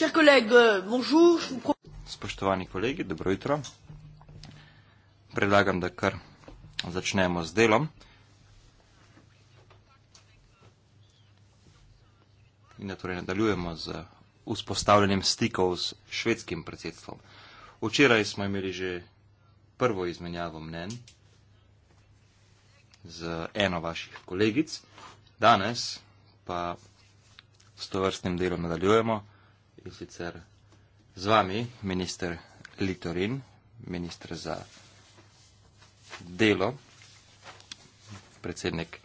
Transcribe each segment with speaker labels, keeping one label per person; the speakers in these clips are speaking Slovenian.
Speaker 1: Euh,
Speaker 2: Spoštovani kolegi, dobro jutro. Predlagam, da kar začnemo z delom. In da torej nadaljujemo z vzpostavljanjem stikov s švedskim predsedstvom. Včeraj smo imeli že prvo izmenjavo mnen z eno vaših kolegic, danes pa s to vrstnim delom nadaljujemo in sicer z vami, minister Litorin, minister za delo, predsednik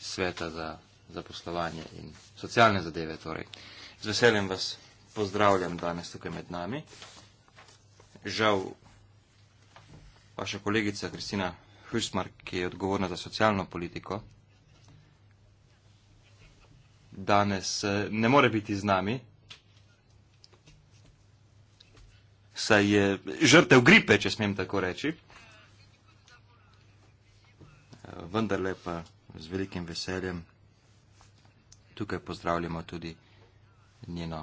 Speaker 2: sveta za zaposlovanje in socialne zadeve. Torej. Z veseljem vas pozdravljam danes tukaj med nami. Žal, vaša kolegica Kristina Hüsmark, ki je odgovorna za socialno politiko, danes eh, ne more biti z nami, saj je žrtev gripe, če smem tako reči. Vendar lepa z velikim veseljem tukaj pozdravljamo tudi njeno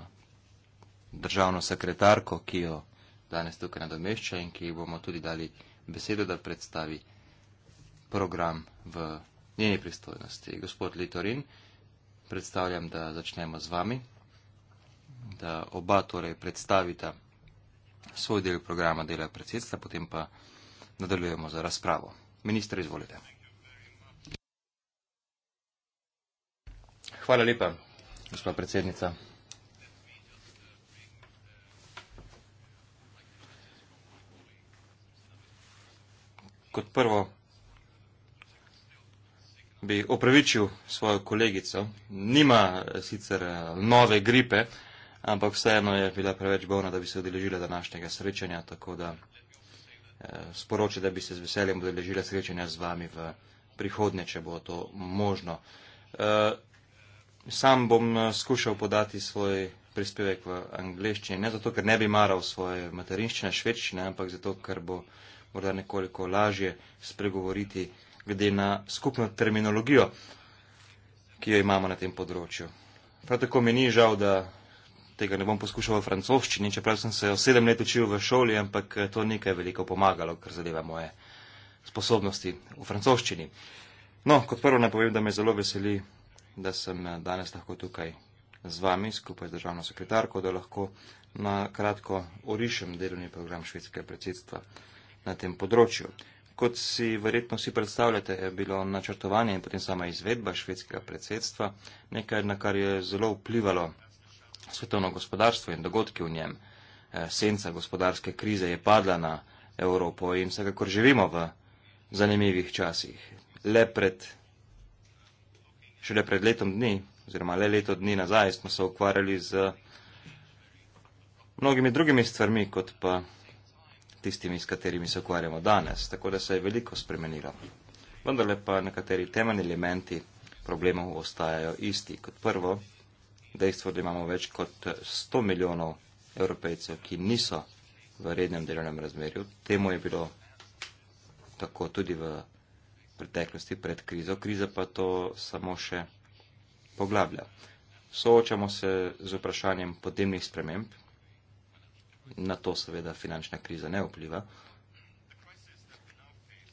Speaker 2: državno sekretarko, ki jo danes tukaj nadomešča in ki bomo tudi dali besedo, da predstavi program v njeni pristojnosti. Gospod Litorin, predstavljam, da začnemo z vami, da oba torej predstavita svoj del programa dela predsedstva, potem pa nadaljujemo za razpravo. Ministr, izvolite. Hvala lepa, gospod predsednica. Kot prvo bi opravičil svojo kolegico. Nima sicer nove gripe, ampak vseeno je bila preveč bolna, da bi se odeležila današnjega srečanja, tako da eh, sporoča, da bi se z veseljem odeležila srečanja z vami v prihodnje, če bo to možno. Eh, sam bom eh, skušal podati svoj prispevek v angleščini, ne zato, ker ne bi maral svoje materinščine, švedščine, ampak zato, ker bo morda nekoliko lažje spregovoriti glede na skupno terminologijo, ki jo imamo na tem področju. Prav tako mi ni žal, da tega ne bom poskušal v francoščini, čeprav sem se od sedem let učil v šoli, ampak eh, to nekaj veliko pomagalo, kar zadeva moje sposobnosti v francoščini. No, kot prvo naj povem, da me zelo veseli, da sem eh, danes lahko tukaj z vami, skupaj z državno sekretarko, da lahko na kratko orišem delovni program švedskega predsedstva na tem področju. Kot si verjetno vsi predstavljate, je bilo načrtovanje in potem sama izvedba švedskega predsedstva nekaj, na kar je zelo vplivalo svetovno gospodarstvo in dogodke v njem. Eh, senca gospodarske krize je padla na Evropo in vsekakor živimo v zanimivih časih. Le pred, šele pred letom dni, oziroma le leto dni nazaj, smo se ukvarjali z mnogimi drugimi stvarmi, kot pa tistimi, s katerimi se ukvarjamo danes. Tako da se je veliko spremenilo. Vendar pa nekateri temeljni elementi problemov ostajajo isti. Kot prvo, dejstvo, da imamo več kot 100 milijonov evropejcev, ki niso v rednem delovnem razmerju. Temu je bilo tako tudi v preteklosti, pred krizo. Kriza pa to samo še poglablja. Soočamo se z vprašanjem podnebnih sprememb. Na to seveda finančna kriza ne vpliva.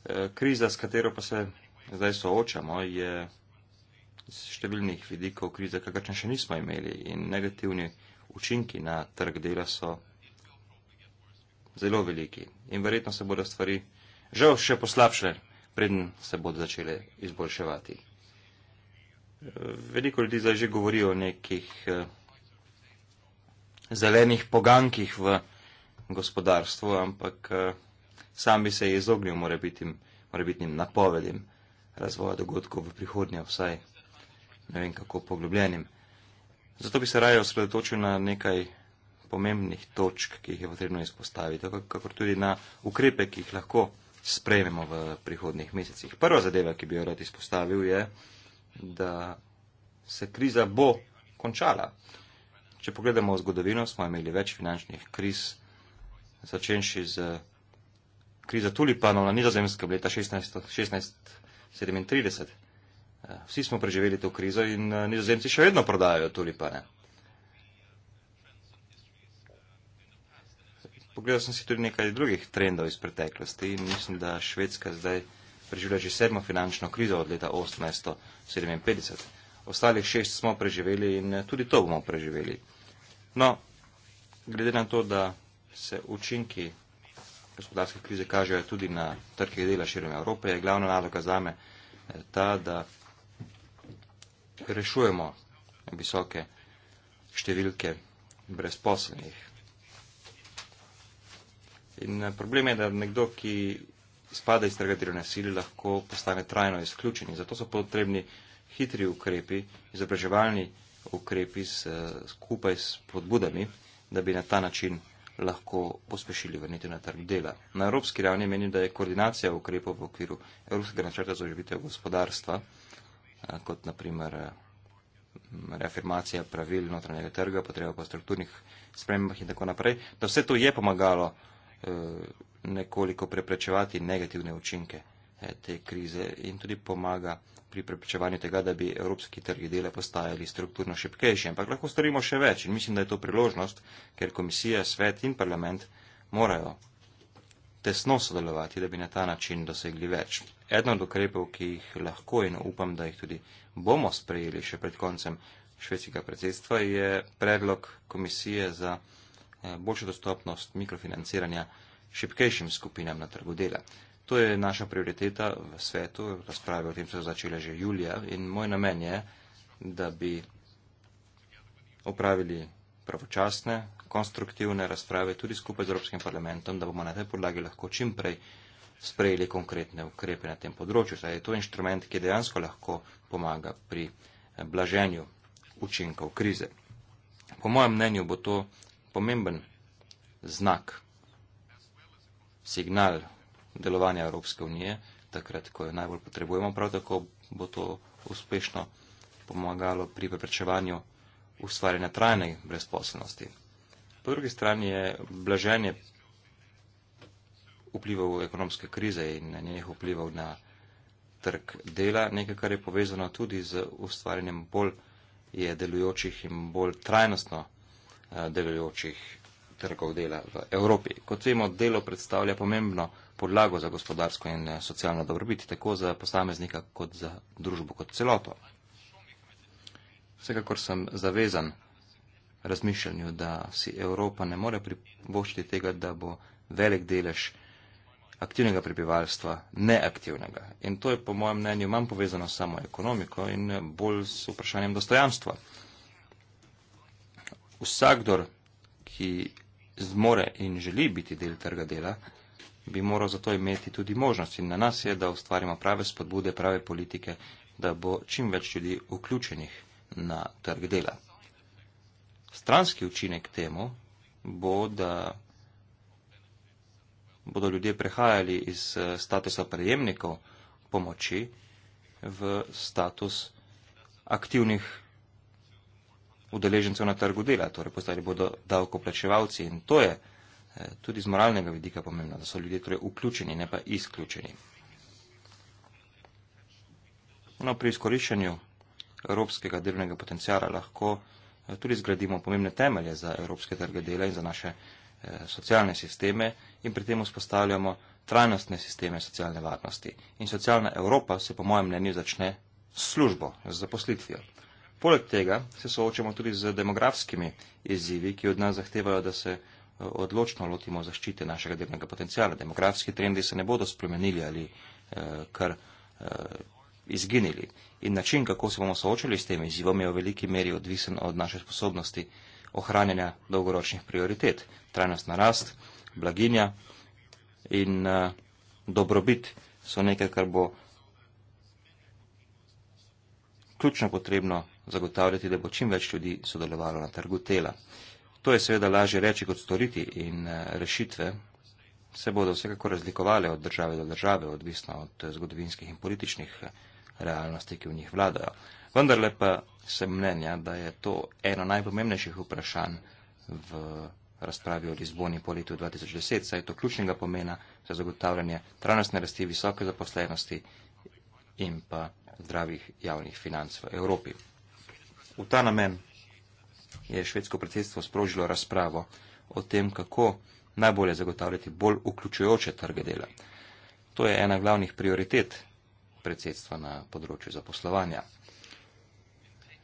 Speaker 2: E, kriza, s katero pa se zdaj soočamo, je z številnih vidikov krize, kakršne še nismo imeli in negativni učinki na trg dela so zelo veliki in verjetno se bodo stvari žal še poslabše, preden se bodo začele izboljševati. Veliko ljudi zdaj že govori o nekih eh, zelenih pogankih v gospodarstvu, ampak eh, sam bi se izognil morebitnim, morebitnim napovedim razvoja dogodkov v prihodnje vsaj ne vem kako poglobljenim. Zato bi se raje osredotočil na nekaj pomembnih točk, ki jih je potrebno izpostaviti, kakor tudi na ukrepe, ki jih lahko sprejmemo v prihodnih mesecih. Prva zadeva, ki bi jo rad izpostavil, je, da se kriza bo končala. Če pogledamo v zgodovino, smo imeli več finančnih kriz, začenši z krizo tulipanov na nizozemskem leta 1637. 16, Vsi smo preživeli to krizo in eh, nizozemci še vedno prodajajo tulipane. Pogledal sem si tudi nekaj drugih trendov iz preteklosti in mislim, da Švedska zdaj preživlja že sedmo finančno krizo od leta 1857. Ostalih šest smo preživeli in eh, tudi to bomo preživeli. No, glede na to, da se učinki gospodarske krize kažejo tudi na trgih dela širom Evrope, je glavna naloga zame eh, ta, da rešujemo visoke številke brezposlenih. In eh, problem je, da nekdo, ki spada iz trga delovne sile, lahko postane trajno izključen. Zato so potrebni hitri ukrepi, izobraževalni ukrepi s, eh, skupaj s podbudami, da bi na ta način lahko pospešili vrnitev na trg dela. Na evropski ravni menim, da je koordinacija ukrepov v okviru Evropskega načrta za oživitev gospodarstva Eh, kot naprimer eh, reformacija pravil notranjega trga, potreba po strukturnih spremembah in tako naprej, da vse to je pomagalo eh, nekoliko preprečevati negativne učinke te krize in tudi pomaga pri preprečevanju tega, da bi evropski trgi dela postajali strukturno šepkejši. Ampak lahko storimo še več in mislim, da je to priložnost, ker komisija, svet in parlament morajo tesno sodelovati, da bi na ta način dosegli več. Eden od ukrepov, ki jih lahko in upam, da jih tudi bomo sprejeli še pred koncem švedskega predsedstva, je predlog komisije za eh, boljšo dostopnost mikrofinanciranja šipkejšim skupinam na trgu dela. To je naša prioriteta v svetu, razprave o tem so začele že julija in moj namen je, da bi opravili pravočasne, konstruktivne razprave tudi skupaj z Evropskim parlamentom, da bomo na tej podlagi lahko čim prej sprejeli konkretne ukrepe na tem področju. Saj je to inštrument, ki dejansko lahko pomaga pri eh, blaženju učinkov krize. Po mojem mnenju bo to pomemben znak, signal delovanja Evropske unije, takrat, ko jo najbolj potrebujemo, prav tako bo to uspešno pomagalo pri preprečevanju ustvarjanja trajne brezposelnosti. Po drugi strani je blaženje vplivov ekonomske krize in njenih vplivov na trg dela, nekaj, kar je povezano tudi z ustvarjanjem bolj je delujočih in bolj trajnostno eh, delujočih trgov dela v Evropi. Kot vemo, delo predstavlja pomembno podlago za gospodarsko in eh, socialno dobrobit, tako za posameznika kot za družbo kot celoto. Vsekakor sem zavezan razmišljanju, da si Evropa ne more privoščiti tega, da bo velik delež aktivnega prebivalstva neaktivnega. In to je po mojem mnenju manj povezano samo ekonomiko in bolj s vprašanjem dostojanstva. Vsakdor, ki zmore in želi biti del trga dela, bi moral zato imeti tudi možnost. In na nas je, da ustvarimo prave spodbude, prave politike, da bo čim več ljudi vključenih na trg dela. Stranski učinek temu bo, da bodo ljudje prehajali iz eh, statusa prejemnikov pomoči v status aktivnih udeležencev na trgu dela, torej postali bodo davkoplačevalci in to je eh, tudi z moralnega vidika pomembno, da so ljudje torej vključeni, ne pa izključeni. No, pri izkoriščanju evropskega delovnega potencijala lahko eh, tudi zgradimo pomembne temelje za evropske trge dela in za naše eh, socialne sisteme in pri tem vzpostavljamo trajnostne sisteme socialne varnosti. In socialna Evropa se po mojem mnenju začne s službo, z zaposlitvijo. Poleg tega se soočamo tudi z demografskimi izzivi, ki od nas zahtevajo, da se eh, odločno lotimo zaščite našega delovnega potencijala. Demografski trendi se ne bodo spremenili ali eh, kar eh, izginili. In način, kako se bomo soočali s tem izzivom, je v veliki meri odvisen od naše sposobnosti ohranjanja dolgoročnih prioritet, trajnostna rast, blaginja in uh, dobrobit so nekaj, kar bo ključno potrebno zagotavljati, da bo čim več ljudi sodelovalo na trgu tela. To je seveda lažje reči kot storiti in uh, rešitve se bodo vsekako razlikovale od države do države, odvisno od eh, zgodovinskih in političnih. Uh, realnosti, ki v njih vladajo. Vendar pa sem mnenja, da je to eno najpomembnejših vprašanj v razpravi o Lizboni po letu 2010, saj je to ključnega pomena za zagotavljanje trajnostne rasti, visoke zaposlenosti in pa zdravih javnih financ v Evropi. V ta namen je švedsko predsedstvo sprožilo razpravo o tem, kako najbolje zagotavljati bolj vključujoče trge dela. To je ena glavnih prioritet predsedstva na področju zaposlovanja.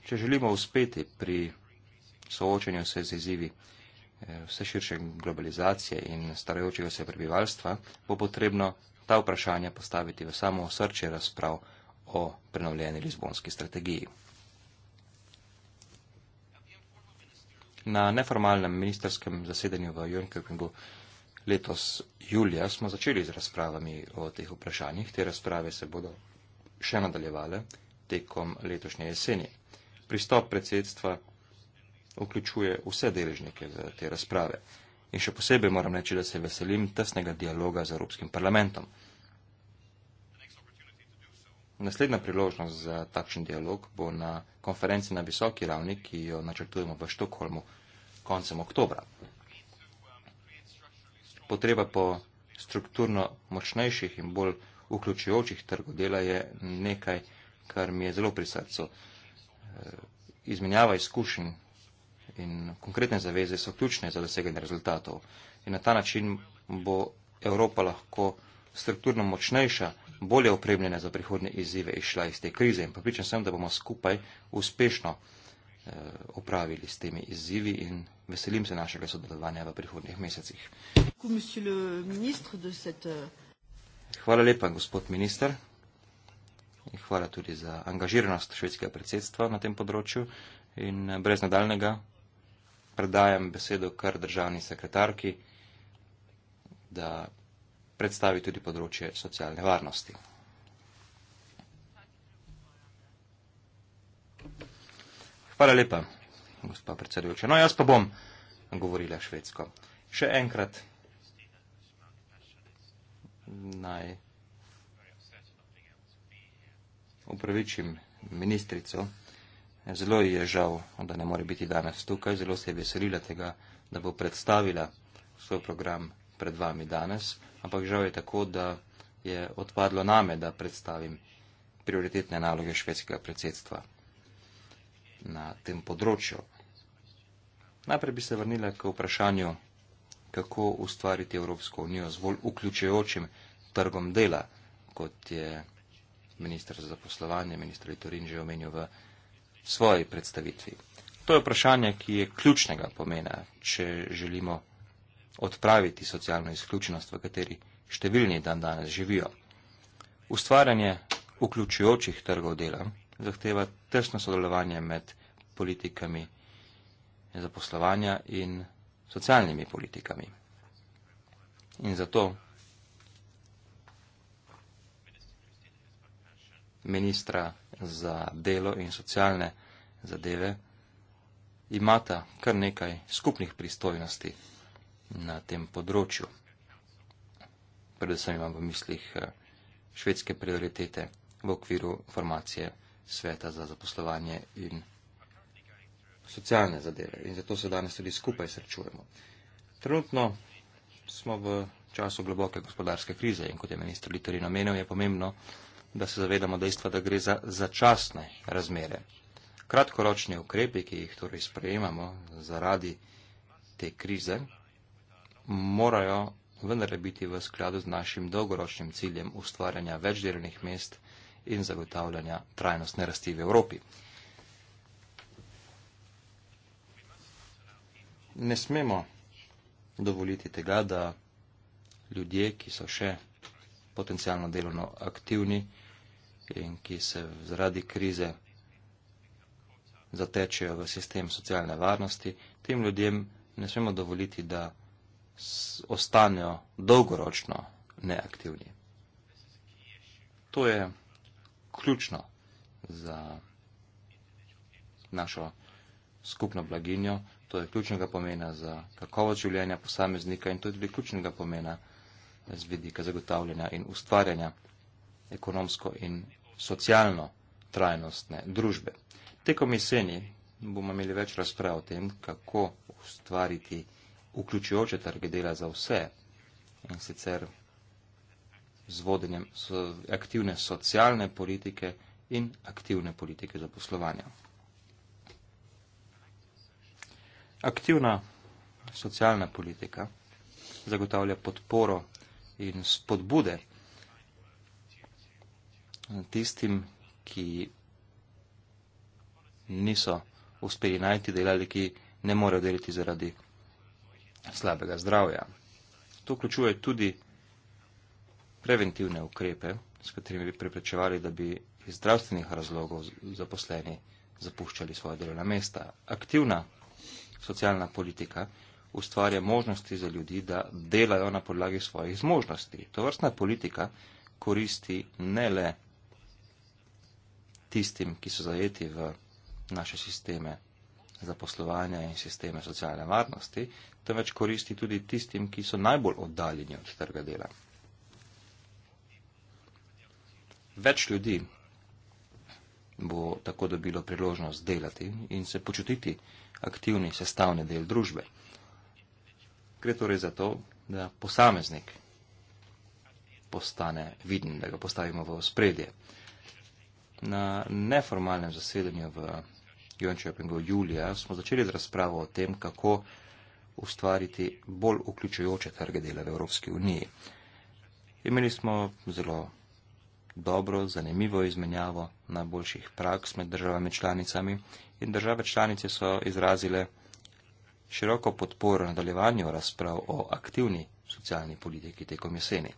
Speaker 2: Če želimo uspeti pri soočanju se z izzivi eh, vse širše globalizacije in starajočega se prebivalstva, bo potrebno ta vprašanja postaviti v samo srče razprav o prenovljeni Lizbonski strategiji. Na neformalnem ministerskem zasedanju v Jönköpingu letos julija smo začeli z razpravami o teh vprašanjih. Te razprave se bodo še nadaljevale tekom letošnje jeseni. Pristop predsedstva vključuje vse deležnike v te razprave. In še posebej moram reči, da se veselim tesnega dialoga z Evropskim parlamentom. Naslednja priložnost za takšen dialog bo na konferenci na visoki ravni, ki jo načrtujemo v Štokholmu koncem oktobra. Potreba po strukturno močnejših in bolj vključujočih trgov dela je nekaj, kar mi je zelo pri srcu. Eh, izmenjava izkušenj in konkretne zaveze so ključne za doseganje rezultatov. In na ta način bo Evropa lahko strukturno močnejša, bolje opremljena za prihodne izzive išla iz te krize. In pripričan sem, da bomo skupaj uspešno eh, opravili s temi izzivi in veselim se našega sodelovanja v prihodnih mesecih.
Speaker 1: Monsieur le ministre de cette
Speaker 2: Hvala lepa, gospod minister. In hvala tudi za angažiranost švedskega predsedstva na tem področju. In eh, brez nadaljnega predajam besedo kar državni sekretarki, da predstavi tudi področje socialne varnosti. Hvala lepa, gospod predsedujoča. No, jaz pa bom govorila švedsko. Še enkrat naj upravičim ministrico. Zelo ji je žal, da ne more biti danes tukaj, zelo se je veselila tega, da bo predstavila svoj program pred vami danes, ampak žal je tako, da je odpadlo name, da predstavim prioritetne naloge švedskega predsedstva na tem področju. Najprej bi se vrnila k vprašanju kako ustvariti Evropsko unijo z bolj vključujočim trgom dela, kot je ministr za zaposlovanje, ministr Litorin že omenil v svoji predstavitvi. To je vprašanje, ki je ključnega pomena, če želimo odpraviti socialno izključenost, v kateri številni dan danes živijo. Ustvarjanje vključujočih trgov dela zahteva tesno sodelovanje med politikami zaposlovanja in socialnimi politikami. In zato ministra za delo in socialne zadeve imata kar nekaj skupnih pristojnosti na tem področju. Predvsem imam v mislih eh, švedske prioritete v okviru formacije Sveta za zaposlovanje in socialne zadeve in zato se danes tudi skupaj srečujemo. Trenutno smo v času globoke gospodarske krize in kot je ministr Litori namenil, je pomembno, da se zavedamo dejstva, da gre za začasne razmere. Kratkoročni ukrepi, ki jih torej sprejemamo zaradi te krize, morajo vendarle biti v skladu z našim dolgoročnim ciljem ustvarjanja več delovnih mest in zagotavljanja trajnostne rasti v Evropi. ne smemo dovoliti tega, da ljudje, ki so še potencijalno delovno aktivni in ki se zaradi krize zatečejo v sistem socialne varnosti, tem ljudem ne smemo dovoliti, da ostanejo dolgoročno neaktivni. To je ključno za našo skupno blaginjo, To je ključnega pomena za kakovost življenja posameznika in tudi ključnega pomena z vidika zagotavljanja in ustvarjanja ekonomsko in socialno trajnostne družbe. Tekom jeseni bomo imeli več razprav o tem, kako ustvariti vključujoče trge dela za vse in sicer z vodenjem aktivne socialne politike in aktivne politike zaposlovanja. Aktivna socialna politika zagotavlja podporo in spodbude tistim, ki niso uspeli najti delali, ki ne morejo deliti zaradi slabega zdravja. To vključuje tudi preventivne ukrepe, s katerimi bi preprečevali, da bi iz zdravstvenih razlogov zaposleni zapuščali svoje delovna mesta. Aktivna socialna politika ustvarja možnosti za ljudi, da delajo na podlagi svojih zmožnosti. To vrstna politika koristi ne le tistim, ki so zajeti v naše sisteme zaposlovanja in sisteme socialne varnosti, temveč koristi tudi tistim, ki so najbolj oddaljeni od trga dela. Več ljudi bo tako dobilo priložnost delati in se počutiti aktivni sestavni del družbe. Gre torej za to, da posameznik postane viden, da ga postavimo v spredje. Na neformalnem zasedanju v Jončevpingu julija smo začeli z razpravo o tem, kako ustvariti bolj vključujoče trge dela v Evropski uniji. Imeli smo zelo dobro, zanimivo izmenjavo najboljših praks med državami članicami in države članice so izrazile široko podporo nadaljevanju razprav o aktivni socialni politiki tekom jeseni.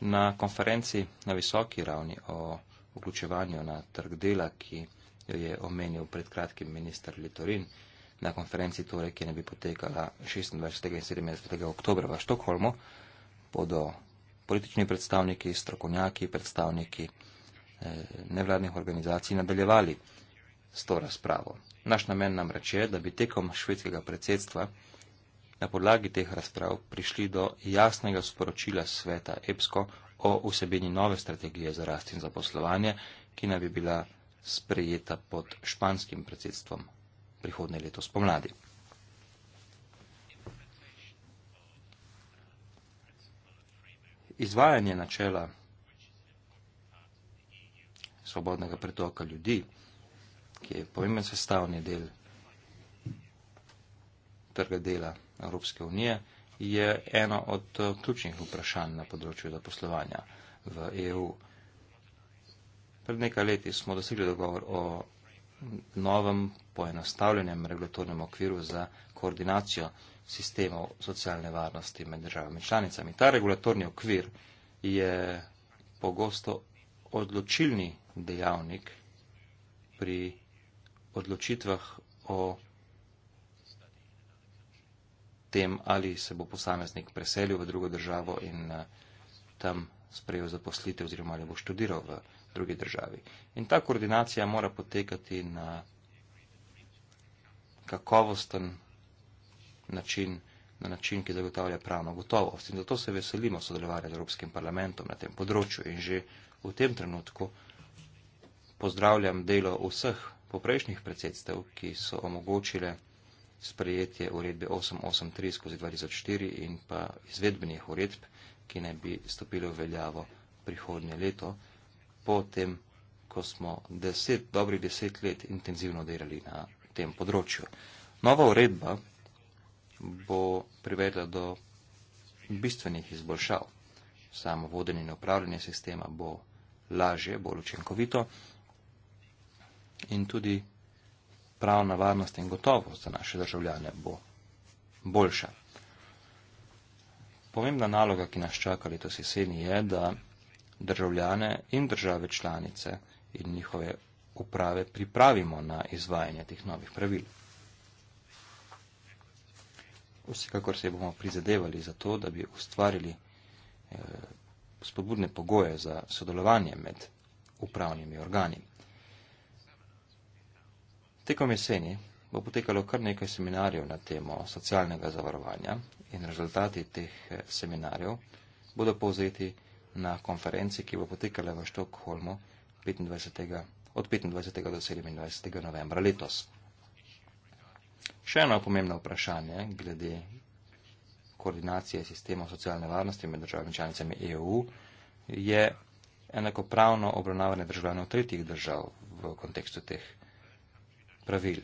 Speaker 2: Na konferenci na visoki ravni o vključevanju na trg dela, ki jo je omenil pred kratkim minister Litorin, na konferenci torej, ki ne bi potekala 26. in 27. oktobra v Štokholmu, bodo politični predstavniki, strokovnjaki, predstavniki eh, nevladnih organizacij nadaljevali s to razpravo. Naš namen nam reče, da bi tekom švedskega predsedstva na podlagi teh razprav prišli do jasnega sporočila sveta EPSKO o vsebini nove strategije za rast in zaposlovanje, ki naj bi bila sprejeta pod španskim predsedstvom prihodne leto spomladi. izvajanje načela svobodnega pretoka ljudi, ki je pomemben sestavni del trga dela Evropske unije, je eno od eh, ključnih vprašanj na področju zaposlovanja v EU. Pred nekaj leti smo dosegli dogovor o novem poenostavljenem regulatornem okviru za koordinacijo sistemov socialne varnosti med državami članicami. Ta regulatorni okvir je pogosto odločilni dejavnik pri odločitvah o tem, ali se bo posameznik preselil v drugo državo in eh, tam sprejel zaposlitev oziroma ali bo študiral v drugi državi. In ta koordinacija mora potekati na kakovosten način, na način, ki zagotavlja pravno gotovost. In zato se veselimo sodelovanja z Evropskim parlamentom na tem področju in že v tem trenutku pozdravljam delo vseh poprejšnjih predsedstev, ki so omogočile sprejetje uredbe 883 skozi 2004 in pa izvedbenih uredb, ki naj bi stopile v veljavo prihodnje leto, potem, ko smo deset, dobrih deset let intenzivno delali na tem področju. Nova uredba bo privedla do bistvenih izboljšav. Samo vodenje in upravljanje sistema bo lažje, bolj učinkovito in tudi pravna varnost in gotovost za naše državljane bo boljša. Pomembna naloga, ki nas čaka letos jeseni, je, da državljane in države članice in njihove uprave pripravimo na izvajanje teh novih pravil. Vsekakor se bomo prizadevali za to, da bi ustvarili eh, spodbudne pogoje za sodelovanje med upravnimi organi. Tekom jeseni bo potekalo kar nekaj seminarjev na temo socialnega zavarovanja in rezultati teh eh, seminarjev bodo povzeti na konferenci, ki bo potekala v Štokholmu 25. od 25. do 27. novembra letos. Še eno pomembno vprašanje glede koordinacije sistemov socialne varnosti med državami članicami EU je enakopravno obravnavanje državljanov tretjih držav v kontekstu teh pravil.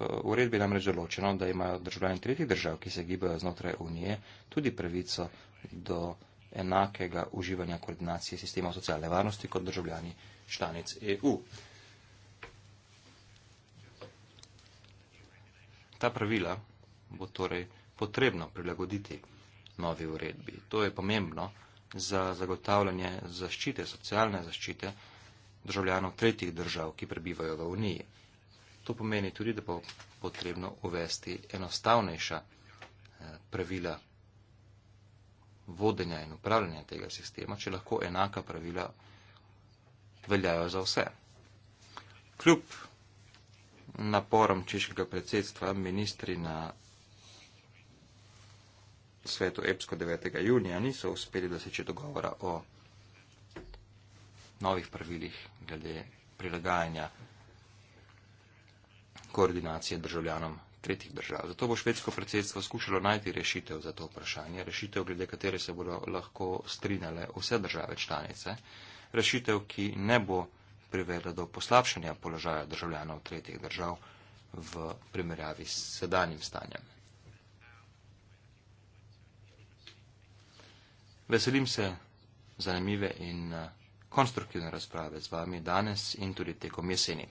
Speaker 2: V uredbi nam reč določeno, da imajo državljani tretjih držav, ki se gibajo znotraj Unije, tudi pravico do enakega uživanja koordinacije sistemov socialne varnosti kot državljani članic EU. Ta pravila bo torej potrebno prilagoditi novi uredbi. To je pomembno za zagotavljanje zaščite, socialne zaščite državljanov tretjih držav, ki prebivajo v Uniji. To pomeni tudi, da bo potrebno uvesti enostavnejša eh, pravila vodenja in upravljanja tega sistema, če lahko enaka pravila veljajo za vse. Kljub naporom češkega predsedstva ministri na svetu EPSKO 9. junija niso uspeli doseči dogovora o novih pravilih glede prilagajanja koordinacije državljanom tretjih držav. Zato bo švedsko predsedstvo skušalo najti rešitev za to vprašanje, rešitev, glede katere se bodo lahko strinjale vse države članice, rešitev, ki ne bo privedla do poslabšanja položaja državljanov tretjih držav v primerjavi s sedanjim stanjem. Veselim se zanimive in eh, konstruktivne razprave z vami danes in tudi tekom jeseni.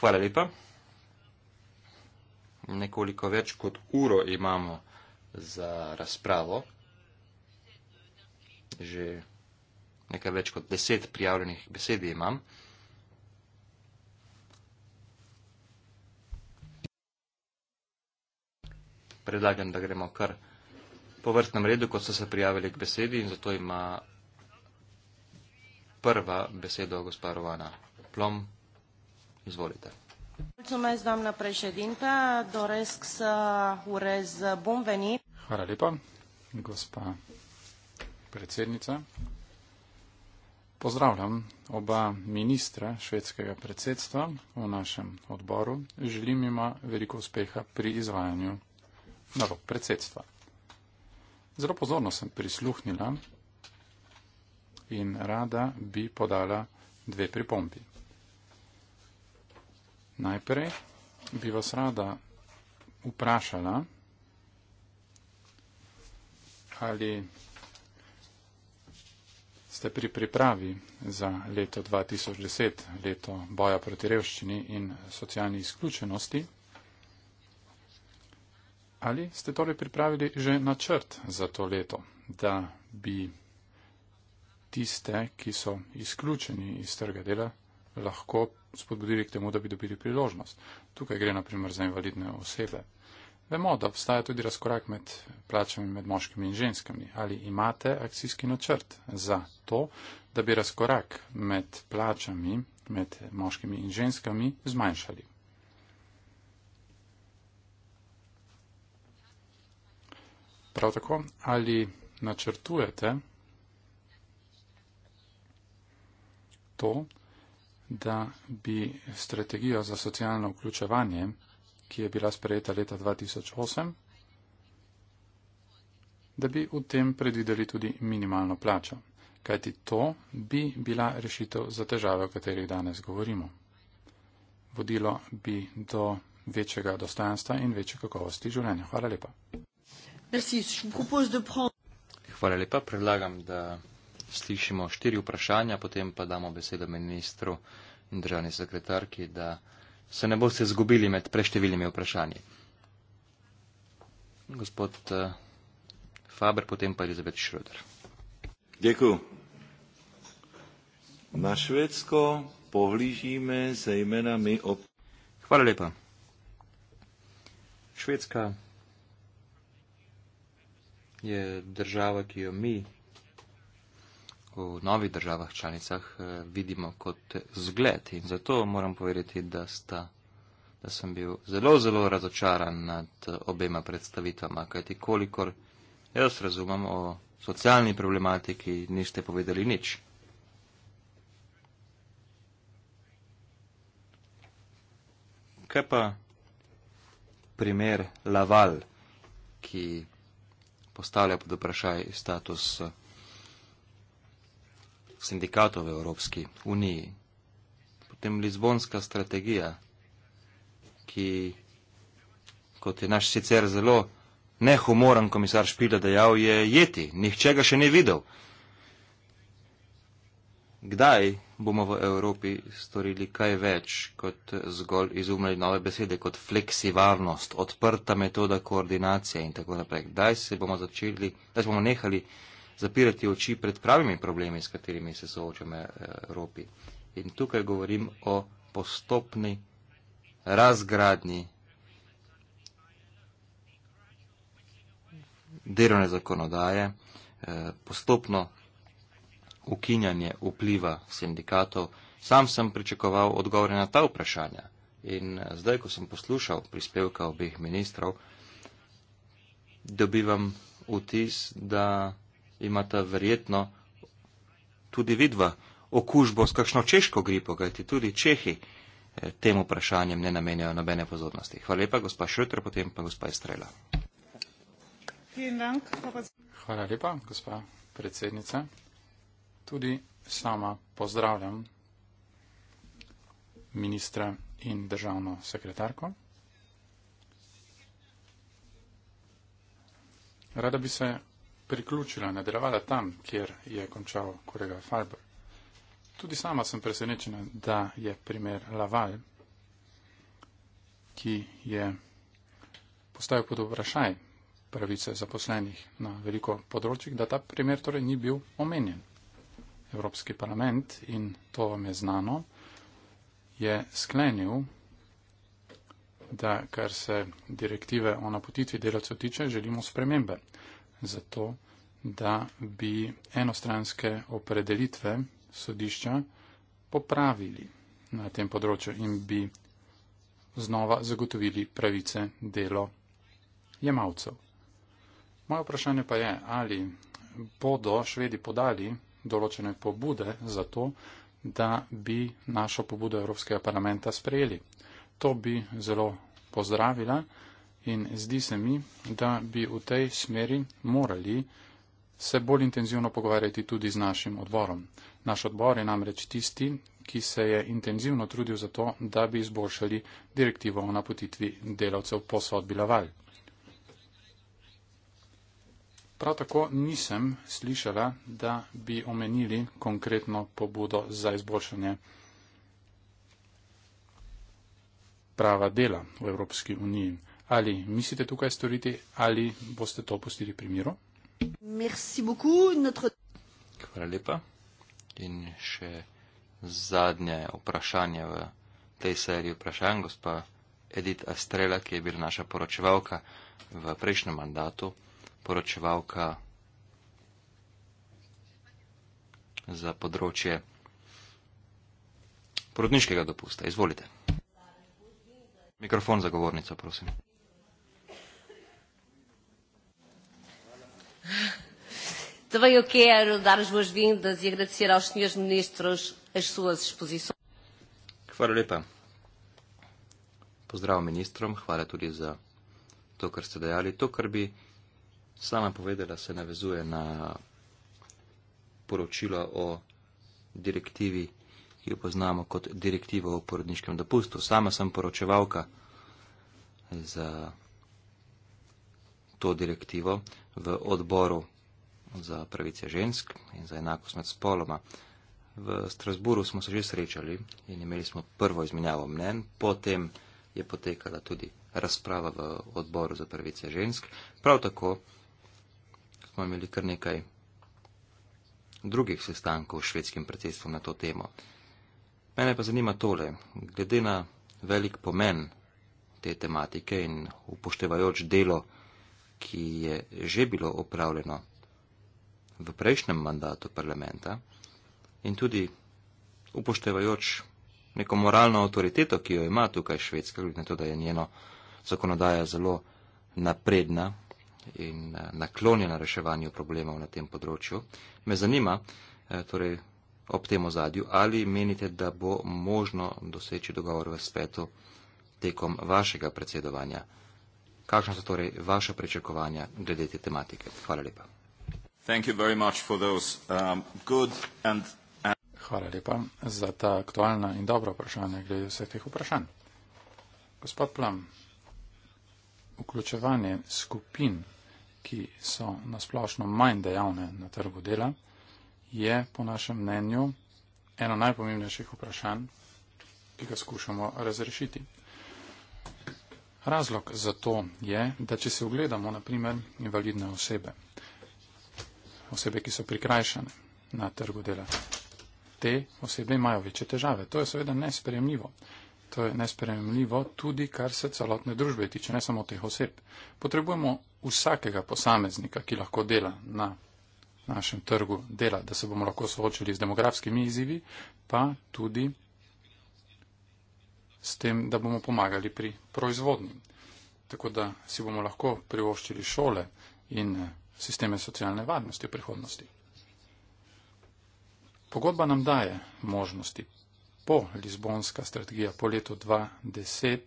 Speaker 2: Hvala lepa. Nekoliko več kot uro imamo za razpravo. Že nekaj več kot deset prijavljenih besedi imam. Predlagam, da gremo kar po vrstnem redu, kot so se prijavili k besedi in zato ima prva besedo gospa Rovana Plom. Izvolite.
Speaker 1: Mulțumesc, doamnă președintă. Doresc să urez bun venit.
Speaker 3: Hvala lepa, gospa predsednica. Pozdravljam oba ministra švedskega predsedstva v našem odboru. Želim ima veliko uspeha pri izvajanju narod predsedstva. Zelo pozorno sem prisluhnila in rada bi podala dve pripombi. Najprej bi vas rada vprašala, ali ste pri pripravi za leto 2010, leto boja proti revščini in socialni izključenosti. Ali ste torej pripravili že načrt za to leto, da bi tiste, ki so izključeni iz trga dela, lahko spodbudili k temu, da bi dobili priložnost. Tukaj gre naprimer za invalidne osebe. Vemo, da obstaja tudi razkorak med plačami med moškimi in ženskami. Ali imate akcijski načrt za to, da bi razkorak med plačami med moškimi in ženskami zmanjšali? Prav tako, ali načrtujete to, da bi strategijo za socialno vključevanje ki je bila sprejeta leta 2008, da bi v tem predvideli tudi minimalno plačo, kajti to bi bila rešitev za težave, o katerih danes govorimo. Vodilo bi do večjega dostojanstva in večje kakovosti življenja. Hvala lepa.
Speaker 2: Hvala lepa. Predlagam, da slišimo štiri vprašanja, potem pa damo besedo ministru in državni sekretarki, da se ne boste zgubili med preštevilnimi vprašanji. Gospod eh, Faber, potem pa Elizabeth Schroeder. Děkuji. Na Švedsko pohlížíme zejména my o... Hvala lepa. Švedska je država, ki jo mi v novih državah članicah eh, vidimo kot zgled in zato moram povedati, da, sta, da sem bil zelo, zelo razočaran nad eh, obema predstavitvama, kajti kolikor jaz razumem o socialni problematiki, niste povedali nič. Kaj pa primer Laval, ki postavlja pod vprašaj status sindikatov v Evropski uniji. Potem Lizbonska strategija, ki, kot je naš sicer zelo nehumoren komisar Špila dejal, je jeti. Nihče ga še ni videl. Kdaj bomo v Evropi storili kaj več, kot zgolj izumljali nove besede, kot fleksivarnost, odprta metoda koordinacije in tako naprej? Kdaj se bomo začeli, kdaj se bomo nehali zapirati oči pred pravimi problemi, s katerimi se soočame eh, Evropi. In tukaj govorim o postopni razgradni delovne zakonodaje, eh, postopno ukinjanje vpliva sindikatov. Sam sem pričakoval odgovore na ta vprašanja. In eh, zdaj, ko sem poslušal prispevka obeh ministrov, dobivam vtis, da imata verjetno tudi vidva okužbo s kakšno češko gripo, kajti tudi Čehi eh, tem vprašanjem ne namenjajo nobene pozornosti. Hvala lepa, gospa Šrter, potem pa gospa Estrela.
Speaker 3: Hvala lepa, gospa predsednica. Tudi sama pozdravljam ministra in državno sekretarko. Rada bi se priključila, nadaljevala tam, kjer je končal kolega Farber. Tudi sama sem presenečena, da je primer Laval, ki je postavil pod vprašaj pravice zaposlenih na veliko področjih, da ta primer torej ni bil omenjen. Evropski parlament in to vam je znano, je sklenil, da kar se direktive o napotitvi delavcev tiče, želimo spremembe zato, da bi enostranske opredelitve sodišča popravili na tem področju in bi znova zagotovili pravice delo jemalcev. Moje vprašanje pa je, ali bodo švedi podali določene pobude za to, da bi našo pobudo Evropskega parlamenta sprejeli. To bi zelo pozdravila. In zdi se mi, da bi v tej smeri morali se bolj intenzivno pogovarjati tudi z našim odborom. Naš odbor je namreč tisti, ki se je intenzivno trudil za to, da bi izboljšali direktivo o napotitvi delavcev po sodbi Laval. Prav tako nisem slišala, da bi omenili konkretno pobudo za izboljšanje prava dela v Evropski uniji ali mislite tukaj storiti, ali boste to pustili pri miru.
Speaker 2: Hvala lepa. In še zadnje vprašanje v tej seriji vprašanj, gospa Edith Astrela, ki je bila naša poročevalka v prejšnjem mandatu, poročevalka za področje porodniškega dopusta. Izvolite. Mikrofon za govornico, prosim.
Speaker 1: Também eu quero dar as boas-vindas e agradecer aos senhores ministros as suas exposições.
Speaker 2: Hvala lepa. Pozdrav ministrom, hvala tudi za to, kar ste dejali. To, kar bi sama povedala, se navezuje na poročilo o direktivi, ki jo poznamo kot direktivo o porodniškem dopustu. Sama sem poročevalka za to direktivo v odboru za pravice žensk in za enakost med spoloma. V Strasburu smo se že srečali in imeli smo prvo izmenjavo mnen, potem je potekala tudi razprava v odboru za pravice žensk. Prav tako smo imeli kar nekaj drugih sestankov s švedskim predsedstvom na to temo. Mene pa zanima tole, glede na velik pomen te tematike in upoštevajoč delo, ki je že bilo opravljeno v prejšnjem mandatu parlamenta in tudi upoštevajoč neko moralno avtoriteto, ki jo ima tukaj Švedska, glede na to, da je njeno zakonodaja zelo napredna in eh, naklonjena reševanju problemov na tem področju, me zanima, eh, torej ob tem ozadju, ali menite, da bo možno doseči dogovor v svetu tekom vašega predsedovanja. Kakšna so torej vaša pričakovanja glede te tematike? Hvala lepa.
Speaker 4: Um,
Speaker 3: Hvala lepa za ta aktualna in dobra vprašanja glede vseh teh vprašanj. Gospod Plam, vključevanje skupin, ki so nasplošno manj dejavne na trgu dela, je po našem mnenju eno najpomembnejših vprašanj, ki ga skušamo razrešiti. Razlog za to je, da če se ogledamo na primer invalidne osebe, osebe, ki so prikrajšane na trgu dela, te osebe imajo večje težave. To je seveda nespremljivo. To je nespremljivo tudi, kar se celotne družbe tiče, ne samo teh oseb. Potrebujemo vsakega posameznika, ki lahko dela na našem trgu dela, da se bomo lahko soočili z demografskimi izzivi, pa tudi s tem, da bomo pomagali pri proizvodnji. Tako da si bomo lahko privoščili šole in eh, sisteme socialne varnosti v prihodnosti. Pogodba nam daje možnosti. Po Lizbonska strategija po letu 2010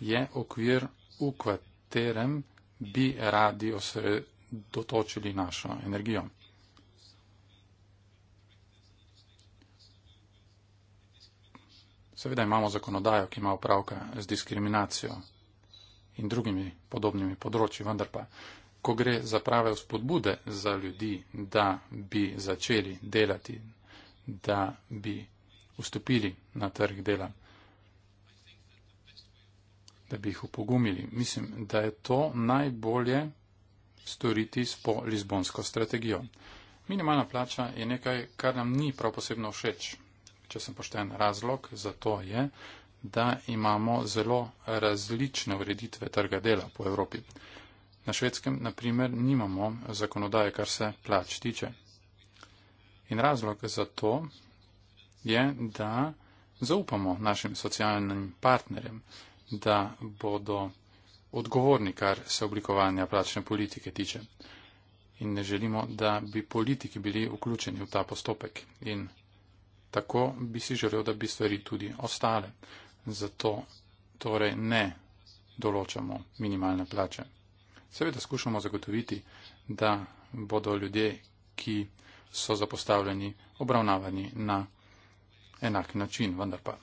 Speaker 3: je okvir, v katerem bi radi osredotočili našo energijo. Seveda imamo zakonodajo, ki ima opravka z diskriminacijo in drugimi podobnimi področji, vendar pa, ko gre za prave vzpodbude za ljudi, da bi začeli delati, da bi vstopili na trg dela, da bi jih upogumili, mislim, da je to najbolje storiti s po-lizbonsko strategijo. Minimalna plača je nekaj, kar nam ni prav posebno všeč če sem pošten, razlog za to je, da imamo zelo različne ureditve trga dela po Evropi. Na švedskem, na primer, nimamo zakonodaje, kar se plač tiče. In razlog za to je, da zaupamo našim socialnim partnerjem, da bodo odgovorni, kar se oblikovanja plačne politike tiče. In ne želimo, da bi politiki bili vključeni v ta postopek in tako bi si želel, da bi stvari tudi ostale. Zato torej ne določamo minimalne plače. Seveda skušamo zagotoviti, da bodo ljudje, ki so zapostavljeni, obravnavani na enak način, vendar pa.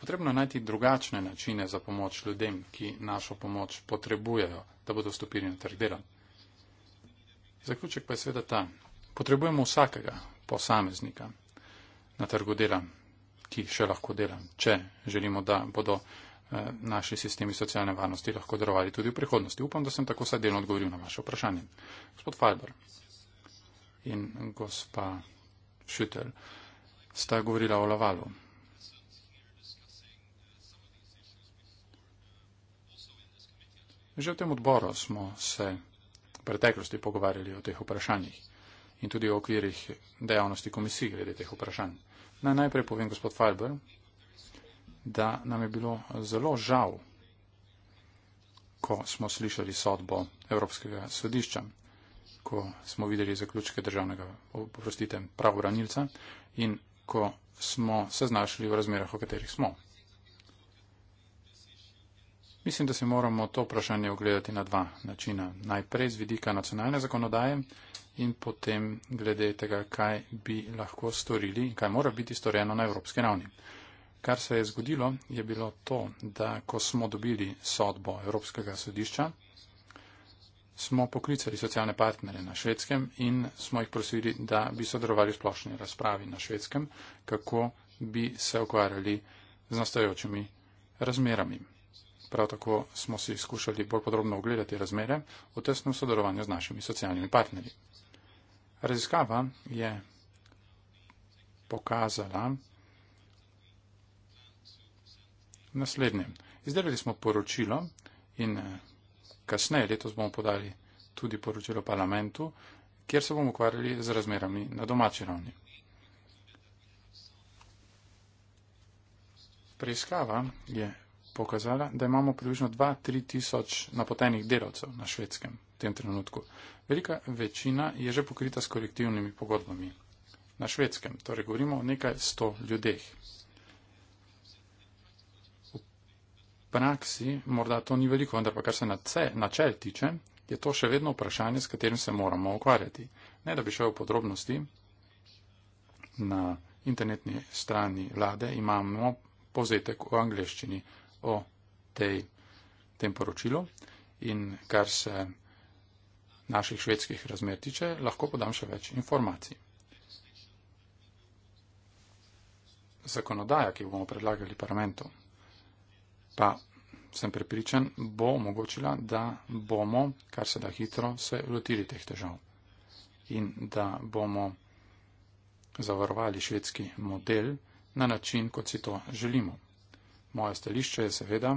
Speaker 3: Potrebno je najti drugačne načine za pomoč ljudem, ki našo pomoč potrebujejo, da bodo stopili na trg dela. Zaključek pa je sveda ta. Potrebujemo vsakega posameznika na trgu dela, ki še lahko dela, če želimo, da bodo eh, naši sistemi socialne varnosti lahko delovali tudi v prihodnosti. Upam, da sem tako vsaj delno odgovoril na vaše vprašanje. Gospod Falber in gospa Šütel sta govorila o Lavalu. Že v tem odboru smo se v preteklosti pogovarjali o teh vprašanjih in tudi o okvirih dejavnosti komisij glede teh vprašanj. Naj najprej povem, gospod Farber, da nam je bilo zelo žal, ko smo slišali sodbo Evropskega sodišča, ko smo videli zaključke državnega, oprostite, pravobranilca in ko smo se znašli v razmerah, o katerih smo. Mislim, da si moramo to vprašanje ogledati na dva načina. Najprej z vidika nacionalne zakonodaje in potem glede tega, kaj bi lahko storili in kaj mora biti storjeno na evropski ravni. Kar se je zgodilo, je bilo to, da ko smo dobili sodbo Evropskega sodišča, smo poklicali socialne partnere na švedskem in smo jih prosili, da bi sodelovali v splošni razpravi na švedskem, kako bi se ukvarjali z nastajočimi razmerami. Prav tako smo si skušali bolj podrobno ogledati razmere v tesnem sodelovanju z našimi socialnimi partnerji. Raziskava je pokazala naslednje. Izdelali smo poročilo in eh, kasneje letos bomo podali tudi poročilo parlamentu, kjer se bomo ukvarjali z razmerami na domači ravni. Preiskava je pokazala, da imamo približno 2-3 tisoč napotenih delavcev na švedskem tem trenutku. Velika večina je že pokrita s kolektivnimi pogodbami. Na švedskem, torej govorimo o nekaj sto ljudeh. V praksi morda to ni veliko, vendar pa kar se načel na tiče, je to še vedno vprašanje, s katerim se moramo ukvarjati. Ne da bi šel v podrobnosti, na internetni strani vlade imamo povzetek v angleščini o tej, tem poročilu in kar se naših švedskih razmer tiče, lahko podam še več informacij. Zakonodaja, ki jo bomo predlagali parlamentu, pa sem prepričan, bo omogočila, da bomo kar se da hitro se lotili teh težav in da bomo zavarovali švedski model na način, kot si to želimo. Moje stališče je seveda,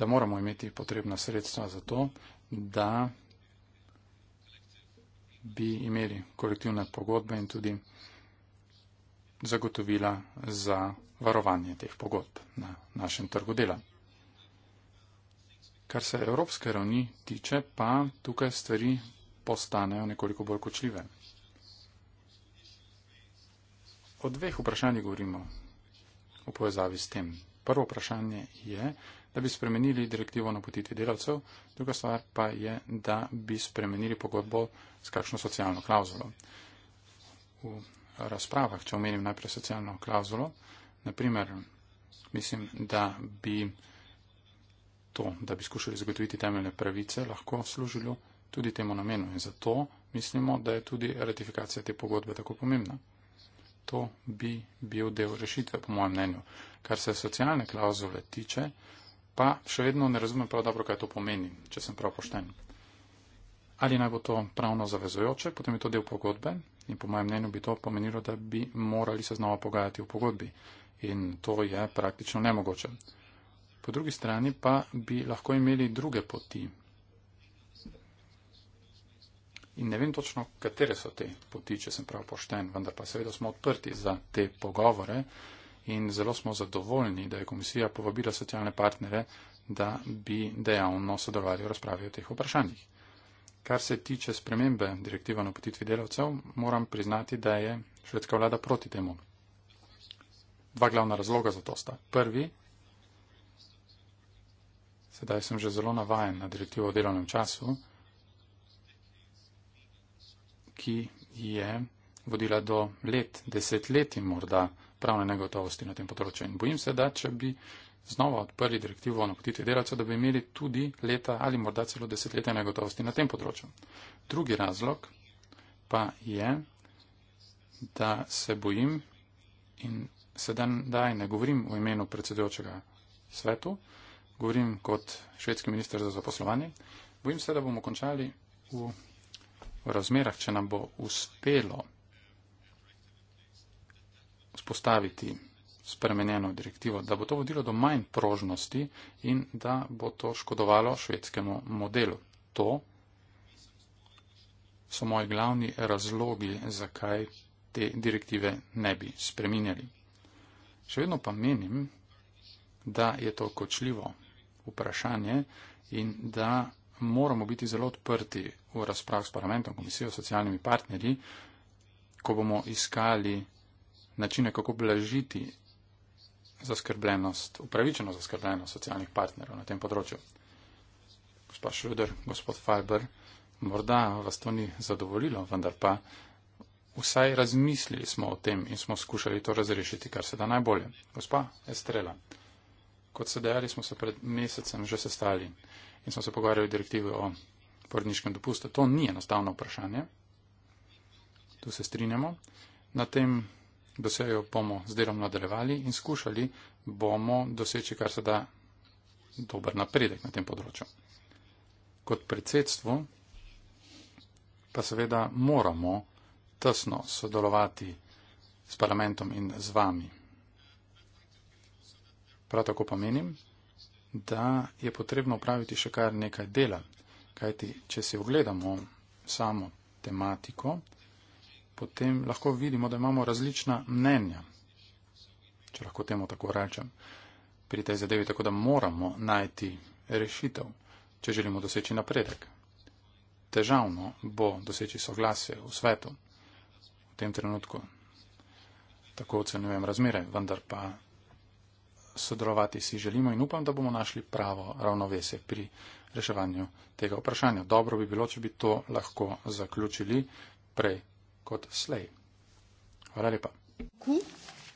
Speaker 3: da moramo imeti potrebna sredstva za to, da bi imeli kolektivne pogodbe in tudi zagotovila za varovanje teh pogodb na našem trgu dela. Kar se evropske ravni tiče, pa tukaj stvari postanejo nekoliko bolj kočljive. O dveh vprašanjih govorimo v povezavi s tem. Prvo vprašanje je, da bi spremenili direktivo na potitvi delavcev, druga stvar pa je, da bi spremenili pogodbo s kakšno socialno klauzulo. V razpravah, če omenim najprej socialno klauzulo, naprimer, mislim, da bi to, da bi skušali zagotoviti temeljne pravice, lahko služilo tudi temu namenu in zato mislimo, da je tudi ratifikacija te pogodbe tako pomembna. To bi bil del rešitve, po mojem mnenju. Kar se socialne klauzule tiče, pa še vedno ne razumem prav dobro, kaj to pomeni, če sem prav pošten. Ali naj bo to pravno zavezojoče, potem je to del pogodbe in po mojem mnenju bi to pomenilo, da bi morali se znova pogajati v pogodbi in to je praktično nemogoče. Po drugi strani pa bi lahko imeli druge poti. In ne vem točno, katere so te poti, če sem prav pošten, vendar pa seveda smo odprti za te pogovore in zelo smo zadovoljni, da je komisija povabila socialne partnere, da bi dejavno sodelovali v razpravi o teh vprašanjih. Kar se tiče spremembe direktiva na potitvi delavcev, moram priznati, da je švedska vlada proti temu. Dva glavna razloga za to sta. Prvi, sedaj sem že zelo navajen na direktivo o delovnem času, ki je vodila do let, desetletij morda pravne negotovosti na tem področju. In bojim se, da če bi znova odprli direktivo o napotitvi delavcev, da bi imeli tudi leta ali morda celo desetletja negotovosti na tem področju. Drugi razlog pa je, da se bojim in sedaj daj ne govorim v imenu predsedujočega svetu, govorim kot švedski minister za zaposlovanje, bojim se, da bomo končali v, v razmerah, če nam bo uspelo vzpostaviti spremenjeno direktivo, da bo to vodilo do manj prožnosti in da bo to škodovalo švedskemu modelu. To so moji glavni razlogi, zakaj te direktive ne bi spreminjali. Še vedno pa menim, da je to kočljivo vprašanje in da moramo biti zelo odprti v razprav s parlamentom, komisijo, socialnimi partnerji, ko bomo iskali načine, kako blažiti zaskrbljenost, upravičeno zaskrbljenost socialnih partnerov na tem področju. Gospod Šruder, gospod Fajber, morda vas to ni zadovoljilo, vendar pa vsaj razmislili smo o tem in smo skušali to razrešiti, kar se da najbolje. Gospa Estrela, kot se dejali, smo se pred mesecem že sestali in smo se pogovarjali o direktivi o porodniškem dopustu. To ni enostavno vprašanje. Tu se strinjamo. Na tem dosejo bomo z delom nadaljevali in skušali bomo doseči kar se da dober napredek na tem področju. Kot predsedstvo pa seveda moramo tesno sodelovati s parlamentom in z vami. Prav tako pa menim, da je potrebno upraviti še kar nekaj dela, kajti če si ogledamo samo tematiko, potem lahko vidimo, da imamo različna mnenja, če lahko temu tako rečem, pri tej zadevi, tako da moramo najti rešitev, če želimo doseči napredek. Težavno bo doseči soglasje v svetu v tem trenutku. Tako ocenjujem razmere, vendar pa sodelovati si želimo in upam, da bomo našli pravo ravnovesje pri reševanju tega vprašanja. Dobro bi bilo, če bi to lahko zaključili prej kot slej. Hvala lepa.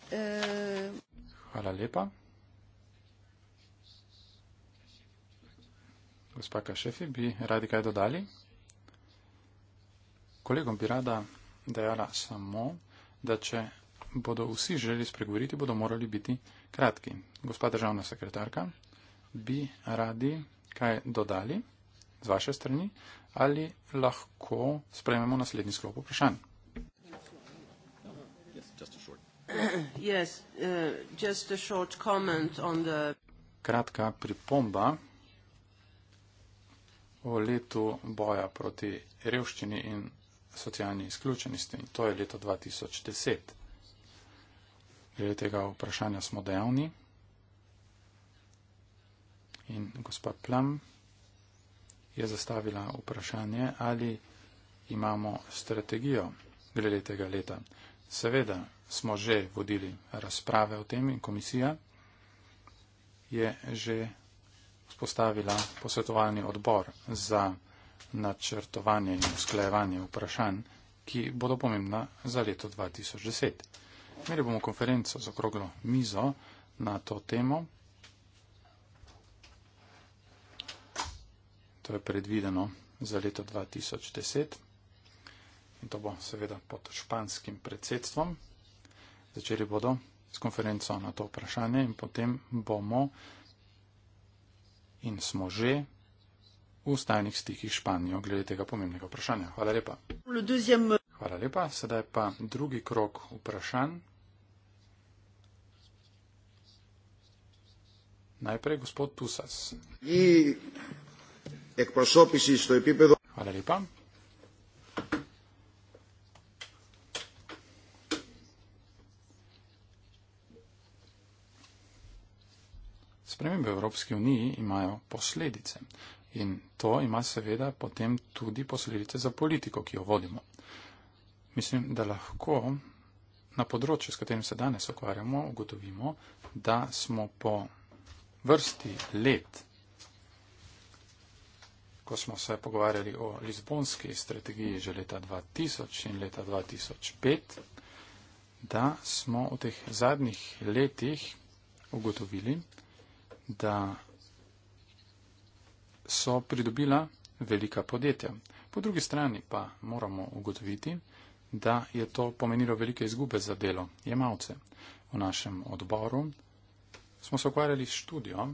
Speaker 1: Eh,
Speaker 3: Hvala lepa. Gospa Kašefi, bi radi kaj dodali? Kolegom bi rada dejala samo, da če bodo vsi želeli spregovoriti, bodo morali biti kratki. Gospa državna sekretarka, bi radi kaj dodali z vaše strani ali lahko sprememo naslednji sklop vprašanj?
Speaker 1: yes, uh, just a short comment on the
Speaker 3: kratka pripomba o letu boja proti revščini in socialni izključenosti. In to je leto 2010. Glede tega vprašanja smo dejavni. In gospa Plam je zastavila vprašanje, ali imamo strategijo glede tega leta. Seveda, smo že vodili razprave o tem in komisija je že vzpostavila posvetovalni odbor za načrtovanje in usklajevanje vprašanj, ki bodo pomembna za leto 2010. Imeli bomo konferenco z okroglo mizo na to temo. To je predvideno za leto 2010 in to bo seveda pod španskim predsedstvom. Začeli bodo s konferenco na to vprašanje in potem bomo in smo že v stajnih stikih Španijo glede tega pomembnega vprašanja. Hvala lepa. Hvala lepa. Sedaj pa drugi krok vprašanj. Najprej gospod Tusas. Hvala lepa. Spremembe v Evropski uniji imajo posledice in to ima seveda potem tudi posledice za politiko, ki jo vodimo. Mislim, da lahko na področju, s katerim se danes okvarjamo, ugotovimo, da smo po vrsti let, ko smo se pogovarjali o Lizbonski strategiji že leta 2000 in leta 2005, da smo v teh zadnjih letih ugotovili, da so pridobila velika podjetja. Po drugi strani pa moramo ugotoviti, da je to pomenilo velike izgube za delo jemalce. V našem odboru smo se ukvarjali s študijo,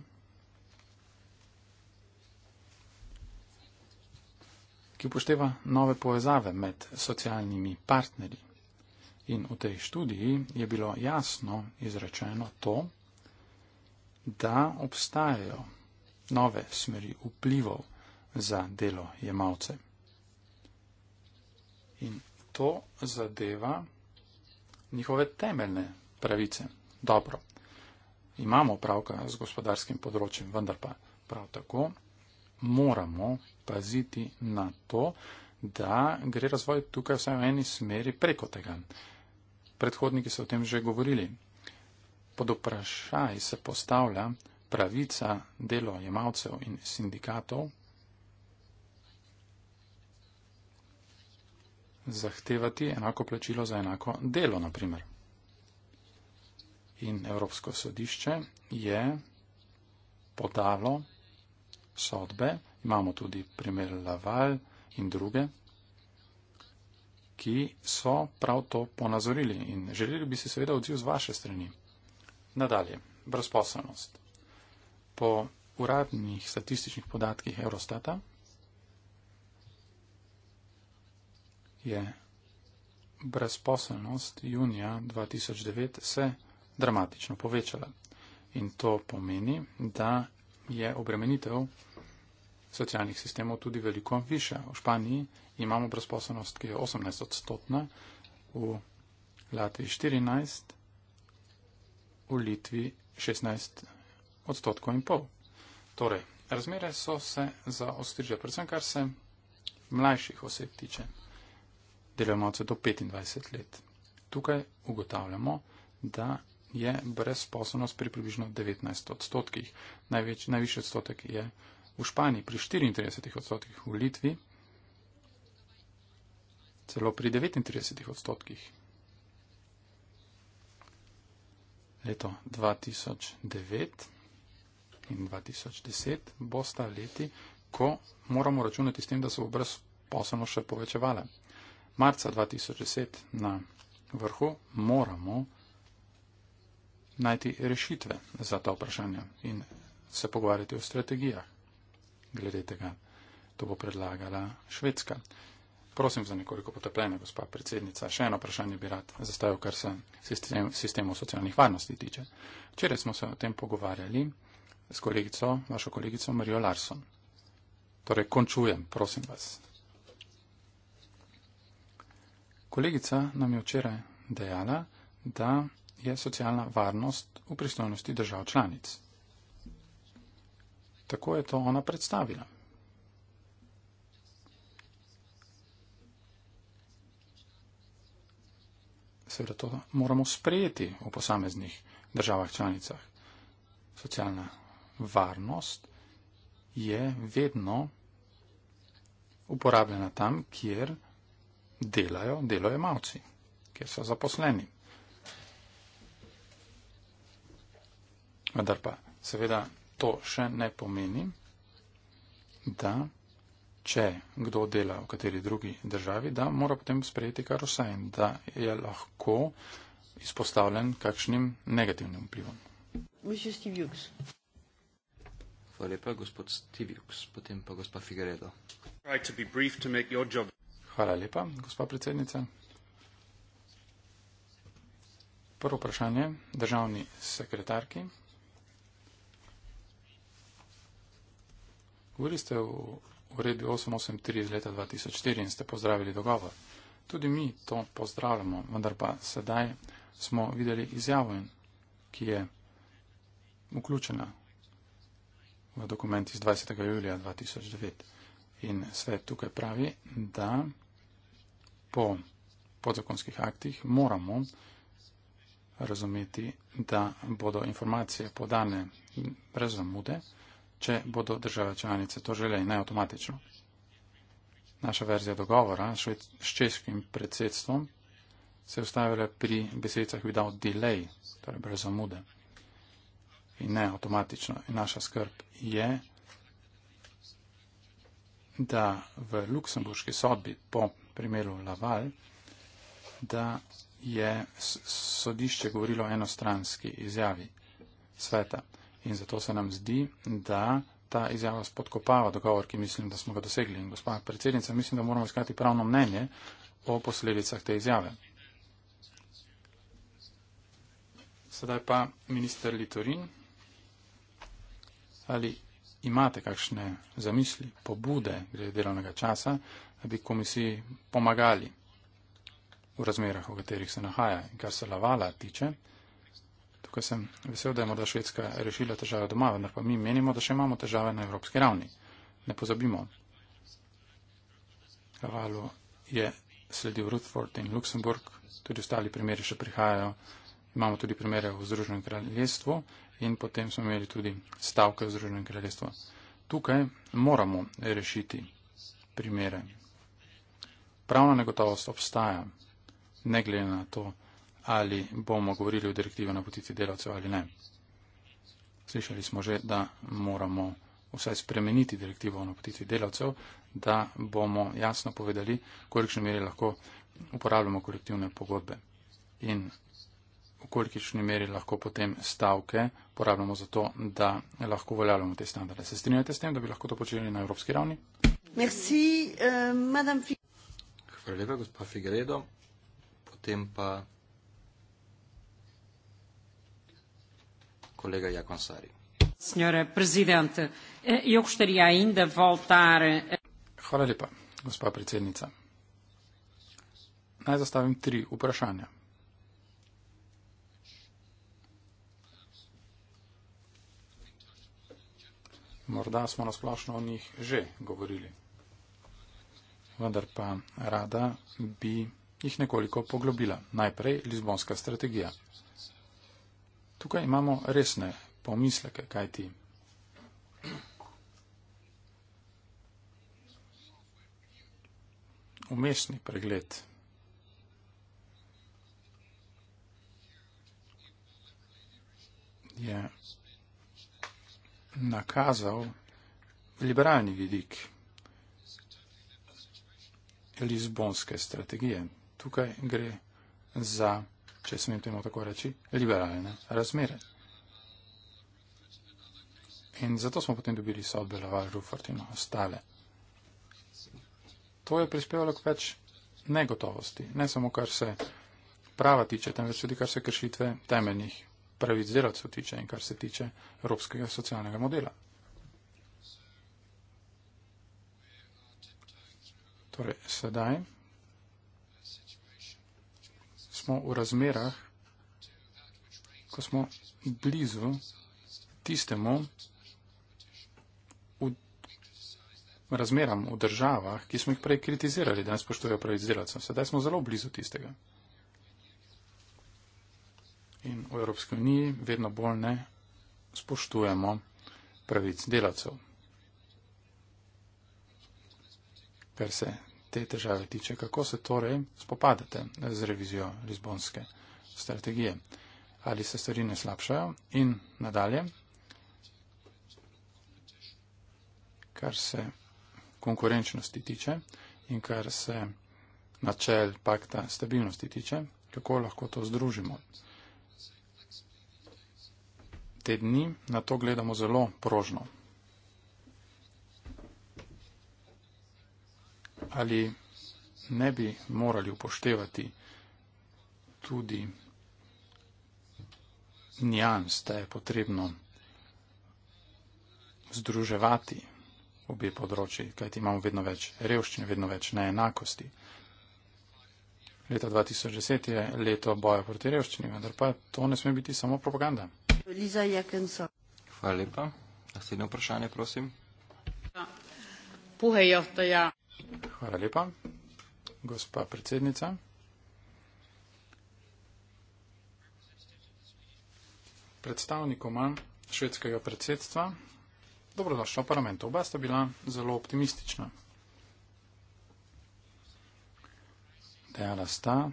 Speaker 3: ki upošteva nove povezave med socialnimi partnerji. In v tej študiji je bilo jasno izrečeno to, da obstajajo nove smeri vplivov za delo jemalce. In to zadeva njihove temeljne pravice. Dobro, imamo pravka z gospodarskim področjem, vendar pa prav tako moramo paziti na to, da gre razvoj tukaj vsaj v eni smeri preko tega. Predhodniki so o tem že govorili pod vprašaj se postavlja pravica delojemalcev in sindikatov zahtevati enako plačilo za enako delo, naprimer. In Evropsko sodišče je podalo sodbe, imamo tudi primer Laval in druge, ki so prav to ponazorili in želeli bi se seveda odziv z vaše strani. Nadalje, brezposelnost. Po uradnih statističnih podatkih Eurostata je brezposelnost junija 2009 se dramatično povečala. In to pomeni, da je obremenitev socialnih sistemov tudi veliko više. V Španiji imamo brezposelnost, ki je 18 odstotna, v Latviji 14 odstotna v Litvi 16 odstotkov in pol. Torej, razmere so se za ostrižje, predvsem kar se mlajših oseb tiče, delavce do 25 let. Tukaj ugotavljamo, da je brezposobnost pri približno 19 odstotkih. Največ, najvišji odstotek je v Španiji pri 34 odstotkih, v Litvi celo pri 39 odstotkih. leto 2009 in 2010 bosta leti, ko moramo računati s tem, da se bo brezposelnost še povečevala. Marca 2010 na vrhu moramo najti rešitve za ta vprašanja in se pogovarjati o strategijah glede tega. To bo predlagala Švedska. Prosim za nekoliko potepljenja, gospa predsednica. Še eno vprašanje bi rad zastavil, kar se sistem, sistemu socialnih varnosti tiče. Včeraj smo se o tem pogovarjali s kolegico, vašo kolegico Marijo Larson. Torej, končujem, prosim vas. Kolegica nam je včeraj dejala, da je socialna varnost v pristojnosti držav članic. Tako je to ona predstavila. seveda to moramo sprejeti v posameznih državah članicah. Socialna varnost je vedno uporabljena tam, kjer delajo delojemalci, kjer so zaposleni. Vendar pa seveda to še ne pomeni, da če kdo dela v kateri drugi državi, da mora potem sprejeti kar vse in da je lahko
Speaker 2: izpostavljen kakšnim negativnim vplivom. Hvala lepa, gospod Stivjuks, potem pa gospa Figueredo. Hvala lepa, gospa predsednica.
Speaker 3: Prvo vprašanje državni sekretarki. Govorili ste o uredbi 883 iz leta 2004 in ste pozdravili dogovor. Tudi mi to pozdravljamo, vendar pa sedaj smo videli izjavo, ki je vključena v dokument iz 20. julija 2009. In svet tukaj pravi, da po podzakonskih aktih moramo razumeti, da bodo informacije podane brez zamude če bodo države članice to želeli, ne avtomatično. Naša verzija dogovora s češkim predsedstvom se je ustavila pri besedicah without delay, torej brez zamude. In ne avtomatično. In naša skrb je, da v luksemburški sodbi po primeru Laval, da je sodišče govorilo enostranski izjavi sveta. In zato se nam zdi, da ta izjava spodkopava dogovor, ki mislim, da smo ga dosegli. In gospa predsednica, mislim, da moramo iskati pravno mnenje o posledicah te izjave. Sedaj pa minister Litorin. Ali imate kakšne zamisli, pobude glede delovnega časa, da bi komisiji pomagali v razmerah, v katerih se nahaja in kar se lavala tiče? Tukaj sem vesel, da je morda Švedska rešila težave doma, vendar pa mi menimo, da še imamo težave na evropski ravni. Ne pozabimo. Kavalu je sledil Rutherford in Luksemburg, tudi ostali primeri še prihajajo. Imamo tudi primere v Združenem kraljestvu in potem smo imeli tudi stavke v Združenem kraljestvu. Tukaj moramo rešiti primere. Pravna negotovost obstaja, ne glede na to, ali bomo govorili o direktivi na potici delavcev ali ne. Slišali smo že, da moramo vsaj spremeniti direktivo o napotitvi delavcev, da bomo jasno povedali, kolikšni meri lahko uporabljamo kolektivne pogodbe in v kolikšni meri lahko potem stavke uporabljamo za to, da lahko uveljavljamo te standarde. Se strinjate s tem, da bi lahko to počeli na evropski ravni?
Speaker 1: Merci, uh,
Speaker 2: Hvala lepa, gospod Figredo. Potem pa colega Jaconsari.
Speaker 1: Senhora Presidente, eu gostaria ainda de voltar.
Speaker 3: Hvala lepa, gospa predsednica. Naj zastavim tri vprašanja. Morda smo nasplošno o njih že govorili, vendar pa rada bi jih nekoliko poglobila. Najprej Lizbonska strategija. Tukaj imamo resne pomisleke, kaj ti. Umestni pregled. je nakazal liberalni vidik Lizbonske strategije. Tukaj gre za če smem temu tako reči, liberalne razmere. In zato smo potem dobili sodbe Laval, Rufort in ostale. To je prispevalo k več negotovosti, ne samo kar se prava tiče, temveč tudi kar se kršitve temeljnih pravic delavcev tiče in kar se tiče evropskega socialnega modela. Torej, sedaj smo v razmerah, ko smo blizu tistemu v razmeram v državah, ki smo jih prej kritizirali, da ne spoštujejo pravic delavcev. Sedaj smo zelo blizu tistega. In v Evropski uniji vedno bolj ne spoštujemo pravic delavcev. Kar se te države tiče. Kako se torej spopadate z revizijo Lizbonske strategije? Ali se stvari ne slabšajo? In nadalje, kar se konkurenčnosti tiče in kar se načel pakta stabilnosti tiče, kako lahko to združimo. Te dni na to gledamo zelo prožno. ali ne bi morali upoštevati tudi njans, da je potrebno združevati obe področji, kajti imamo vedno več revščine, vedno več neenakosti. Leta 2010 je leto boja proti revščini, vendar pa to ne sme biti samo propaganda.
Speaker 1: Liza Jekenso.
Speaker 3: Hvala
Speaker 2: lepa. Naslednje vprašanje,
Speaker 3: prosim.
Speaker 1: Puhejo, to ja.
Speaker 3: Hvala lepa. Gospa predsednica. Predstavnikoma švedskega predsedstva, dobrodošla v parlamentu. Oba sta bila zelo optimistična. Dejala sta,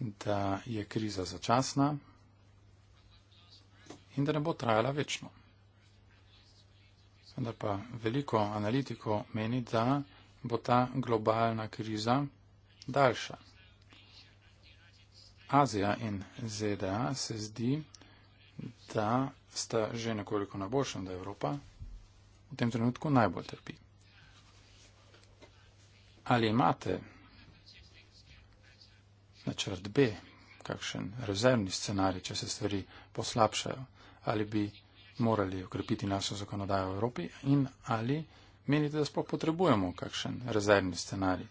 Speaker 3: da je kriza začasna in da ne bo trajala večno. Vendar pa veliko analitiko meni, da bo ta globalna kriza daljša. Azija in ZDA se zdi, da sta že nekoliko na boljšem, da Evropa v tem trenutku najbolj trpi. Ali imate načrt B, kakšen rezervni scenarij, če se stvari poslabšajo, ali bi morali okrepiti našo zakonodajo v Evropi in ali menite, da sploh potrebujemo kakšen rezervni scenarij?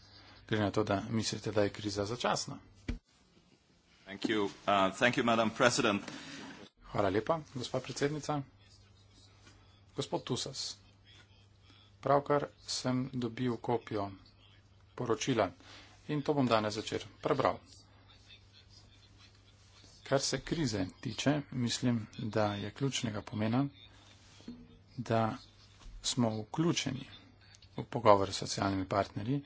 Speaker 3: Gre na to, da mislite, da je kriza začasna?
Speaker 1: Thank you. Uh,
Speaker 2: thank you,
Speaker 3: Hvala lepa, gospa predsednica. Gospod Tusas, pravkar sem dobil kopijo poročila in to bom danes začer prebral. Kar se krize tiče, mislim, da je ključnega pomena, da smo vključeni v pogovor s socialnimi partnerji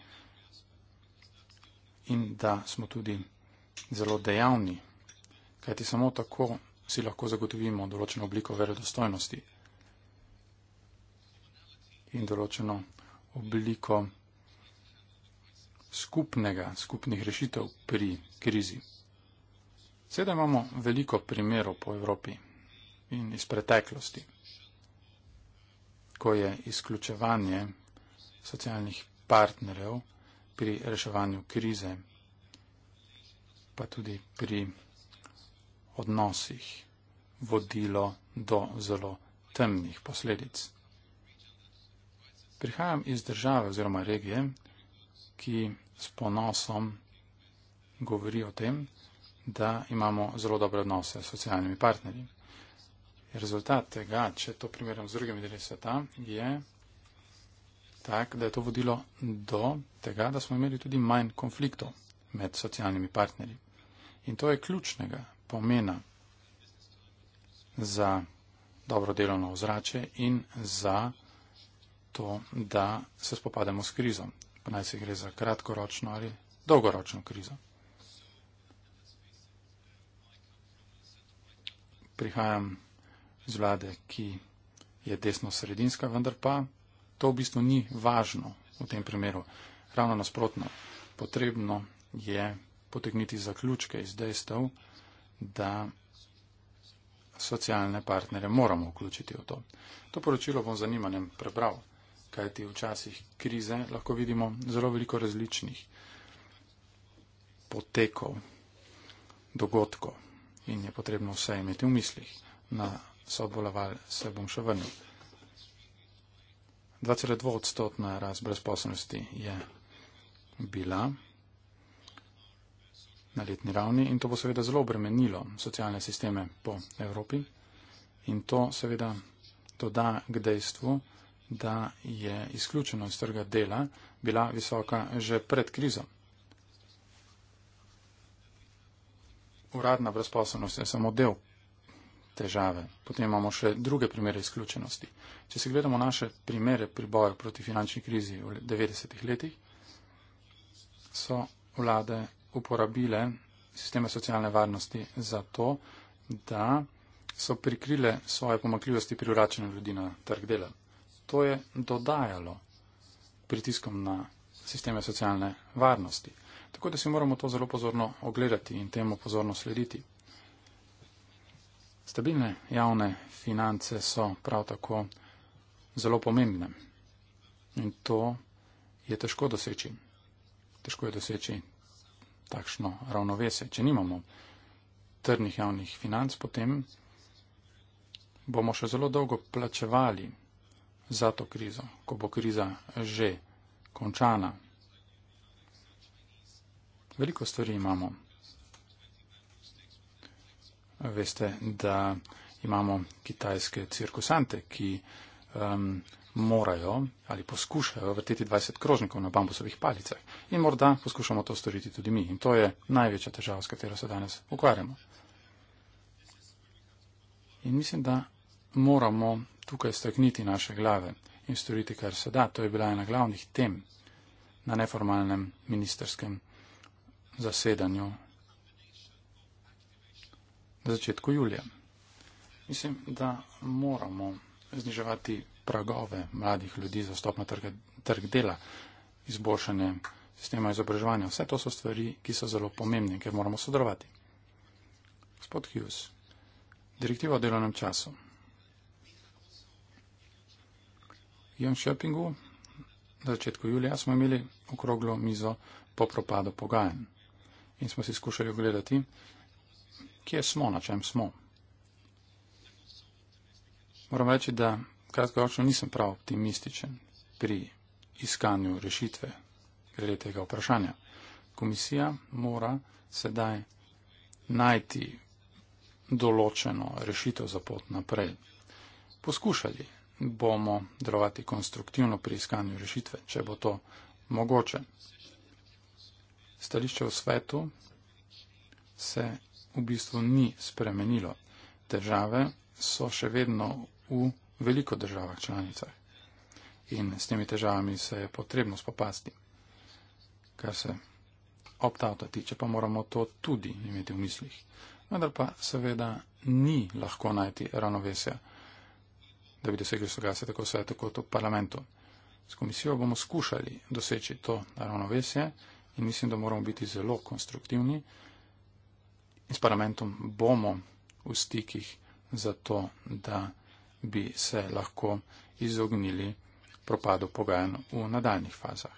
Speaker 3: in da smo tudi zelo dejavni, kajti samo tako si lahko zagotovimo določeno obliko verodostojnosti in določeno obliko skupnega, skupnih rešitev pri krizi. Sedaj imamo veliko primerov po Evropi in iz preteklosti ko je izključevanje socialnih partnerjev pri reševanju krize, pa tudi pri odnosih, vodilo do zelo temnih posledic. Prihajam iz države oziroma regije, ki s ponosom govori o tem, da imamo zelo dobre odnose s socialnimi partnerji rezultat tega, če to primerjam z drugimi deli sveta, je tak, da je to vodilo do tega, da smo imeli tudi manj konfliktov med socialnimi partnerji. In to je ključnega pomena za dobro delovno ozračje in za to, da se spopademo s krizo. Pa naj se gre za kratkoročno ali dolgoročno krizo. Prihajam z vlade, ki je desno-sredinska, vendar pa to v bistvu ni važno v tem primeru. Ravno nasprotno, potrebno je potegniti zaključke iz dejstev, da socialne partnere moramo vključiti v to. To poročilo bom zanimanjem prebral, kajti v časih krize lahko vidimo zelo veliko različnih potekov, dogodkov in je potrebno vse imeti v mislih. Na sodbo Laval se bom še vrnil. 2,2 odstotna rast brezposobnosti je bila na letni ravni in to bo seveda zelo obremenilo socialne sisteme po Evropi in to seveda doda k dejstvu, da je izključeno iz trga dela bila visoka že pred krizo. Uradna brezposobnost je samo del težave. Potem imamo še druge primere izključenosti. Če se gledamo naše primere pri boju proti finančni krizi v 90-ih letih, so vlade uporabile sisteme socialne varnosti za to, da so prikrile svoje pomakljivosti pri vračanju ljudi na trg dela. To je dodajalo pritiskom na sisteme socialne varnosti. Tako da si moramo to zelo pozorno ogledati in temu pozorno slediti. Stabilne javne finance so prav tako zelo pomembne. In to je težko doseči. Težko je doseči takšno ravnovesje. Če nimamo trdnih javnih financ, potem bomo še zelo dolgo plačevali za to krizo, ko bo kriza že končana. Veliko stvari imamo veste, da imamo kitajske cirkusante, ki um, morajo ali poskušajo vrteti 20 krožnikov na bambusovih palicah. In morda poskušamo to storiti tudi mi. In to je največja težava, s katero se danes ukvarjamo. In mislim, da moramo tukaj stekniti naše glave in storiti, kar se da. To je bila ena glavnih tem na neformalnem ministerskem zasedanju na začetku julija. Mislim, da moramo zniževati pragove mladih ljudi za stop na trg, trg dela, izboljšanje sistema izobraževanja. Vse to so stvari, ki so zelo pomembne, ker moramo sodelovati. Gospod Hughes, direktiva o delovnem času. V Jönköpingu na začetku julija smo imeli okroglo mizo po propadu pogajanj in smo si skušali ogledati, kje smo, na čem smo. Moram reči, da kratkoročno nisem prav optimističen pri iskanju rešitve glede tega vprašanja. Komisija mora sedaj najti določeno rešitev za pot naprej. Poskušali bomo delovati konstruktivno pri iskanju rešitve, če bo to mogoče. Stališče v svetu se v bistvu ni spremenilo. Države so še vedno v veliko državah članicah in s temi težavami se je potrebno spopasti, kar se opt-outa tiče, pa moramo to tudi imeti v mislih. Vendar pa seveda ni lahko najti ravnovesja, da bi dosegli soglasje tako svetu kot v parlamentu. S komisijo bomo skušali doseči to ravnovesje in mislim, da moramo biti zelo konstruktivni in s parlamentom bomo v stikih za to, da bi se lahko izognili propadu pogajanj v nadaljnih fazah.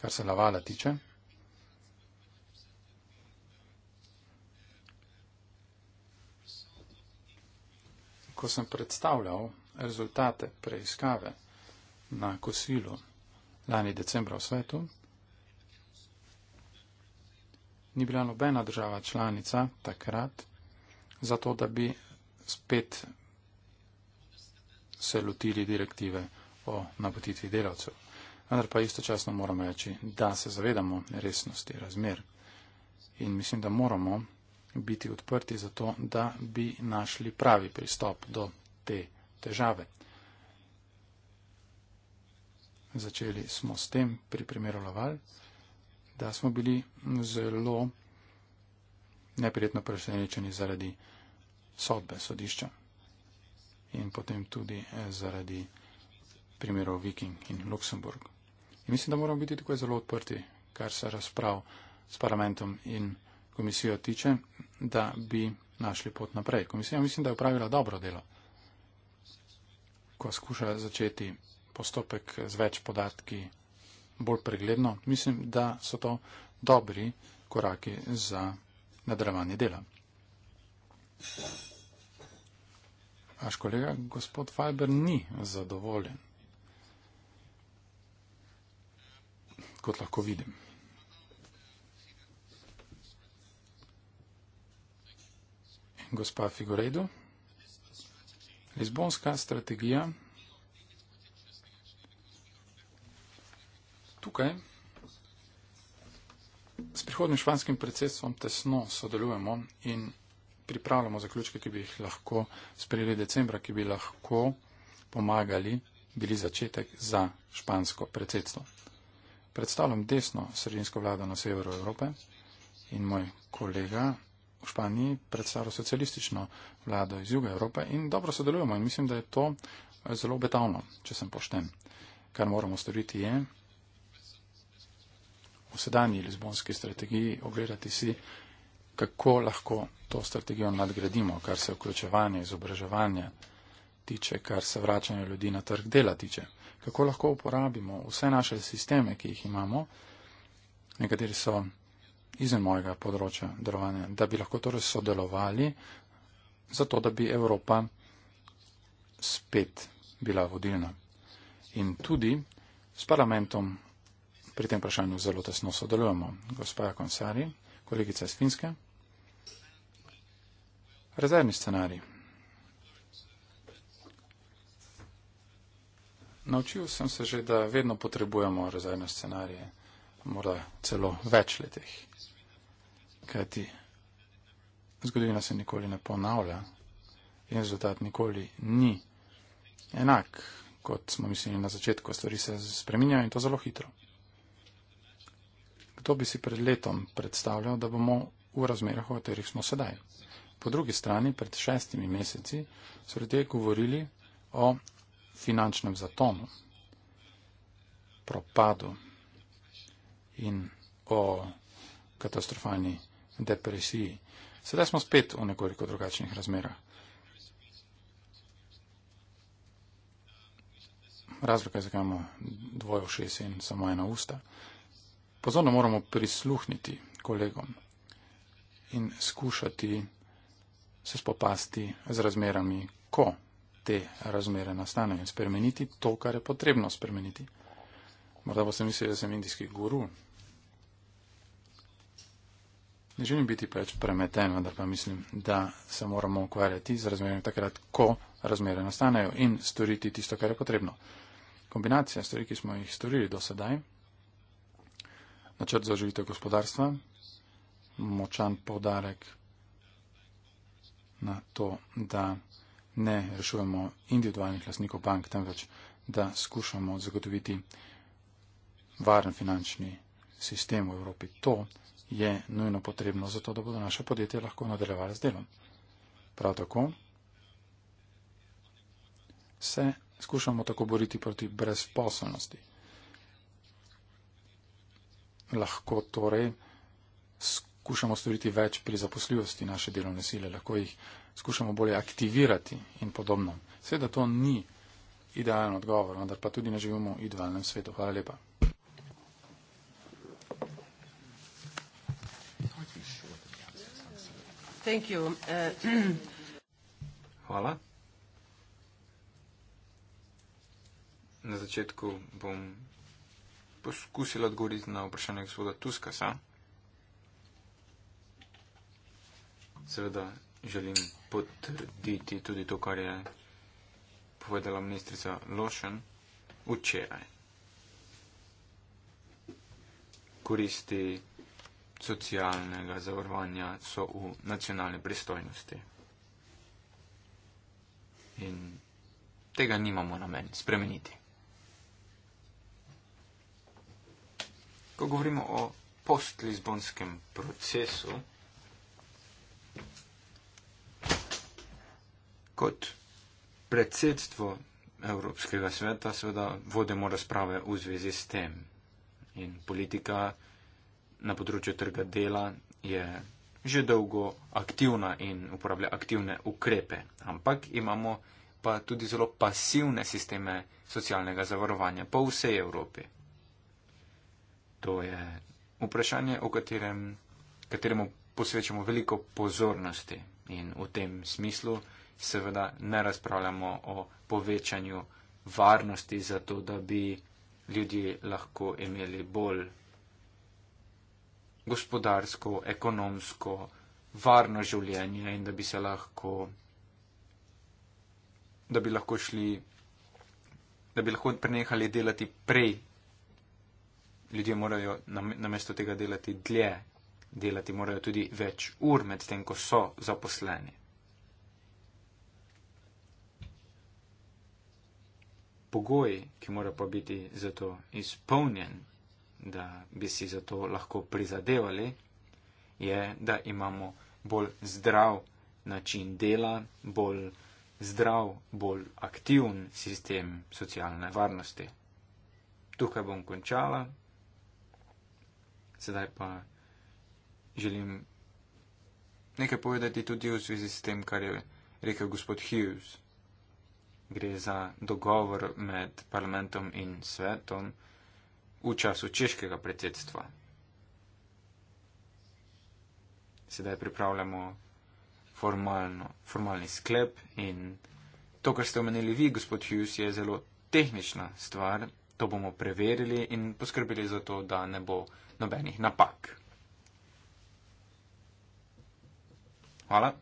Speaker 3: Kar se lavala tiče, ko sem predstavljal rezultate preiskave na kosilu lani decembra v svetu, ni bila nobena država članica takrat, zato da bi spet se lotili direktive o napotitvi delavcev. Vendar pa istočasno moramo reči, da se zavedamo resnosti razmer. In mislim, da moramo biti odprti za to, da bi našli pravi pristop do te težave. Začeli smo s tem pri primeru Laval da smo bili zelo neprijetno presenečeni zaradi sodbe sodišča in potem tudi eh, zaradi primerov Viking in Luksemburg. In mislim, da moramo biti tako zelo odprti, kar se razprav s parlamentom in komisijo tiče, da bi našli pot naprej. Komisija mislim, da je upravila dobro delo, ko skuša začeti postopek z več podatki bolj pregledno, mislim, da so to dobri koraki za nadaljevanje dela. Vaš kolega, gospod Fajber, ni zadovoljen, kot lahko vidim. Gospa Figuredo, Lizbonska strategija. tukaj. S prihodnim španskim predsedstvom tesno sodelujemo in pripravljamo zaključke, ki bi jih lahko sprejeli decembra, ki bi lahko pomagali, bili začetek za špansko predsedstvo. Predstavljam desno sredinsko vlado na severu Evrope in moj kolega v Španiji predstavlja socialistično vlado iz juga Evrope in dobro sodelujemo in mislim, da je to zelo obetavno, če sem pošten. Kar moramo storiti je, v sedanji lizbonski strategiji, ogledati si, kako lahko to strategijo nadgradimo, kar se vključevanje, izobraževanje tiče, kar se vračanje ljudi na trg dela tiče. Kako lahko uporabimo vse naše sisteme, ki jih imamo, nekateri so izven mojega področja delovanja, da bi lahko torej sodelovali, zato da bi Evropa spet bila vodilna. In tudi s parlamentom pri tem vprašanju zelo tesno sodelujemo. Gospa Konsari, kolegica iz Finske. Rezervni scenarij. Naučil sem se že, da vedno potrebujemo rezervne scenarije, morda celo več letih, kajti zgodovina se nikoli ne ponavlja in rezultat nikoli ni enak, kot smo mislili na začetku. Stvari se spreminjajo in to zelo hitro. Kdo bi si pred letom predstavljal, da bomo v razmerah, v katerih smo sedaj? Po drugi strani, pred šestimi meseci, so ljudje govorili o finančnem zatonu, propadu in o katastrofalni depresiji. Sedaj smo spet v nekoliko drugačnih razmerah. Razlog je, zakaj imamo dvoje v šest in samo ena usta pozorno moramo prisluhniti kolegom in skušati se spopasti z razmerami, ko te razmere nastanejo in spremeniti to, kar je potrebno spremeniti. Morda boste mislili, da sem indijski guru. Ne želim biti preveč premeten, vendar pa mislim, da se moramo ukvarjati z razmerami takrat, ko razmere nastanejo in storiti tisto, kar je potrebno. Kombinacija stvari, ki smo jih storili do sedaj, načrt za oživitev gospodarstva, močan podarek na to, da ne rešujemo individualnih lasnikov bank, temveč da skušamo zagotoviti varen finančni sistem v Evropi. To je nujno potrebno za to, da bodo naše podjetje lahko nadaljevali z delom. Prav tako se skušamo tako boriti proti brezposobnosti lahko torej skušamo storiti več pri zaposljivosti naše delovne sile, lahko jih skušamo bolje aktivirati in podobno. Seveda to ni idealen odgovor, vendar pa tudi ne živimo v idealnem svetu. Hvala lepa.
Speaker 1: Uh,
Speaker 4: Hvala. Na začetku bom poskusila odgovoriti na vprašanje gospoda Tuska. Sa? Seveda želim potrditi tudi to, kar je povedala ministrica Lošen včeraj. Koristi socialnega zavarovanja so v nacionalni pristojnosti. In tega nimamo namen spremeniti. ko govorimo o post-lizbonskem procesu,
Speaker 2: kot predsedstvo
Speaker 4: Evropskega sveta, seveda vodimo razprave v zvezi s tem. In politika na področju trga dela je že dolgo aktivna in uporablja aktivne ukrepe, ampak imamo pa tudi zelo pasivne sisteme socialnega zavarovanja po vsej Evropi. To je vprašanje, o katerem, kateremu posvečamo veliko pozornosti in v tem smislu seveda ne razpravljamo o povečanju varnosti za to, da bi ljudje lahko imeli bolj gospodarsko, ekonomsko, varno življenje in da bi se lahko, da bi lahko šli, da bi lahko prenehali delati prej ljudje morajo namesto tega delati dlje, delati morajo tudi več ur med tem, ko so zaposleni. Pogoj, ki mora pa biti za to izpolnjen, da bi si za to lahko prizadevali, je, da imamo bolj zdrav način dela, bolj zdrav, bolj aktivn sistem socialne varnosti. Tukaj bom končala sedaj pa želim nekaj povedati tudi v zvezi s tem, kar je rekel gospod Hughes. Gre za dogovor med parlamentom in svetom v času češkega predsedstva. Sedaj pripravljamo formalno, formalni sklep in to, kar ste omenili vi, gospod Hughes, je zelo tehnična stvar. To bomo preverili in poskrbeli za to, da ne bo nobenih napak. Hvala.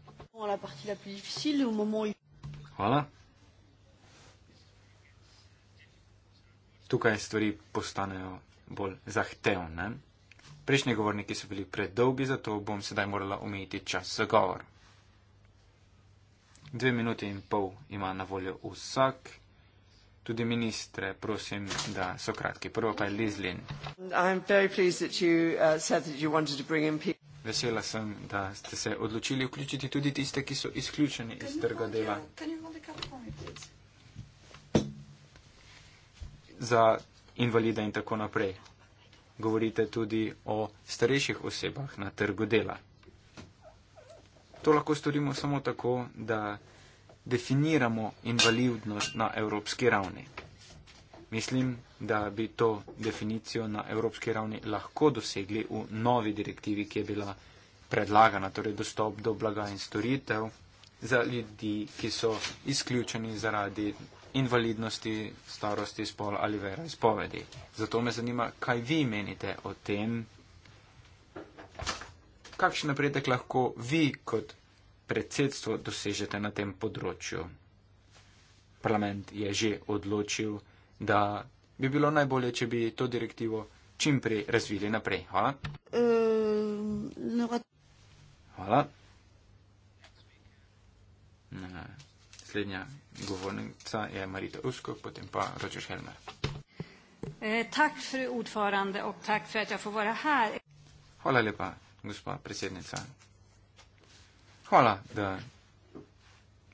Speaker 4: Hvala. Tukaj stvari postanejo bolj zahtevne. Prejšnji govorniki so bili predolgi, zato bom sedaj morala omejiti čas za govor. Dve minuti in pol ima na voljo vsak tudi ministre prosim, da so kratki. Prvo pa je Liz Lin. Uh, Vesela sem, da ste se odločili vključiti tudi tiste, ki so izključeni iz trga dela. Za invalida in tako naprej. Govorite tudi o starejših osebah na trgu dela. To lahko storimo samo tako, da definiramo invalidnost na evropski ravni. Mislim, da bi to definicijo na evropski ravni lahko dosegli v novi direktivi, ki je bila predlagana, torej dostop do blaga in storitev za ljudi, ki so izključeni zaradi invalidnosti, starosti, spol ali vera izpovedi. Zato me zanima, kaj vi menite o tem, kakšen napredek lahko vi kot predsedstvo dosežete na tem področju. Parlament je že odločil, da bi bilo najbolje, če bi to direktivo čim prej razvili naprej. Hvala. Hvala. Slednja govornica je Marita Usko, potem pa Roger Helmer. Eh, Hvala lepa, gospa predsednica. Hvala, da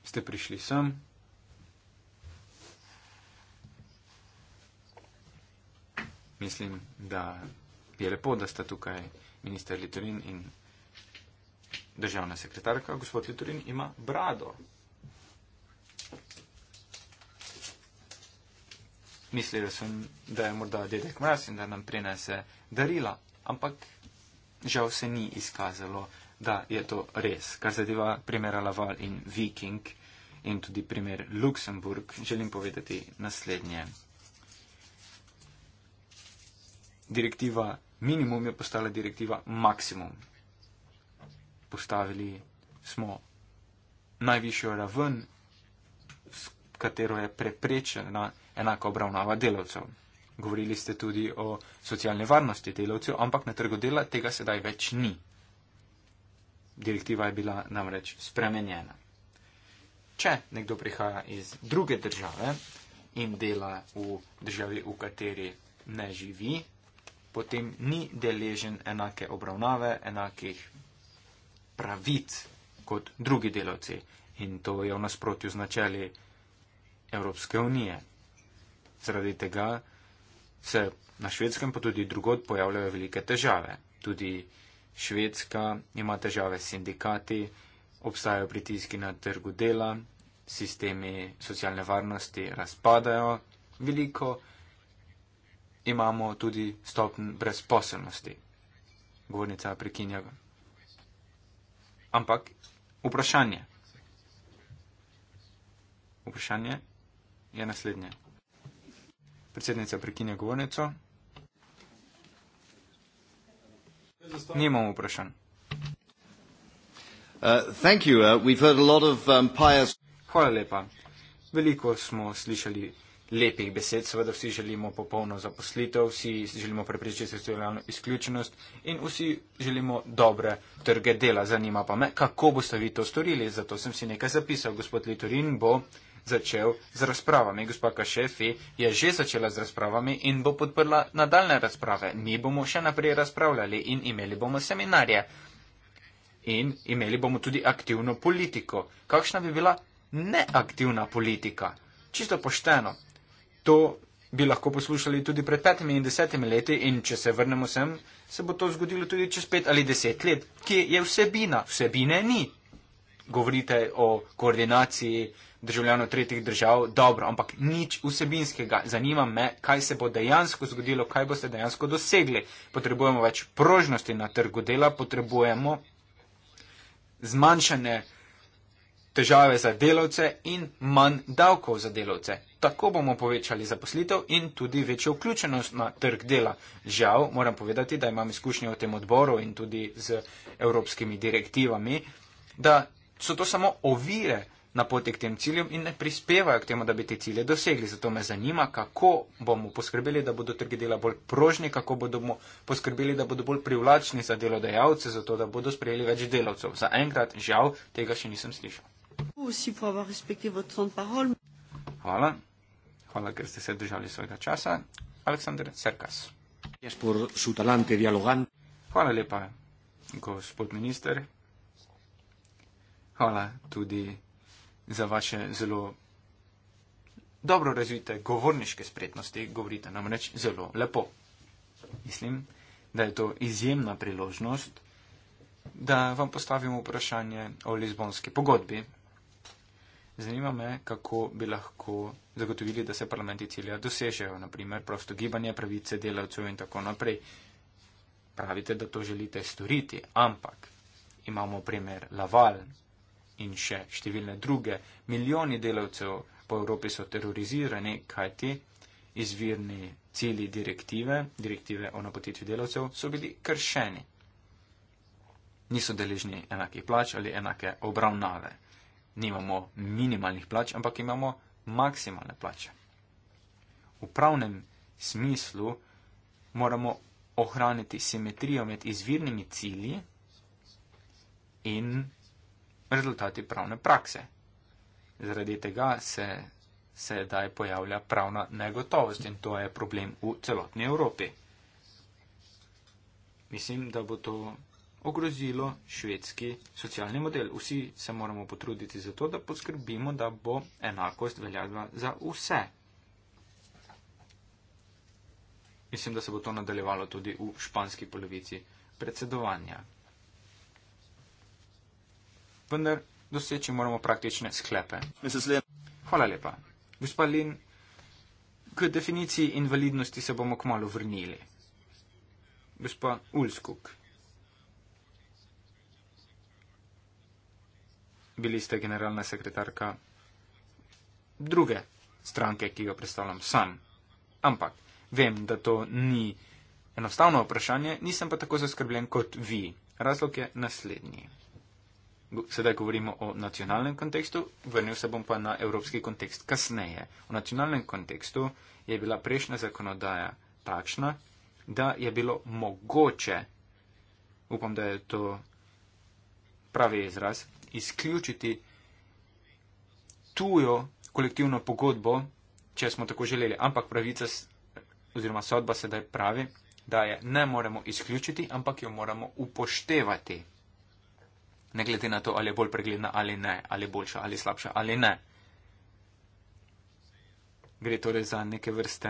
Speaker 4: ste prišli sem. Mislim, da je lepo, da sta tukaj minister Litorin in državna sekretarka. Gospod Litorin ima brado. Mislil sem, da je morda dedek mraz in da nam prinese darila, ampak žal se ni izkazalo da je to res. Kar zadeva primera Laval in Viking in tudi primer Luksemburg, želim povedati naslednje. Direktiva minimum je postala direktiva maksimum. Postavili smo najvišjo raven, s katero je preprečena enaka obravnava delavcev. Govorili ste tudi o socialne varnosti delavcev, ampak na trgu dela tega sedaj več ni. Direktiva je bila namreč spremenjena. Če nekdo prihaja iz druge države in dela v državi, v kateri ne živi, potem ni deležen enake obravnave, enakih pravic kot drugi delavci. In to je v nasprotju z načeli Evropske unije. Zaradi tega se na švedskem, pa tudi drugod, pojavljajo velike težave. Tudi Švedska ima težave s sindikati, obstajajo pritiski na trgu dela, sistemi socialne varnosti razpadajo veliko, imamo tudi stopn brezposelnosti. Govornica prekinja. Ampak vprašanje. Vprašanje je naslednje. Predsednica prekinja govornico. Nimamo vprašanj. Uh, uh, um, Hvala lepa. Veliko smo slišali lepih besed, seveda vsi želimo popolno zaposlitev, vsi želimo preprečiti socialno izključenost in vsi želimo dobre trge dela. Zanima pa me, kako boste vi to storili. Zato sem si nekaj zapisal. Gospod Litorin bo začel z razpravami. Gospa Kašefi je že začela z razpravami in bo podprla nadaljne razprave. Mi bomo še naprej razpravljali in imeli bomo seminarje. In imeli bomo tudi aktivno politiko. Kakšna bi bila neaktivna politika? Čisto pošteno. To bi lahko poslušali tudi pred petimi in desetimi leti in če se vrnemo sem, se bo to zgodilo tudi čez pet ali deset let. Kje je vsebina? Vsebine ni. Govorite o koordinaciji, državljanov tretjih držav, dobro, ampak nič vsebinskega. Zanima me, kaj se bo dejansko zgodilo, kaj boste dejansko dosegli. Potrebujemo več prožnosti na trgu dela, potrebujemo zmanjšane težave za delavce in manj davkov za delavce. Tako bomo povečali zaposlitev in tudi večjo vključenost na trg dela. Žal moram povedati, da imam izkušnje v tem odboru in tudi z evropskimi direktivami, da so to samo ovire na poti k tem ciljem in ne prispevajo k temu, da bi te cilje dosegli. Zato me zanima, kako bomo poskrbeli, da bodo trgi dela bolj prožni, kako bomo poskrbeli, da bodo bolj privlačni za delodajalce, zato da bodo sprejeli več delavcev. Za enkrat, žal, tega še nisem slišal. Hvala. Hvala, ker ste se držali svojega časa. Aleksandr Serkas. Hvala lepa, gospod minister. Hvala tudi za vaše zelo dobro razvite govorniške spretnosti, govorite namreč zelo lepo. Mislim, da je to izjemna priložnost, da vam postavim vprašanje o Lizbonski pogodbi. Zanima me, kako bi lahko zagotovili, da se parlamenti cilja dosežejo, naprimer prosto gibanje pravice delavcev in tako naprej. Pravite, da to želite storiti, ampak imamo primer Laval, in še številne druge. Milijoni delavcev po Evropi so terorizirani, kajti izvirni cili direktive, direktive o napotitvi delavcev, so bili kršeni. Niso deležni enakih plač ali enake obravnave. Nimamo minimalnih plač, ampak imamo maksimalne plače. V pravnem smislu moramo ohraniti simetrijo med izvirnimi cilji in rezultati pravne prakse. Zaradi tega se sedaj pojavlja pravna negotovost in to je problem v celotni Evropi. Mislim, da bo to ogrozilo švedski socialni model. Vsi se moramo potruditi za to, da poskrbimo, da bo enakost veljala za vse. Mislim, da se bo to nadaljevalo tudi v španski polovici predsedovanja vendar doseči moramo praktične sklepe. Hvala lepa. Gospa Lin, k definiciji invalidnosti se bomo kmalo vrnili. Gospa Ulskuk. Bili ste generalna sekretarka druge stranke, ki jo predstavljam sam. Ampak vem, da to ni enostavno vprašanje, nisem pa tako zaskrbljen kot vi. Razlog je naslednji sedaj govorimo o nacionalnem kontekstu, vrnil se bom pa na evropski kontekst kasneje. V nacionalnem kontekstu je bila prejšnja zakonodaja takšna, da je bilo mogoče, upam, da je to pravi izraz, izključiti tujo kolektivno pogodbo, če smo tako želeli, ampak pravica oziroma sodba sedaj pravi, da je ne moremo izključiti, ampak jo moramo upoštevati ne glede na to, ali je bolj pregledna ali ne, ali je boljša ali slabša ali ne. Gre torej za neke vrste.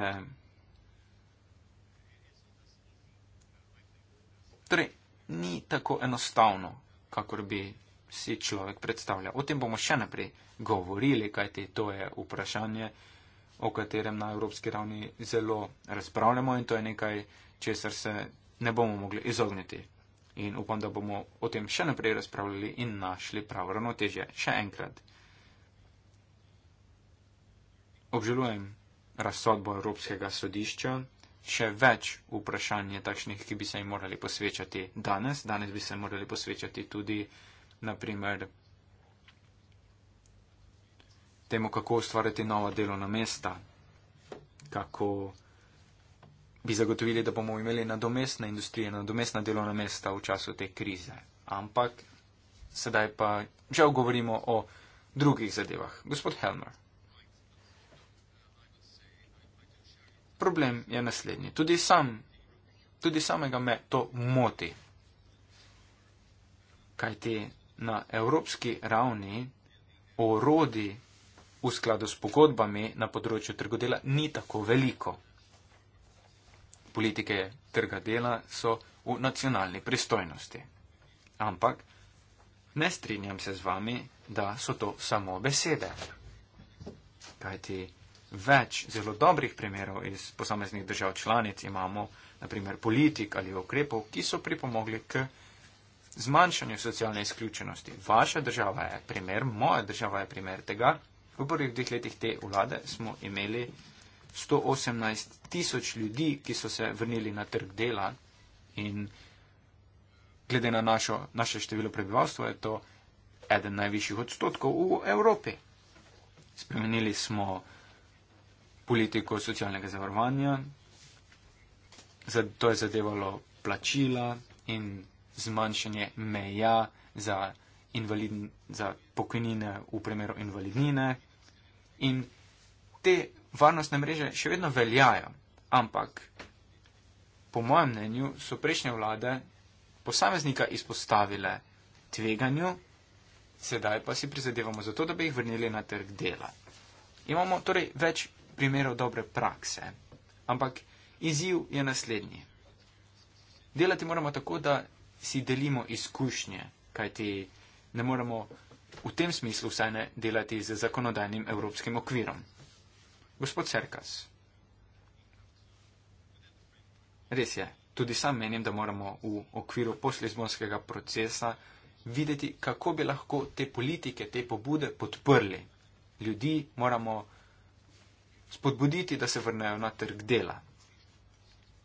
Speaker 4: Torej, ni tako enostavno, kakor bi si človek predstavljal. O tem bomo še naprej govorili, kajti to je vprašanje, o katerem na evropski ravni zelo razpravljamo in to je nekaj, česar se ne bomo mogli izogniti in upam, da bomo o tem še naprej razpravljali in našli pravo ravnotežje. Še enkrat. Obžalujem razsodbo Evropskega sodišča. Še več vprašanj je takšnih, ki bi se jim morali posvečati danes. Danes bi se morali posvečati tudi, naprimer, temu, kako ustvariti nova delovna mesta, kako bi zagotovili, da bomo imeli nadomestne industrije, nadomestna delovna mesta v času te krize. Ampak sedaj pa žal govorimo o drugih zadevah. Gospod Helmer. Problem je naslednji. Tudi, sam, tudi samega me to moti. Kaj ti na evropski ravni orodi v skladu s pogodbami na področju trgodela ni tako veliko politike trga dela so v nacionalni pristojnosti. Ampak ne strinjam se z vami, da so to samo besede. Kajti več zelo dobrih primerov iz posameznih držav članic imamo, naprimer politik ali okrepov, ki so pripomogli k zmanjšanju socialne izključenosti. Vaša država je primer, moja država je primer tega. V prvih dveh letih te vlade smo imeli 118 tisoč ljudi, ki so se vrnili na trg dela in glede na našo, naše število prebivalstva je to eden najvišjih odstotkov v Evropi. Spremenili smo politiko socialnega zavarovanja, to je zadevalo plačila in zmanjšanje meja za, invalidn, za pokojnine v primeru invalidnine in te varnostne mreže še vedno veljajo, ampak po mojem mnenju so prejšnje vlade posameznika izpostavile tveganju, sedaj pa si prizadevamo za to, da bi jih vrnili na trg dela. Imamo torej več primerov dobre prakse, ampak izziv je naslednji. Delati moramo tako, da si delimo izkušnje, kajti ne moremo v tem smislu vse ne delati z zakonodajnim evropskim okvirom. Gospod Serkas, res je, tudi sam menim, da moramo v okviru poslizbonskega procesa videti, kako bi lahko te politike, te pobude podprli. Ljudi moramo spodbuditi, da se vrnejo na trg dela.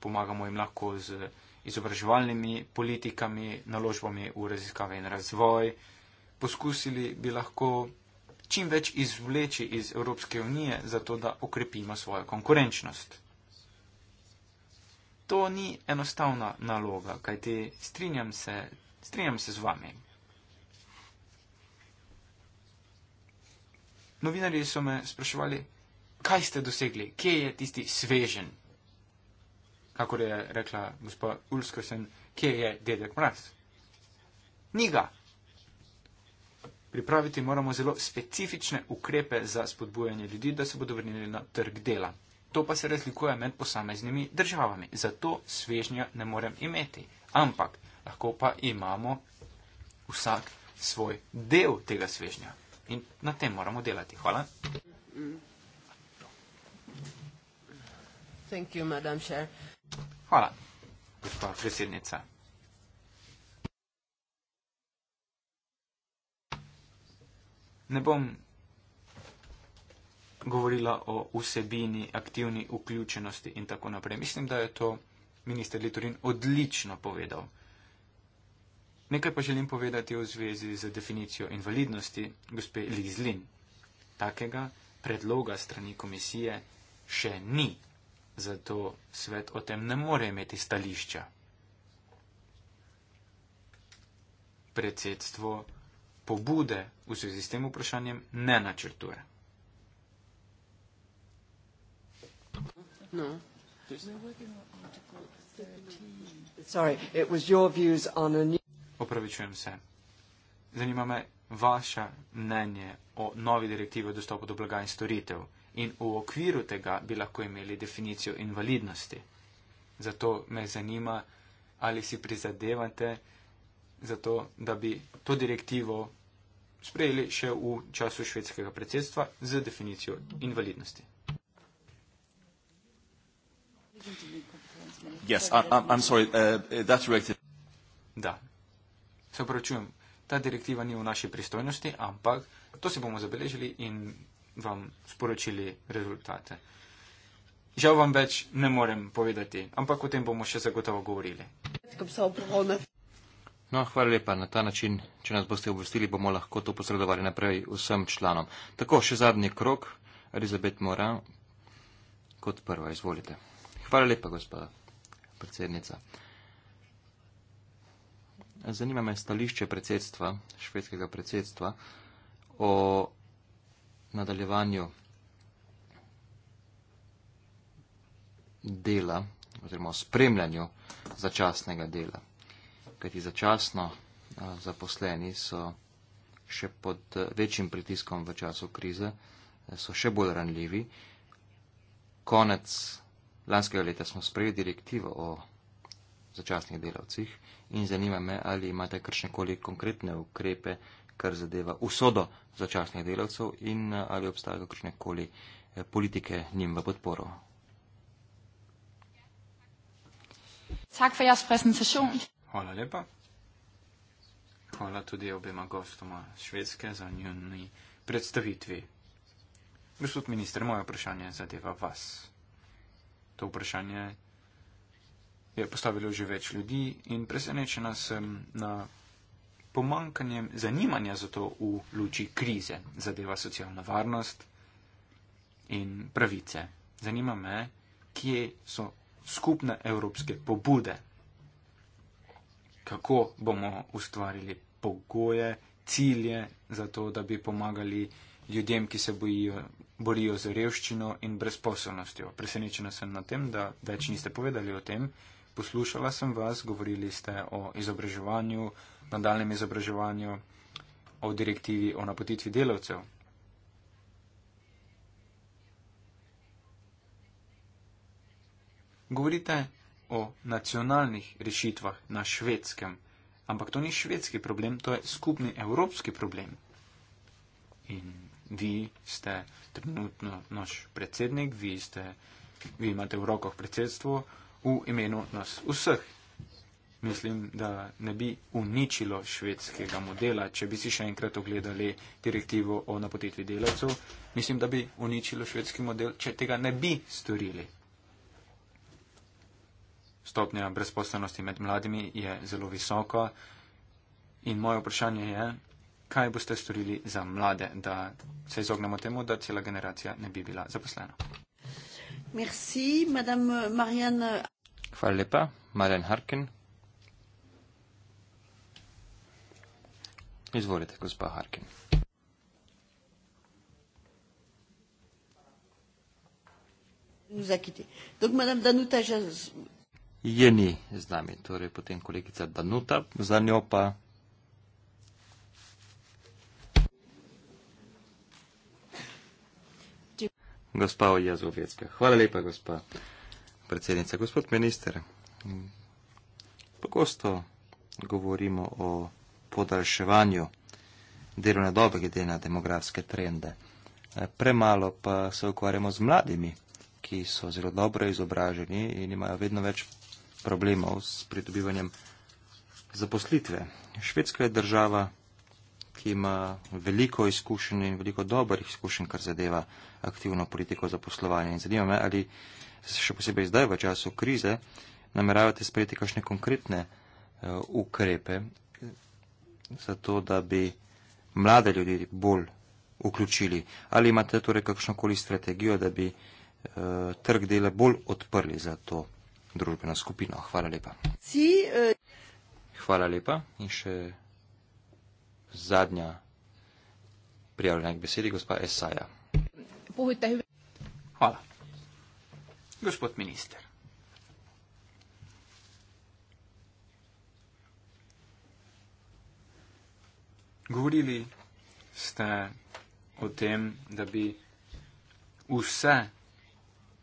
Speaker 4: Pomagamo jim lahko z izobraževalnimi politikami, naložbami v raziskave in razvoj. Poskusili bi lahko čim več izvleči iz Evropske unije, zato da okrepimo svojo konkurenčnost. To ni enostavna naloga, kajti strinjam se, strinjam se z vami. Novinarji so me spraševali, kaj ste dosegli, kje je tisti svežen, kakor je rekla gospod Ulskosen, kje je dedek mraz. Ni ga, Pripraviti moramo zelo specifične ukrepe za spodbujanje ljudi, da se bodo vrnili na trg dela. To pa se razlikuje med posameznimi državami, zato svežnja ne morem imeti. Ampak lahko pa imamo vsak svoj del tega svežnja in na tem moramo delati. Hvala. Hvala, gospod predsednica. Ne bom govorila o vsebini, aktivni vključenosti in tako naprej. Mislim, da je to minister Litorin odlično povedal. Nekaj pa želim povedati v zvezi z definicijo invalidnosti gospe Lizlin. Takega predloga strani komisije še ni, zato svet o tem ne more imeti stališča. Predsedstvo pobude v zvezi s tem vprašanjem ne načrtuje. No. Opravičujem se. Zanima me vaše mnenje o novi direktivi o dostopu do blaga in storitev in v okviru tega bi lahko imeli definicijo invalidnosti. Zato me zanima, ali si prizadevate, za to, da bi to direktivo sprejeli še v času švedskega predsedstva z definicijo invalidnosti. Yes, I, I'm sorry, uh, that's right. Da, se opravičujem, ta direktiva ni v naši pristojnosti, ampak to si bomo zabeležili in vam sporočili rezultate. Žal vam več ne morem povedati, ampak o tem bomo še zagotovo govorili.
Speaker 1: Yes.
Speaker 2: No, hvala lepa. Na ta način, če nas boste obvestili, bomo lahko to posredovali naprej vsem članom. Tako, še zadnji krok. Elizabeth Mora, kot prva, izvolite. Hvala lepa, gospoda predsednica. Zanima me stališče predsedstva, švedskega predsedstva, o nadaljevanju dela oziroma spremljanju začasnega dela kajti začasno zaposleni so še pod e, večjim pritiskom v času krize, e, so še bolj ranljivi. Konec lanskega leta smo sprejeli direktivo o začasnih delavcih in zanima me, ali imate kakšne koli konkretne ukrepe, kar zadeva usodo začasnih delavcev in e, ali obstajajo kakšne koli politike njim v podporo.
Speaker 4: Tak for jeres præsentation. Hvala lepa. Hvala tudi obema gostoma Švedske za njuni predstavitvi. Gospod minister, moje vprašanje zadeva vas. To vprašanje je postavilo že več ljudi in presenečena sem na pomankanjem zanimanja za to v luči krize. Zadeva socialna varnost in pravice. Zanima me, kje so skupne evropske pobude kako bomo ustvarili pogoje, cilje za to, da bi pomagali ljudem, ki se bojijo, borijo z revščino in brezposobnostjo. Presenečena sem na tem, da več niste povedali o tem. Poslušala sem vas, govorili ste o izobraževanju, nadaljem izobraževanju, o direktivi o napotitvi delavcev. Govorite o nacionalnih rešitvah na švedskem. Ampak to ni švedski problem, to je skupni evropski problem. In vi ste trenutno naš predsednik, vi, ste, vi imate v rokah predsedstvo v imenu nas vseh. Mislim, da ne bi uničilo švedskega modela, če bi si še enkrat ogledali direktivo o napotitvi delavcev. Mislim, da bi uničilo švedski model, če tega ne bi storili stopnja brezposelnosti med mladimi je zelo visoka. In moje vprašanje je, kaj boste storili za mlade, da se izognemo temu, da cela generacija ne bi bila zaposlena.
Speaker 1: Merci, Marianne...
Speaker 2: Hvala lepa, Marjan Harkin. Izvolite, gospa Harkin.
Speaker 1: Nous a quittés. Donc, Madame Danouta, je
Speaker 2: je ni z nami. Torej, potem kolegica Danuta, za njo pa. Gospa Ojazovecka. Hvala lepa, gospa predsednica. Gospod minister, pogosto govorimo o podaljševanju delovne dobe glede na demografske trende. Premalo pa se ukvarjamo z mladimi, ki so zelo dobro izobraženi in imajo vedno več problemov s pridobivanjem zaposlitve. Švedska je država, ki ima veliko izkušenj in veliko dobrih izkušenj, kar zadeva aktivno politiko zaposlovanja. In zanima me, ali še posebej zdaj v času krize nameravate sprejeti kakšne konkretne uh, ukrepe za to, da bi mlade ljudi bolj vključili. Ali imate torej kakšnokoli strategijo, da bi uh, trg dela bolj odprli za to? družbeno skupino. Hvala lepa.
Speaker 1: Si, uh...
Speaker 2: Hvala lepa in še zadnja prijavljena k besedi, gospa Esaja. Hvala. Gospod minister.
Speaker 4: Govorili ste o tem, da bi vse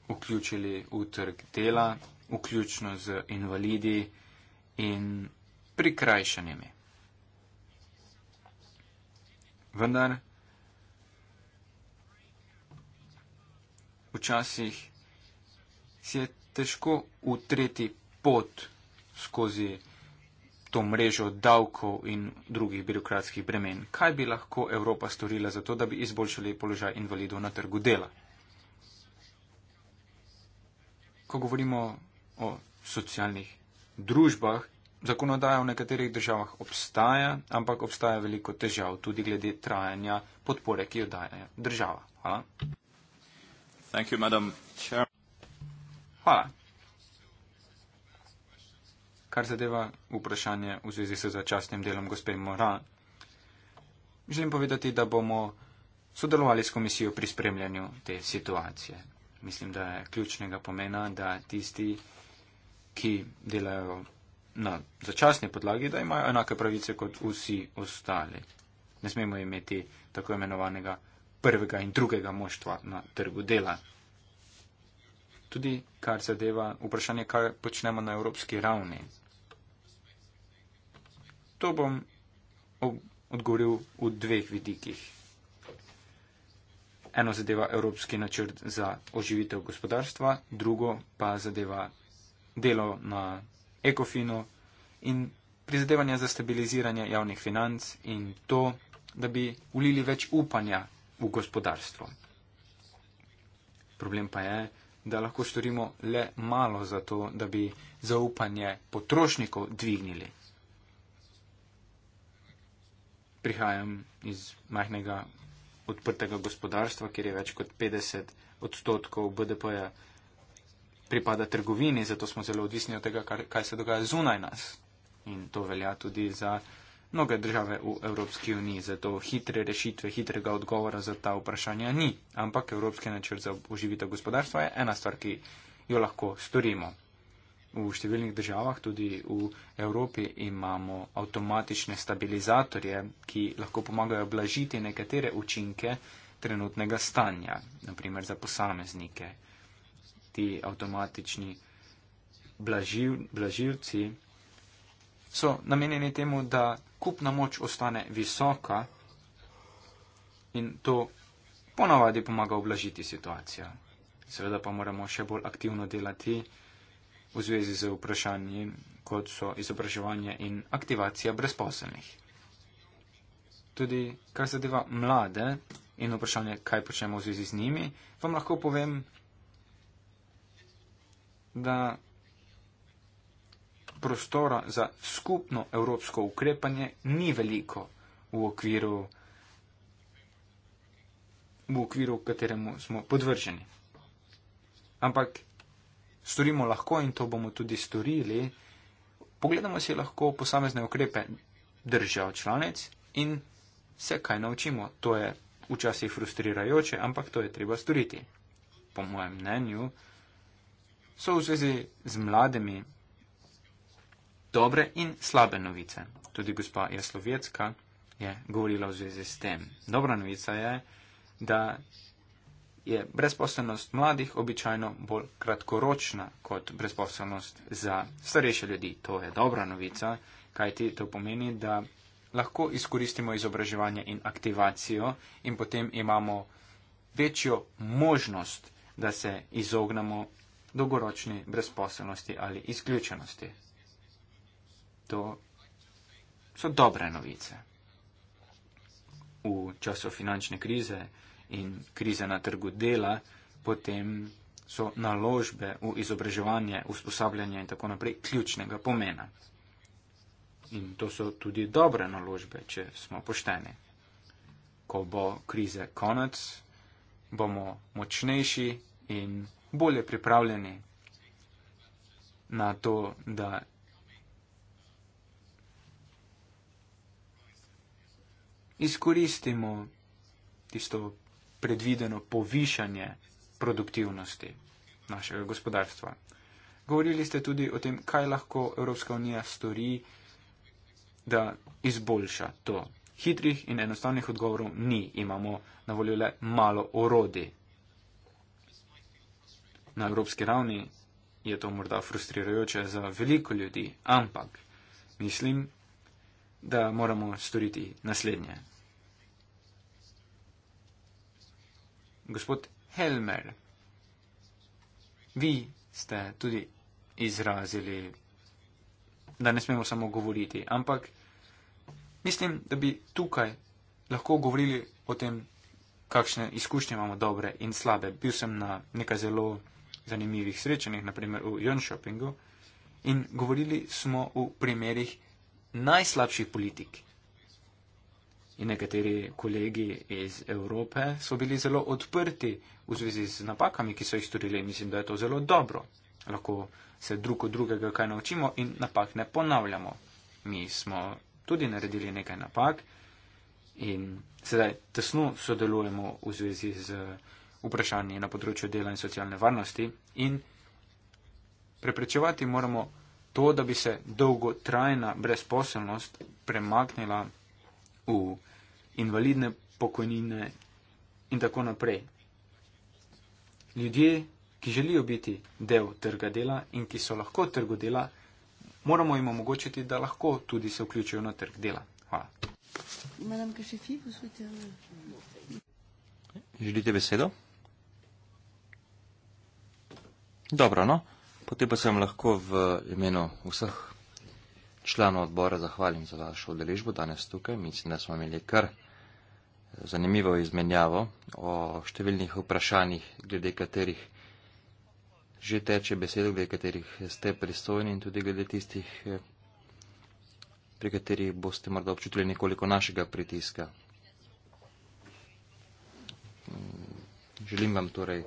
Speaker 4: vključili v trg dela vključno z invalidi in prikrajšanimi. Vendar včasih si je težko utreti pot skozi to mrežo davkov in drugih birokratskih bremen. Kaj bi lahko Evropa storila za to, da bi izboljšali položaj invalidov na trgu dela? Ko govorimo o socialnih družbah. Zakonodaja v nekaterih državah obstaja, ampak obstaja veliko težav tudi glede trajanja podpore, ki jo daje država. Hvala. Thank you, Hvala. Kar zadeva vprašanje v zvezi s začasnim delom gospe Moran, želim povedati, da bomo sodelovali s komisijo pri spremljanju te situacije. Mislim, da je ključnega pomena, da tisti, ki delajo na začasni podlagi, da imajo enake pravice kot vsi ostali. Ne smemo imeti tako imenovanega prvega in drugega moštva na trgu dela. Tudi kar zadeva vprašanje, kaj počnemo na evropski ravni. To bom odgovoril v dveh vidikih. Eno zadeva evropski načrt za oživitev gospodarstva, drugo pa zadeva delo na ekofinu in prizadevanja za stabiliziranje javnih financ in to, da bi ulili več upanja v gospodarstvo. Problem pa je, da lahko storimo le malo za to, da bi zaupanje potrošnikov dvignili. Prihajam iz majhnega odprtega gospodarstva, kjer je več kot 50 odstotkov BDP-ja pripada trgovini, zato smo zelo odvisni od tega, kar, kaj se dogaja zunaj nas. In to velja tudi za mnoge države v Evropski uniji, zato hitre rešitve, hitrega odgovora za ta vprašanja ni. Ampak Evropski načrt za oživitev gospodarstva je ena stvar, ki jo lahko storimo. V številnih državah, tudi v Evropi, imamo avtomatične stabilizatorje, ki lahko pomagajo blažiti nekatere učinke trenutnega stanja, naprimer za posameznike ti avtomatični blažil, blažilci so namenjeni temu, da kupna moč ostane visoka in to ponavadi pomaga oblažiti situacijo. Seveda pa moramo še bolj aktivno delati v zvezi z vprašanji, kot so izobraževanje in aktivacija brezposelnih. Tudi kar zadeva mlade in vprašanje, kaj počnemo v zvezi z njimi, vam lahko povem, da prostora za skupno evropsko ukrepanje ni veliko v okviru, v okviru kateremu smo podvrženi. Ampak storimo lahko in to bomo tudi storili. Pogledamo si lahko posamezne ukrepe držav članec in se kaj naučimo. To je včasih frustrirajoče, ampak to je treba storiti. Po mojem mnenju, so v zvezi z mladimi dobre in slabe novice. Tudi gospa Jaslovecka je govorila v zvezi s tem. Dobra novica je, da je brezposobnost mladih običajno bolj kratkoročna kot brezposobnost za starejše ljudi. To je dobra novica, kajti to pomeni, da lahko izkoristimo izobraževanje in aktivacijo in potem imamo večjo možnost, da se izognemo dolgoročni brezposelnosti ali izključenosti. To so dobre novice. V času finančne krize in krize na trgu dela potem so naložbe v izobraževanje, usposabljanje in tako naprej ključnega pomena. In to so tudi dobre naložbe, če smo pošteni. Ko bo krize konec, bomo močnejši in bolje pripravljeni na to, da izkoristimo tisto predvideno povišanje produktivnosti našega gospodarstva. Govorili ste tudi o tem, kaj lahko Evropska unija stori, da izboljša to. Hitrih in enostavnih odgovorov ni. Imamo na voljo le malo orodi na evropski ravni je to morda frustrirajoče za veliko ljudi, ampak mislim, da moramo storiti naslednje. Gospod Helmer, vi ste tudi izrazili, da ne smemo samo govoriti, ampak mislim, da bi tukaj lahko govorili o tem, kakšne izkušnje imamo dobre in slabe. Bil sem na nekaj zelo zanimivih srečanjih, naprimer v Jönšopingu, in govorili smo o primerih najslabših politik. In nekateri kolegi iz Evrope so bili zelo odprti v zvezi z napakami, ki so jih storili. Mislim, da je to zelo dobro. Lahko se drug od drugega kaj naučimo in napak ne ponavljamo. Mi smo tudi naredili nekaj napak in sedaj tesno sodelujemo v zvezi z vprašanji na področju dela in socialne varnosti in preprečevati moramo to, da bi se dolgotrajna brezposelnost premaknila v invalidne pokojnine in tako naprej. Ljudje, ki želijo biti del trga dela in ki so lahko trgo dela, moramo jim omogočiti, da lahko tudi se
Speaker 2: vključijo na trg dela. Hvala. Želite besedo? Dobro, no. Potem pa se vam lahko v imenu vseh članov odbora zahvalim za vašo udeležbo danes tukaj. Mislim, da smo imeli kar eh, zanimivo izmenjavo o številnih vprašanjih, glede katerih že teče besedo, glede katerih ste pristojni in tudi glede tistih, eh, pri katerih boste morda občutili nekoliko našega pritiska. Mm, želim vam torej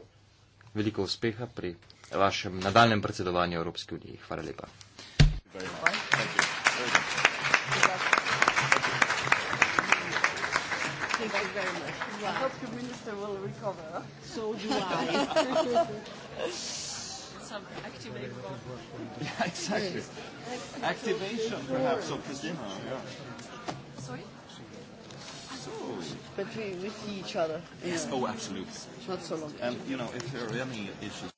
Speaker 2: veliko uspeha pri vašem nadaljem predsedovanju Evropske unije. Hvala lepa.
Speaker 1: Some activation. Yeah, exactly. Activation, perhaps, of the dinner.
Speaker 2: Yeah
Speaker 1: but we, we see each other. Yes, yeah. oh, absolutely. Not so long. And,
Speaker 2: um, you know, if there are any issues.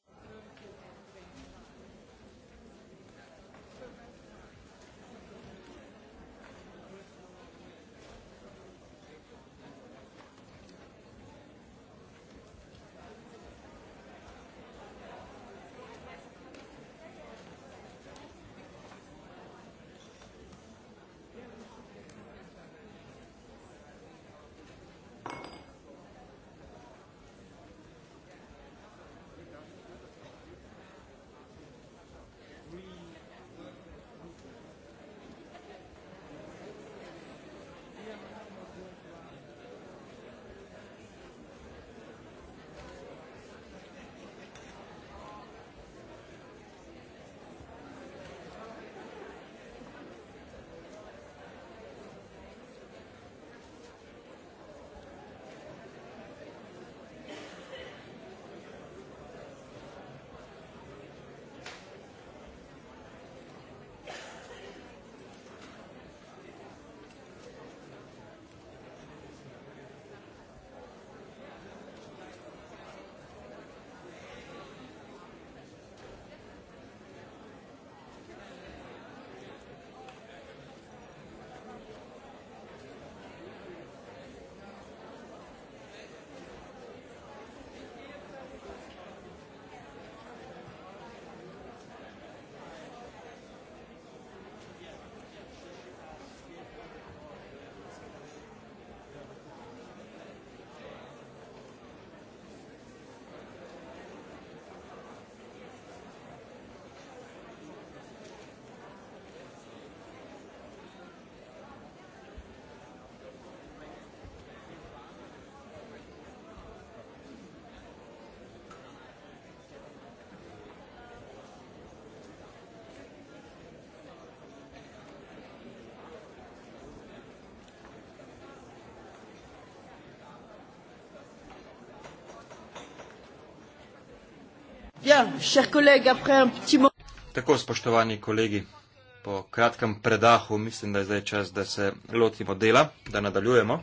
Speaker 2: Tako, spoštovani kolegi, po kratkem predahu mislim, da je zdaj čas, da se lotimo dela, da nadaljujemo.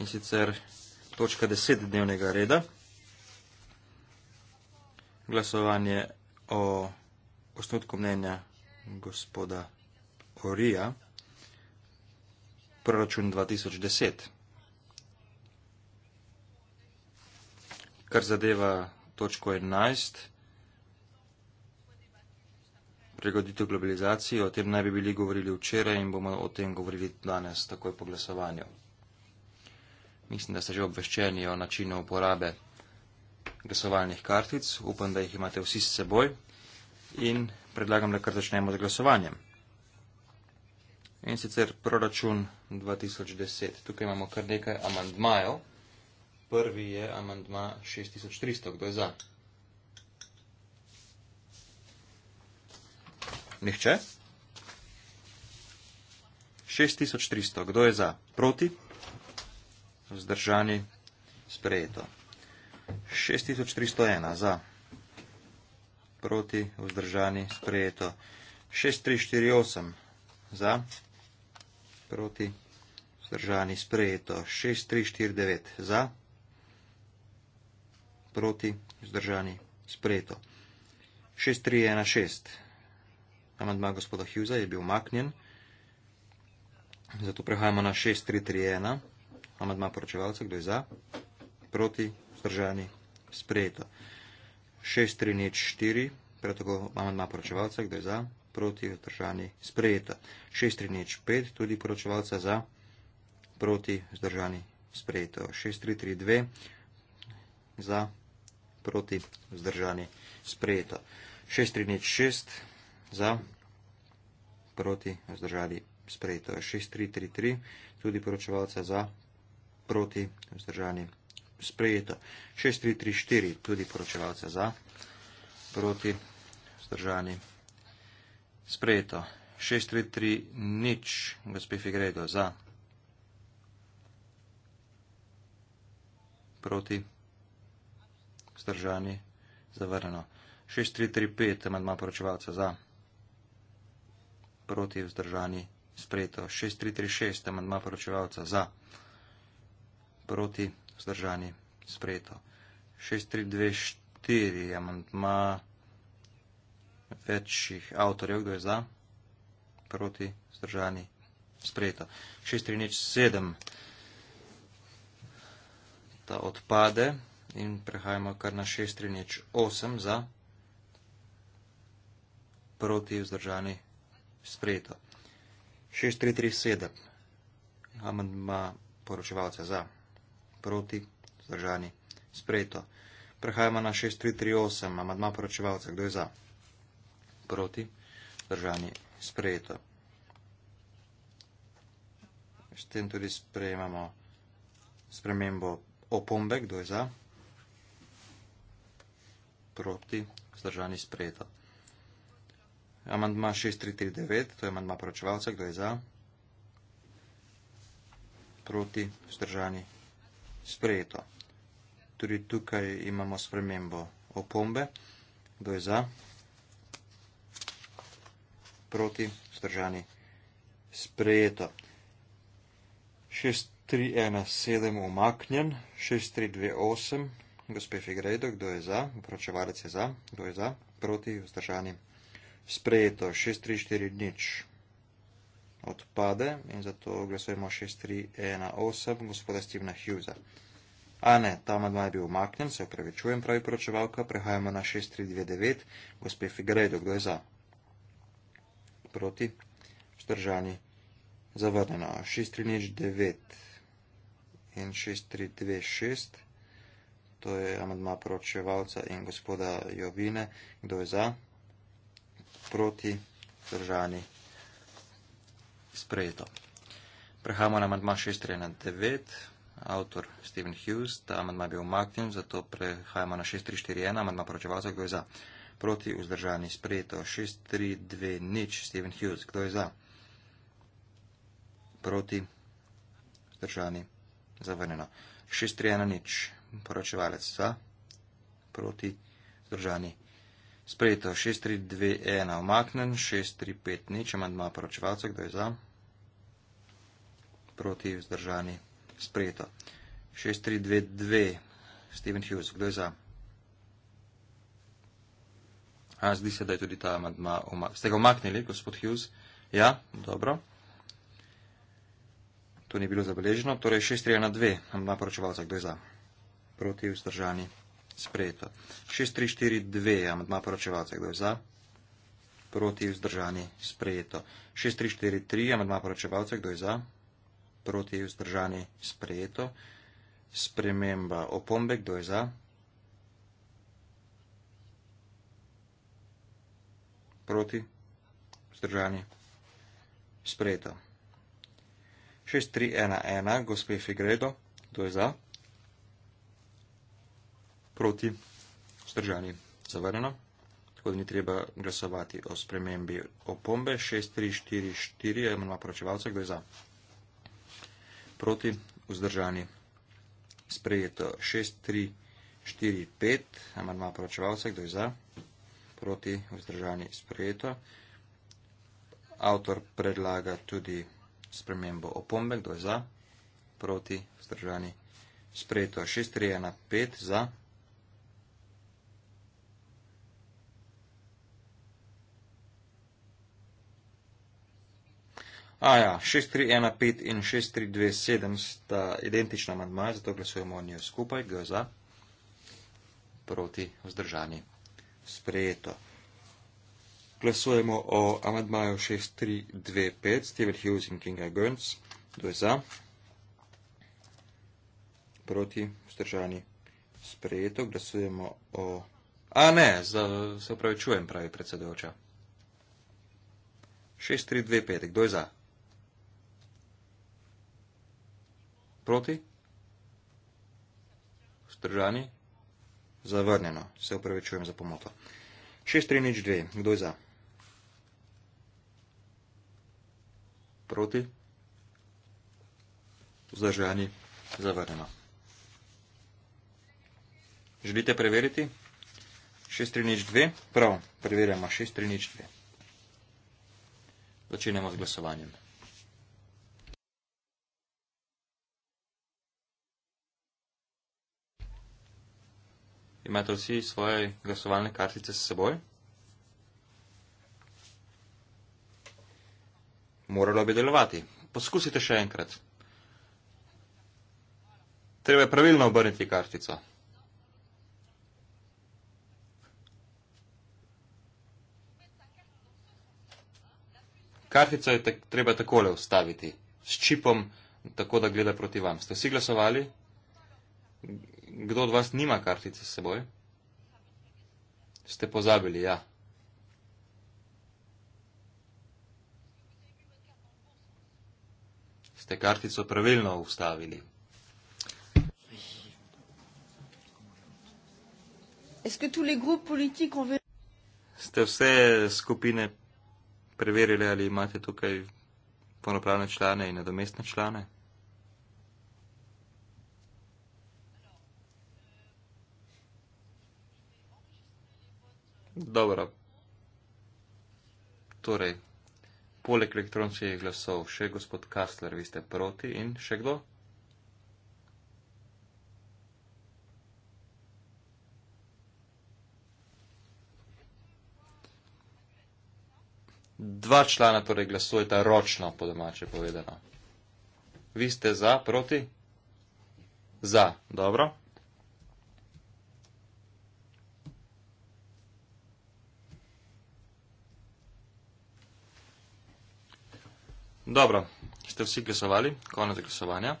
Speaker 2: In sicer točka deset dnevnega reda, glasovanje o osnutku mnenja gospoda Orija, proračun 2010. Kar zadeva točko 11, pregoditev globalizacije, o tem naj bi bili govorili včeraj in bomo o tem govorili danes, takoj po glasovanju. Mislim, da ste že obveščeni o načinu uporabe glasovalnih kartic, upam, da jih imate vsi s seboj in predlagam, da kar začnemo z glasovanjem. In sicer proračun 2010. Tukaj imamo kar nekaj amandmajev. Prvi je amandma 6300. Kdo je za? Nihče? 6300. Kdo je za? Proti? Vzdržani? Sprejeto. 6301. Za? Proti? Vzdržani? Sprejeto. 6348. Za? Proti? Vzdržani? Sprejeto. 6349. Za? proti, vzdržani, sprejeto. 6-3-1-6. Amandma gospoda Hughesa je bil maknjen. Zato prehajamo na 6-3-3-1. Amandma poročevalca, kdo je za, proti, vzdržani, sprejeto. 6-3-4. Prav tako amandma poročevalca, kdo je za, proti, vzdržani, sprejeto. 6-3-5. Tudi poročevalca za, proti, vzdržani, sprejeto. 6-3-3-2. Za, proti, vzdržani, sprejeto. 636 za, proti, vzdržani, sprejeto. 6333 tudi poročevalca za, proti, vzdržani, sprejeto. 6334 tudi poročevalca za, proti, vzdržani, sprejeto. 633 nič, gospe Figredo, za. Proti, vzdržani, zavrnjeno. 6335, amadma poročevalca za, proti vzdržani, sprejeto. 6336, amadma poročevalca za, proti vzdržani, sprejeto. 6324, amadma večjih avtorjev, kdo je za, proti vzdržani, sprejeto. 6337, ta odpade in prehajamo kar na 6.38 za proti vzdržani sprejeto. 6.337 amandma poročevalca za proti vzdržani sprejeto. Prehajamo na 6.338 amandma poročevalca, kdo je za proti vzdržani sprejeto. S tem tudi sprejemamo spremembo opombe, kdo je za proti vzdržani sprejeto proti, vzdržani sprejeta. Amandma 6339, to je amandma poročevalca, kdo je za? Proti, vzdržani sprejeto. Tudi tukaj imamo spremembo opombe, kdo je za? Proti, vzdržani sprejeto. 6317 umaknjen, 6328 gospe Figrejdo, kdo je za, vpročevalec je za, kdo je za, proti, vzdržani. Sprejeto 634 nič odpade in zato glasujemo 6318 gospoda Stevena Hughesa. A ne, ta madma je bil umaknjen, se upravičujem, pravi poročevalka, prehajamo na 6329, gospe Figrejdo, kdo je za? Proti, vzdržani, zavrneno, 6309 in 6326. To je amadma poročevalca in gospoda Jovine. Kdo je za? Proti. Držani. Sprejeto. Prehajamo na amadma 639. Avtor Steven Hughes. Ta amadma je bil umaknjen, zato prehajamo na 6341. Amadma poročevalca. Kdo je za? Proti. Vzdržani. Sprejeto. 632. Nič. Steven Hughes. Kdo je za? Proti. Vzdržani. Zavrnjeno. 631. Nič poročevalec za proti združani. Sprejeto 6321 omaknen, 635 nič, amandma poročevalca, kdo je za? Proti vzdržani. Sprejeto. 6322 Steven Hughes, kdo je za? A, zdi se, da je tudi ta amandma umaknen. Ste ga umaknili, gospod Hughes? Ja, dobro. To ni bilo zabeleženo. Torej 6312, amandma poročevalca, kdo je za? proti vzdržani sprejeto. 6342, amadma poročevalce, kdo je za? Proti vzdržani sprejeto. 6343, amadma poročevalce, kdo je za? Proti vzdržani sprejeto. Sprememba opombe, kdo je za? Proti vzdržani sprejeto. 6311, gospe Figredo, kdo je za? proti, vzdržani zavrnjeno, tako da ni treba glasovati o spremembi opombe. 6-3-4-4 je imenoma poročevalca, kdo je za. Proti, vzdržani, sprejeto. 6-3-4-5, imenoma poročevalca, kdo je za. Proti, vzdržani, sprejeto. Avtor predlaga tudi spremembo opombe, kdo je za. Proti, vzdržani, sprejeto. 6-3-1-5, za. A ja, 6315 in 6327 sta identična amandmaja, zato glasujemo o njo skupaj, G za, proti, vzdržani, sprejeto. Glasujemo o amandmaju 6325, Steven Hughes in Kinga Gönz, G za, proti, vzdržani, sprejeto. Glasujemo o. A ne, za, se opravičujem, pravi predsedujoča. 6325, kdo je za? Proti? Vzdržani? Zavrnjeno. Se upravičujem za pomoto. 6, 3, nič 2. Kdo je za? Proti? Vzdržani? Zavrnjeno. Želite preveriti? 6, 3, nič 2. Prav, preverjamo 6, 3, nič 2. Začenjamo z glasovanjem. Imate vsi svoje glasovalne kartice s seboj? Moralo bi delovati. Poskusite še enkrat. Treba je pravilno obrniti kartico. Kartico je tak, treba takole ustaviti, s čipom, tako da gleda proti vam. Ste vsi glasovali? kdo od vas nima kartice s seboj? Ste pozabili, ja. Ste kartico pravilno ustavili. Ste vse skupine preverili, ali imate tukaj polnopravne člane in nadomestne člane? Dobro. Torej, poleg elektronskih glasov še gospod Kastler, vi ste proti in še kdo? Dva člana torej glasujeta ročno, po domače povedano. Vi ste za, proti? Za, dobro. Dobro, ste vsi glasovali, konec glasovanja.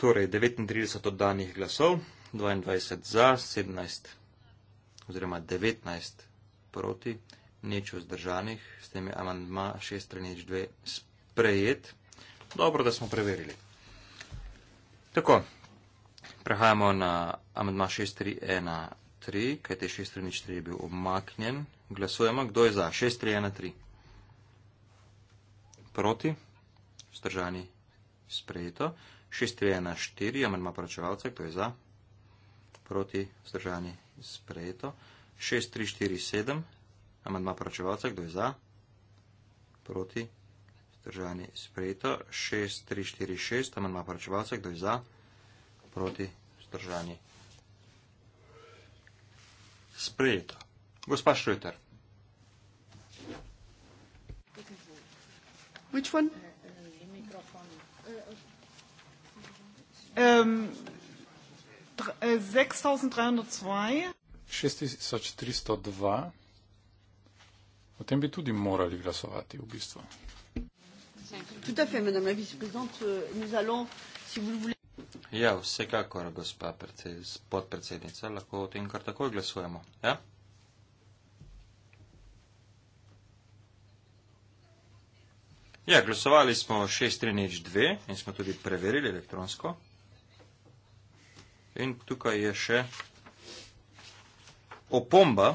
Speaker 2: Torej, 39 oddanih glasov, 22 za, 17 oziroma 19 proti, nič vzdržanih, s tem je amandma 6 ali nič 2 sprejet. Dobro, da smo preverili. Tako. Prehajamo na amandma 6.3.1.3, kaj te 6.3.4 je bil omaknjen. Glasujemo, kdo je za 6.3.1.3. Proti, vzdržani, sprejeto. 6.3.1.4, amandma poročevalca, kdo je za? Proti, vzdržani, sprejeto. 6.3.4.7, amandma poročevalca, kdo je za? Proti, vzdržani, sprejeto. 6.3.4.6, amandma poročevalca, kdo je za? Proti, proti vzdržani. Sprejeto. Gospa Šrujter. Which one? Um,
Speaker 3: 6302. Äh, o tem bi tudi morali glasovati, v bistvu.
Speaker 1: Tudi, madame la viceprezidente, nous allons, si vous le voulez.
Speaker 2: Ja, vsekakor, gospa podpredsednica, lahko o tem kar takoj glasujemo. Ja? ja, glasovali smo 6302 in smo tudi preverili elektronsko. In tukaj je še opomba,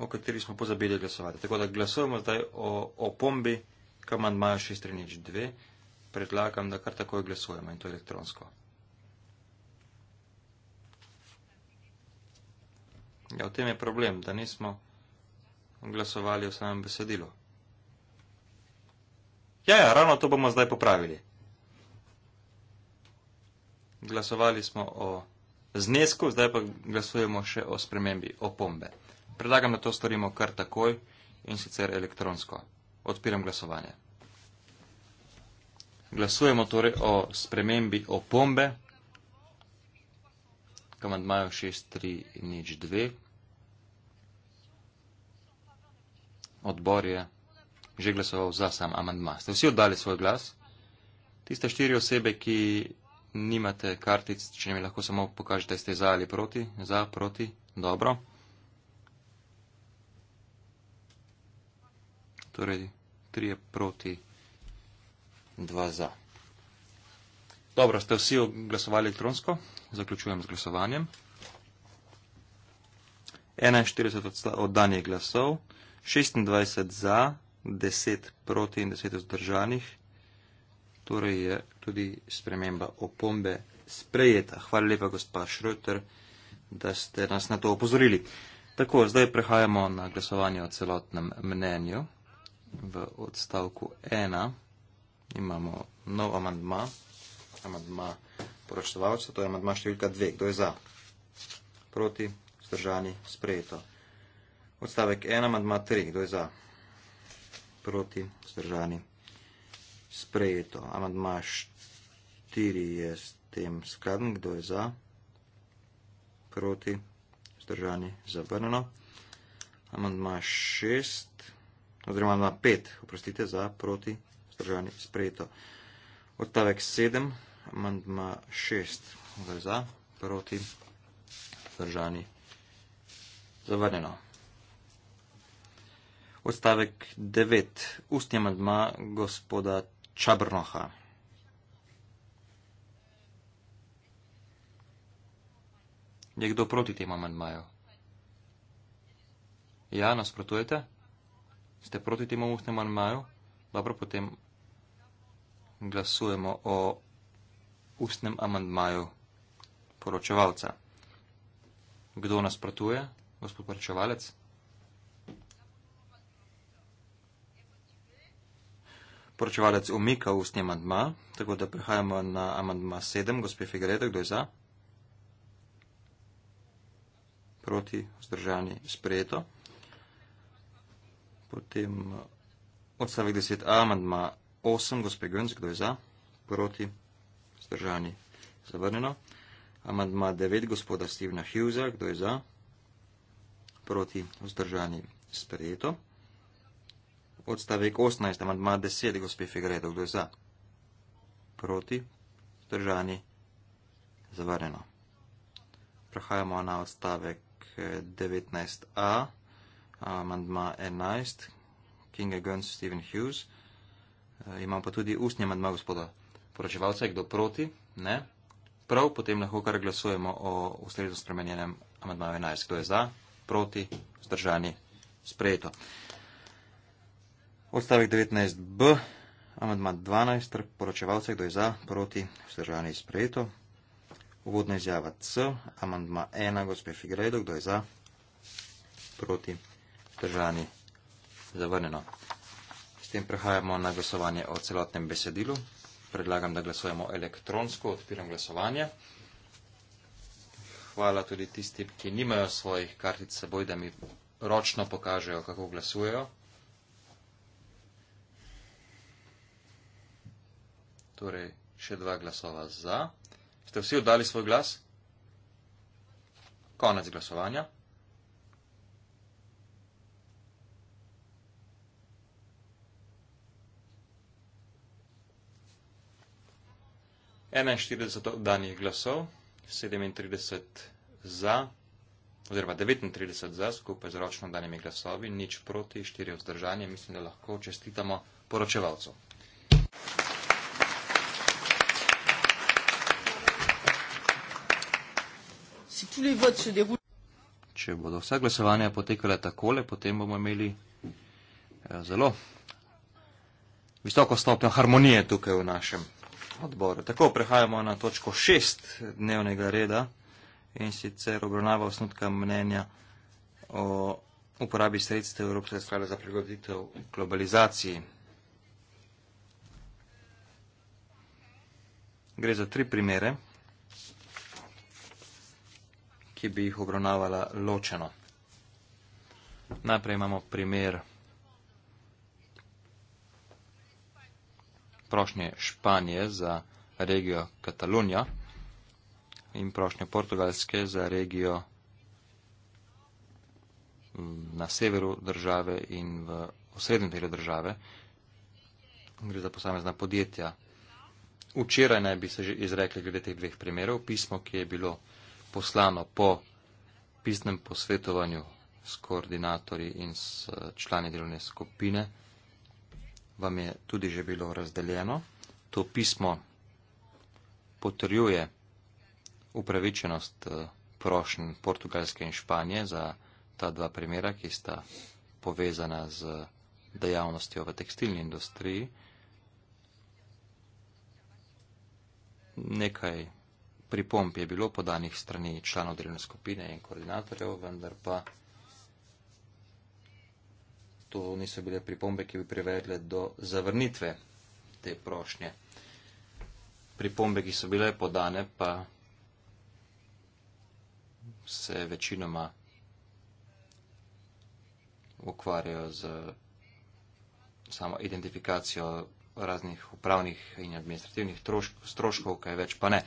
Speaker 2: o kateri smo pozabili glasovati. Tako da glasujemo zdaj o opombi, kamandmaja 6302. Predlagam, da kar takoj glasujemo in to elektronsko. Ja, v tem je problem, da nismo glasovali o samem besedilu. Ja, ja, ravno to bomo zdaj popravili. Glasovali smo o znesku, zdaj pa glasujemo še o spremembi opombe. Predlagam, da to storimo kar takoj in sicer elektronsko. Odpiram glasovanje. Glasujemo torej o spremembi opombe k amandmaju 6302. Odbor je že glasoval za sam amandma. Ste vsi oddali svoj glas? Tiste štiri osebe, ki nimate kartic, če mi lahko samo pokažete, ste za ali proti? Za, proti, dobro. Torej, tri je proti, dva za. Dobro, ste vsi glasovali elektronsko, zaključujem z glasovanjem. 41 oddanih glasov, 26 za, 10 proti in 10 vzdržanih. Torej je tudi sprememba opombe sprejeta. Hvala lepa, gospa Šrotr, da ste nas na to opozorili. Tako, zdaj prehajamo na glasovanje o celotnem mnenju. V odstavku 1 imamo nov amandma amadma poročevalca, to je amadma številka 2. Kdo je za? Proti, zdržani, sprejeto. Odstavek 1, amadma 3. Kdo je za? Proti, zdržani, sprejeto. Amadma 4 je s tem skladen. Kdo je za? Proti, zdržani, zavrneno. Amadma 6, oziroma amadma 5, oprostite, za, proti, zdržani, sprejeto. Odstavek 7, amandma 6 gre za, proti, zdržani, zavrnjeno. Odstavek 9. Ustni amandma gospoda Čabrnoha. Je kdo proti temu amandmaju? Ja, nasprotujete? Ste proti temu ustnemu amandmaju? Dobro, potem glasujemo o ustnem amantmaju poročevalca. Kdo nasprotuje, gospod poročevalec? Poročevalec umika ustni amantma, tako da prihajamo na amantma 7. Gospod Figrede, kdo je za? Proti, vzdržani, sprejeto. Potem odstavek 10a, amantma 8. Gospod Gönc, kdo je za? Proti vzdržani. Zavrnjeno. Amandma 9 gospoda Stevena Hughesa, kdo je za? Proti vzdržani. Sprejeto. Odstavek 18, amandma 10 gospe Figredo, kdo je za? Proti vzdržani. Zavrnjeno. Prehajamo na odstavek 19a, eh, amandma 11, King Against Stephen Hughes. Eh, Imam pa tudi ustni amandma gospoda poročevalca, kdo proti, ne. Prav, potem lahko kar glasujemo o ustrezno spremenjenem amadmaju 11. Kdo je za, proti, vzdržani, sprejeto. Odstavek 19b, amadma 12, poročevalce, kdo je za, proti, vzdržani, sprejeto. Uvodna izjava C, amandma 1, gospe Figredo, kdo je za, proti, vzdržani, zavrneno. S tem prehajamo na glasovanje o celotnem besedilu predlagam, da glasujemo elektronsko, odpiram glasovanje. Hvala tudi tistim, ki nimajo svojih kartic seboj, da mi ročno pokažejo, kako glasujejo. Torej, še dva glasova za. Ste vsi oddali svoj glas? Konec glasovanja. 41 danih glasov, 37 za, oziroma 39 za, skupaj z ročno danimi glasovi, nič proti, štiri vzdržanje, mislim, da lahko čestitamo poročevalcu. Če bodo vsa glasovanja potekala takole, potem bomo imeli eh, zelo visoko stopnjo harmonije tukaj v našem odbor. Tako, prehajamo na točko šest dnevnega reda in sicer obravnava osnutka mnenja o uporabi sredstev Evropske sklade za prilagoditev globalizaciji. Gre za tri primere, ki bi jih obravnavala ločeno. Najprej imamo primer 1.1. prošnje Španije za regijo Katalonija in prošnje Portugalske za regijo mm, na severu države in v osrednjem delu države. Gre za posamezna podjetja. Včeraj naj bi se že izrekli glede teh dveh primerov. Pismo, ki je bilo poslano po pisnem posvetovanju s koordinatorji in s eh, člani delovne skupine vam je tudi že bilo razdeljeno. To pismo potrjuje upravičenost eh, prošen Portugalske in Španije za ta dva primera, ki sta povezana z dejavnostjo v tekstilni industriji. Nekaj pripomp je bilo podanih strani članov delovne skupine in koordinatorjev, vendar pa to niso bile pripombe, ki bi privedle do zavrnitve te prošnje. Pripombe, ki so bile podane, pa se večinoma ukvarjajo z samo identifikacijo raznih upravnih in administrativnih stroškov, kaj več pa ne.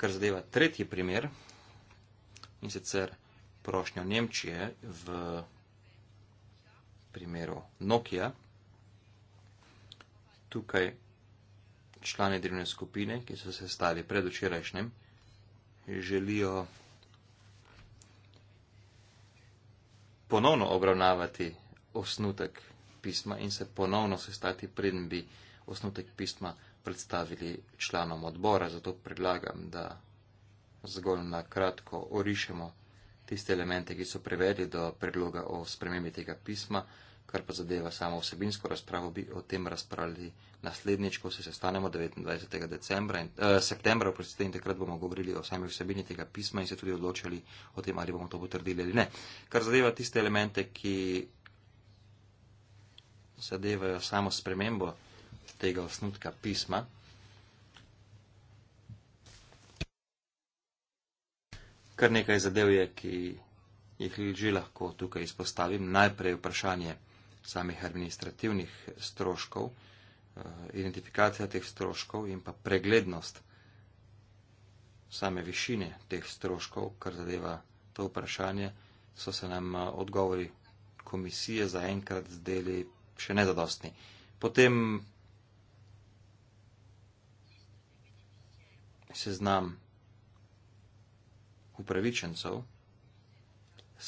Speaker 2: Kar zadeva tretji primer, in sicer prošnjo Nemčije v primeru Nokia, tukaj člani delovne skupine, ki so se stali pred včerajšnjem, želijo ponovno obravnavati osnutek pisma in se ponovno sestati, preden bi osnutek pisma predstavili članom odbora. Zato predlagam, da zgolj na kratko orišemo tiste elemente, ki so privedli do predloga o spremembi tega pisma kar pa zadeva samo vsebinsko razpravo, bi o tem razpravljali naslednjič, ko se sestanemo 29. Decembra in, eh, septembra, oprostite, in takrat bomo govorili o sami vsebini tega pisma in se tudi odločili o tem, ali bomo to potrdili ali ne. Kar zadeva tiste elemente, ki zadevajo samo spremembo tega osnutka pisma. Kar nekaj zadev je, ki jih že lahko tukaj izpostavim. Najprej vprašanje samih administrativnih stroškov, eh, identifikacija teh stroškov in pa preglednost same višine teh stroškov, kar zadeva to vprašanje, so se nam eh, odgovori komisije zaenkrat zdeli še nedodostni. Potem seznam upravičencev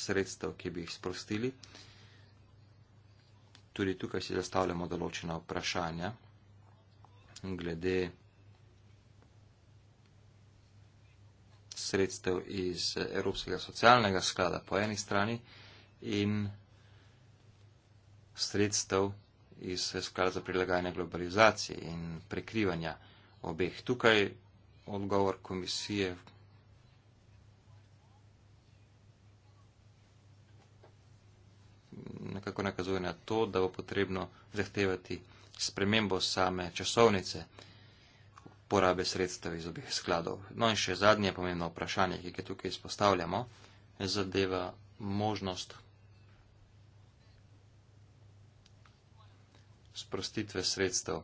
Speaker 2: sredstev, ki bi jih sprostili tudi tukaj si zastavljamo določena vprašanja glede sredstev iz Evropskega socialnega sklada po eni strani in sredstev iz sklada za prilagajanje globalizacije in prekrivanja obeh. Tukaj odgovor komisije nekako nakazuje na to, da bo potrebno zahtevati spremembo same časovnice porabe sredstev iz obih skladov. No in še zadnje pomembno vprašanje, ki ga tukaj izpostavljamo, zadeva možnost sprostitve sredstev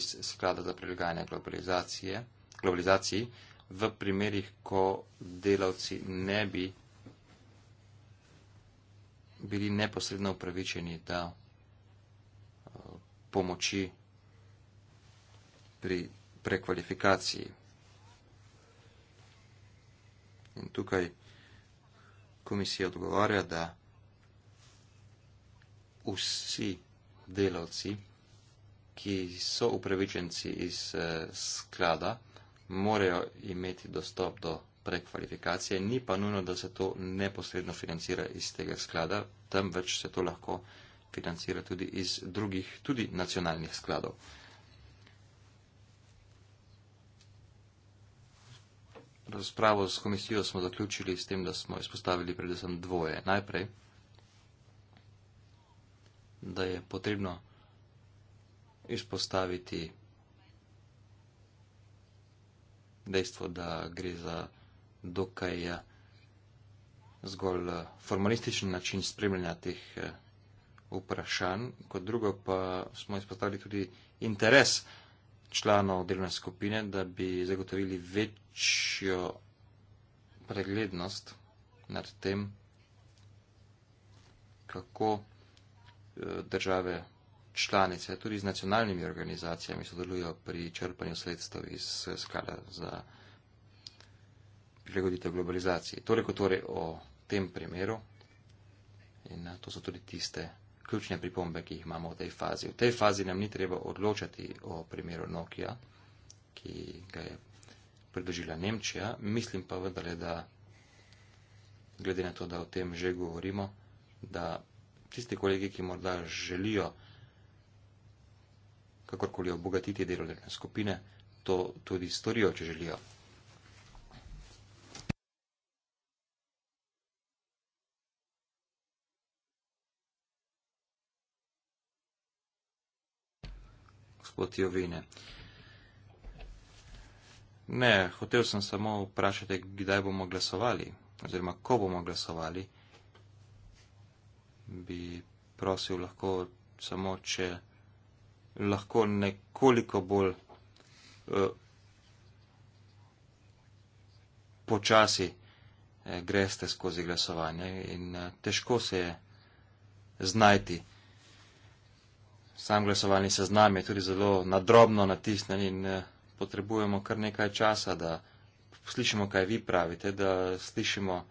Speaker 2: iz sklada za prilagajanje globalizacije, globalizaciji v primerih, ko delavci ne bi bili neposredno upravičeni do eh, pomoči pri prekvalifikaciji. In tukaj komisija odgovarja, da vsi delavci, ki so upravičenci iz eh, sklada, morajo imeti dostop do prekvalifikacije, ni pa nujno, da se to neposredno financira iz tega sklada, temveč se to lahko financira tudi iz drugih, tudi nacionalnih skladov. Razpravo s komisijo smo zaključili s tem, da smo izpostavili predvsem dvoje. Najprej, da je potrebno izpostaviti dejstvo, da gre za dokaj eh, zgolj eh, formalističen način spremljanja teh eh, vprašanj. Kot drugo pa smo izpostavili tudi interes članov delovne skupine, da bi zagotovili večjo preglednost nad tem, kako države članice, tudi z nacionalnimi organizacijami, sodelujo pri črpanju sredstev iz sklada za prilagoditev globalizaciji. Toliko torej o tem primeru in to so tudi tiste ključne pripombe, ki jih imamo v tej fazi. V tej fazi nam ni treba odločati o primeru Nokia, ki ga je predložila Nemčija. Mislim pa vendarle, da glede na to, da o tem že govorimo, da tisti kolegi, ki morda želijo kakorkoli obogatiti delovne skupine, to tudi storijo, če želijo. gospod Jovine. Ne, hotel sem samo vprašati, kdaj bomo glasovali, oziroma ko bomo glasovali. Bi prosil lahko samo, če lahko nekoliko bolj uh, počasi e, greste skozi glasovanje in uh, težko se je znajti sam glasovalni seznam je tudi zelo nadrobno natisnen in eh, potrebujemo kar nekaj časa, da slišimo, kaj vi pravite, da slišimo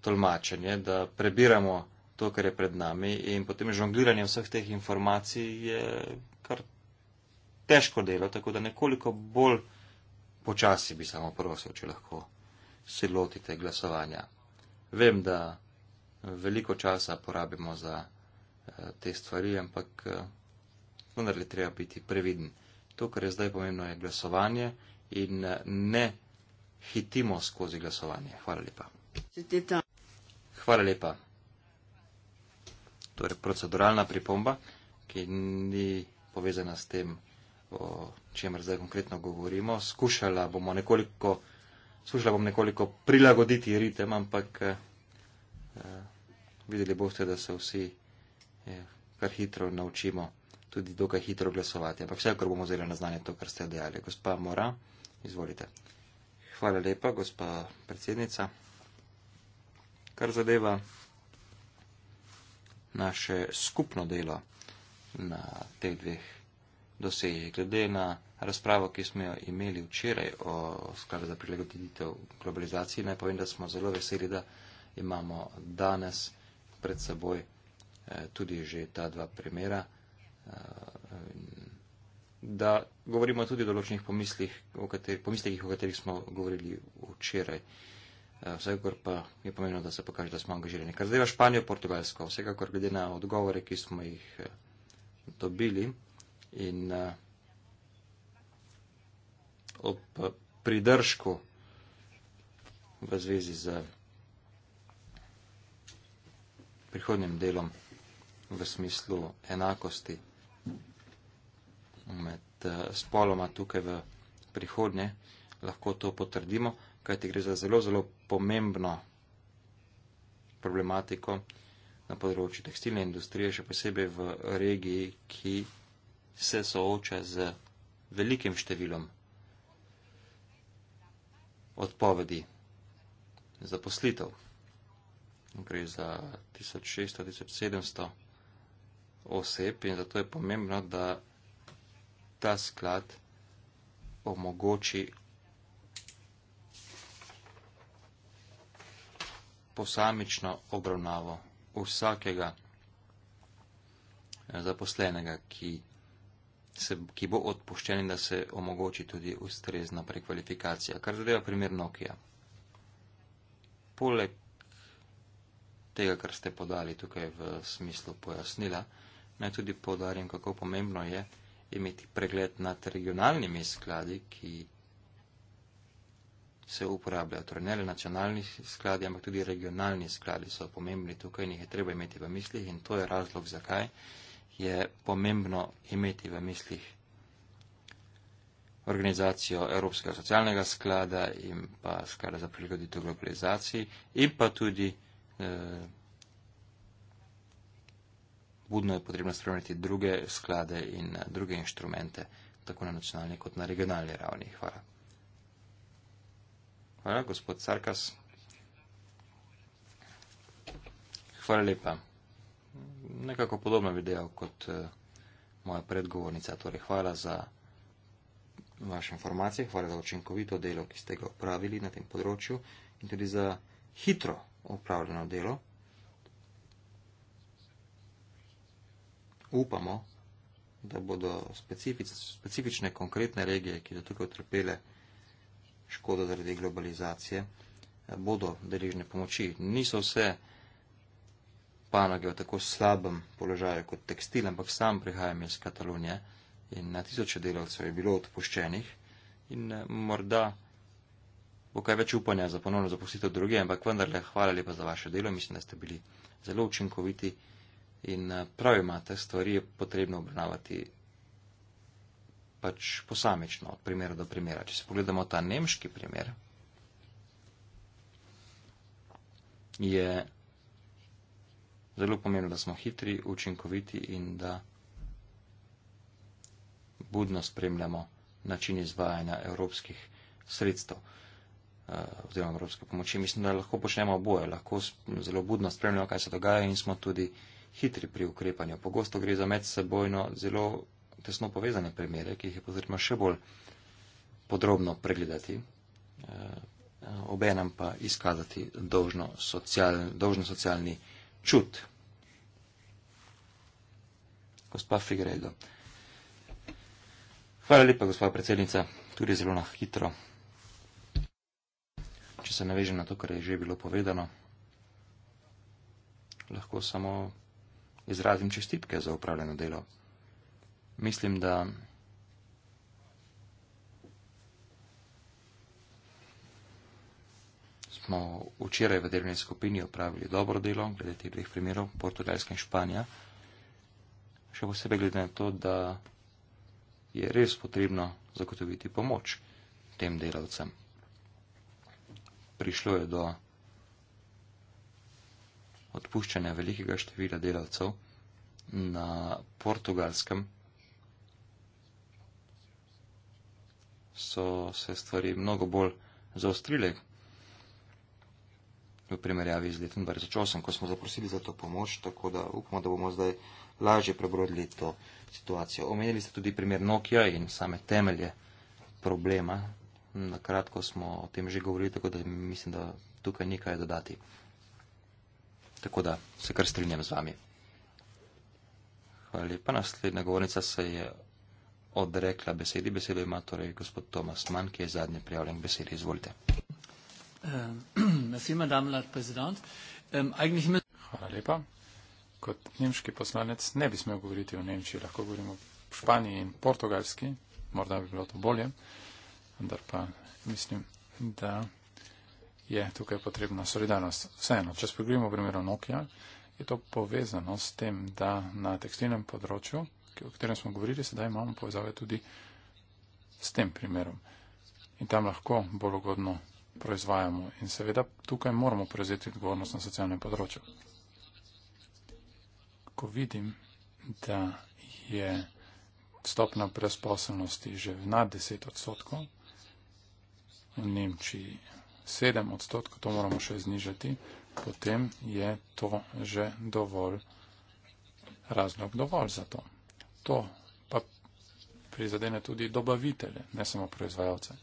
Speaker 2: tolmačenje, da prebiramo to, kar je pred nami in potem žongliranje vseh teh informacij je kar težko delo, tako da nekoliko bolj počasi bi samo prosil, če lahko se lotite glasovanja. Vem, da veliko časa porabimo za eh, te stvari, ampak eh, vendar je treba biti previden. To, kar je zdaj pomembno, je glasovanje in eh, ne hitimo skozi glasovanje. Hvala lepa. Hvala lepa. Torej, proceduralna pripomba, ki ni povezana s tem, o čemer zdaj konkretno govorimo. Skušala bomo nekoliko, skušala bom nekoliko prilagoditi ritem, ampak eh, eh videli boste, da se vsi eh, kar hitro naučimo tudi dokaj hitro glasovati. Ampak vse, kar bomo vzeli na znanje, to, kar ste dejali. Gospa Mora, izvolite. Hvala lepa, gospa predsednica. Kar zadeva naše skupno delo na teh dveh dosežih, glede na razpravo, ki smo jo imeli včeraj o skladu za prilagoditev globalizaciji, naj povem, da smo zelo veseli, da imamo danes pred seboj eh, tudi že ta dva primera. Eh, da govorimo tudi o določenih pomislih, o kateri, pomislekih, o katerih smo govorili včeraj. Eh, vsekakor pa je pomembno, da se pokaže, da smo angažirani. Kar zadeva Španijo, Portugalsko, vsekakor glede na odgovore, ki smo jih eh, dobili in ob pridržku v zvezi z prihodnim delom v smislu enakosti med eh, spoloma tukaj v prihodnje, lahko to potrdimo, kajti gre za zelo, zelo pomembno problematiko na področju tekstilne industrije, še posebej v regiji, ki se sooča z velikim številom odpovedi zaposlitev. Gre za 1600-1700 oseb in zato je pomembno, da ta sklad omogoči posamično obravnavo vsakega eh, zaposlenega, ki, se, ki bo odpuščen in da se omogoči tudi ustrezna prekvalifikacija, kar zadeva primer Nokia. Poleg tega, kar ste podali tukaj v smislu pojasnila, naj tudi podarim, kako pomembno je, imeti pregled nad regionalnimi skladi, ki se uporabljajo. Torej, ne le nacionalni skladi, ampak tudi regionalni skladi so pomembni tukaj in jih je treba imeti v mislih in to je razlog, zakaj je pomembno imeti v mislih organizacijo Evropskega socialnega sklada in pa sklada za prilagoditev globalizaciji in pa tudi eh, budno je potrebno spremljati druge sklade in eh, druge inštrumente, tako na nacionalni kot na regionalni ravni. Hvala. Hvala, gospod Sarkas. Hvala lepa. Nekako podobno bi dejal kot eh, moja predgovornica. Torej, hvala za vaše informacije, hvala za učinkovito delo, ki ste ga upravili na tem področju in tudi za hitro upravljeno delo. upamo, da bodo specifič, specifične konkretne regije, ki so tukaj utrpele škodo zaradi globalizacije, eh, bodo deležne pomoči. Niso vse panoge v tako slabem položaju kot tekstil, ampak sam prihajam iz Katalonije in na tisoče delavcev je bilo odpuščenih in eh, morda bo kaj več upanja za ponovno zaposlitev druge, ampak vendarle hvala lepa za vaše delo, mislim, da ste bili zelo učinkoviti. In eh, prav imate, stvari je potrebno obravnavati pač posamično, od primera do primera. Če se pogledamo ta nemški primer, je zelo pomembno, da smo hitri, učinkoviti in da budno spremljamo način izvajanja evropskih sredstev eh, oziroma evropske pomoči. Mislim, da lahko počnemo oboje, lahko zelo budno spremljamo, kaj se dogaja in smo tudi hitri pri ukrepanju. Pogosto gre za medsebojno zelo tesno povezane primere, ki jih je potrebno še bolj podrobno pregledati, eh, obenem pa izkazati dolžno, social, dolžno socialni čut. Gospa Figueredo. Hvala lepa, gospa predsednica, tudi zelo na hitro. Če se navežem na to, kar je že bilo povedano, lahko samo izrazim čestitke za upravljeno delo. Mislim, da. Smo včeraj v delovni skupini opravili dobro delo, glede teh dveh primerov, Portugalska in Španija. Še posebej glede na to, da je res potrebno zagotoviti pomoč tem delavcem. Prišlo je do odpuščanja velikega števila delavcev na portugalskem, so se stvari mnogo bolj zaostrile v primerjavi z letom 2008, ko smo zaprosili za to pomoč, tako da upamo, da bomo zdaj lažje prebrodili to situacijo. Omenili ste tudi primer Nokia in same temelje problema. Na kratko smo o tem že govorili, tako da mislim, da tukaj nekaj dodati. Tako da se kar strinjam z vami. Hvala lepa. Naslednja govornica se je odrekla besedi. Besedo ima torej gospod Tomas Mann, ki je zadnji prijavljen k besedi. Izvolite.
Speaker 3: Ehm, ehm, Hvala lepa. Kot nemški poslanec ne bi smel govoriti o Nemčiji. Lahko govorimo v Španiji in portugalski. Morda bi bilo to bolje. Vendar pa mislim, da je tukaj potrebna solidarnost. Vseeno, če spogledamo primer Nokia, je to povezano s tem, da na tekstilnem področju, o katerem smo govorili, sedaj imamo povezave tudi s tem primerom. In tam lahko bolj ugodno proizvajamo. In seveda tukaj moramo prevzeti odgovornost na socialnem področju. Ko vidim, da je stopna brezposelnosti že nad 10 odstotkov, v Nemčiji 7 odstotkov, to moramo še znižati, potem je to že dovolj razlog dovolj za to. To pa prizadene tudi dobavitele, ne samo proizvajalce.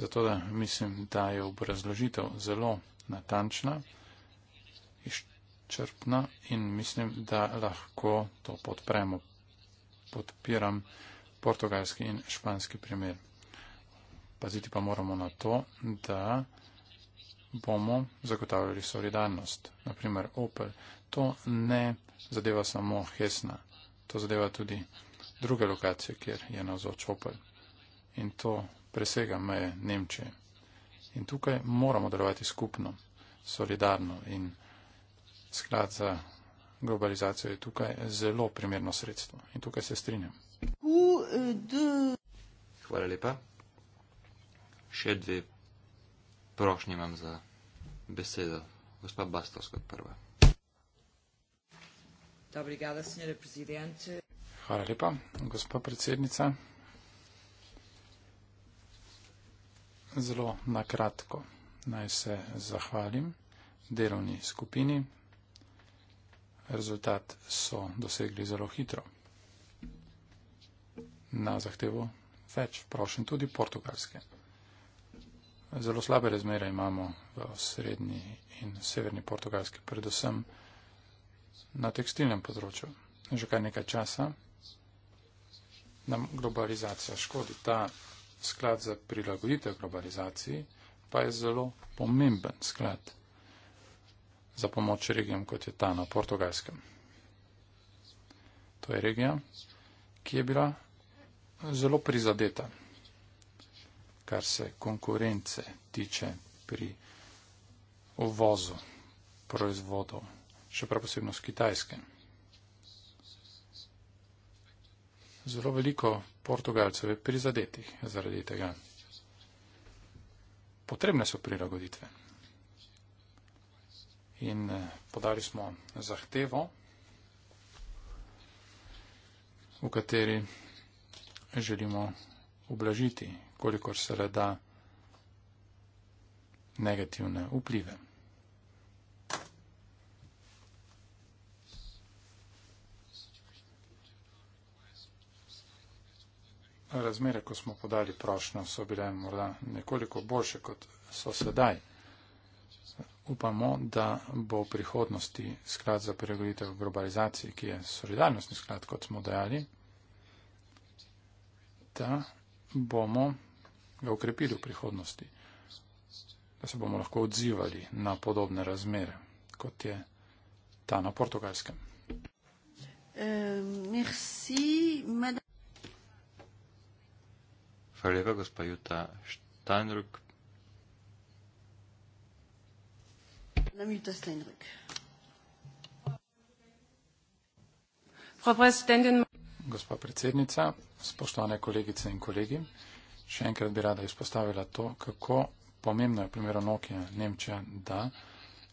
Speaker 3: Zato da mislim, da je obrazložitev zelo natančna, izčrpna in mislim, da lahko to podpremo. Podpiram portugalski in španski primer. Paziti pa moramo na to, da bomo zagotavljali solidarnost. Naprimer, Opel. To ne zadeva samo Hesna, to zadeva tudi druge lokacije, kjer je navzoč Opel. In to presega meje Nemčije. In tukaj moramo delovati skupno, solidarno. In sklad za globalizacijo je tukaj zelo primerno sredstvo. In tukaj se strinjam.
Speaker 1: Uh,
Speaker 2: Hvala lepa še dve prošnje imam za besedo. Gospa Bastos kot prva.
Speaker 3: Dobrigada, senjore prezidente. Hvala lepa, gospa predsednica. Zelo nakratko naj se zahvalim delovni skupini. Rezultat so dosegli zelo hitro. Na zahtevo več, prošen tudi portugalske. Zelo slabe razmere imamo v srednji in severni portugalski, predvsem na tekstilnem področju. Že kar nekaj časa nam globalizacija škodi. Ta sklad za prilagoditev globalizaciji pa je zelo pomemben sklad za pomoč regijam, kot je ta na portugalskem. To je regija, ki je bila zelo prizadeta kar se konkurence tiče pri uvozu proizvodov, še prav posebno z Kitajske. Zelo veliko Portugalcev je prizadetih zaradi tega. Potrebne so prilagoditve. In eh, podali smo zahtevo, v kateri želimo ublažiti, kolikor se le da, negativne vplive. Razmere, ko smo podali prošnjo, so bile morda nekoliko boljše, kot so sedaj. Upamo, da bo v prihodnosti sklad za prilagoditev globalizaciji, ki je solidarnostni sklad, kot smo dejali, da bomo ga ukrepili v prihodnosti, da se bomo lahko odzivali na podobne razmere, kot je ta na portugalskem.
Speaker 1: Eh, merci,
Speaker 2: Hvala lepa, gospa Juta Steinruck.
Speaker 1: Nam Juta Steinruck. Frau Präsidentin,
Speaker 3: gospa predsednica, spoštovane kolegice in kolegi. Še enkrat bi rada izpostavila to, kako pomembno je v primeru Nokia Nemčija, da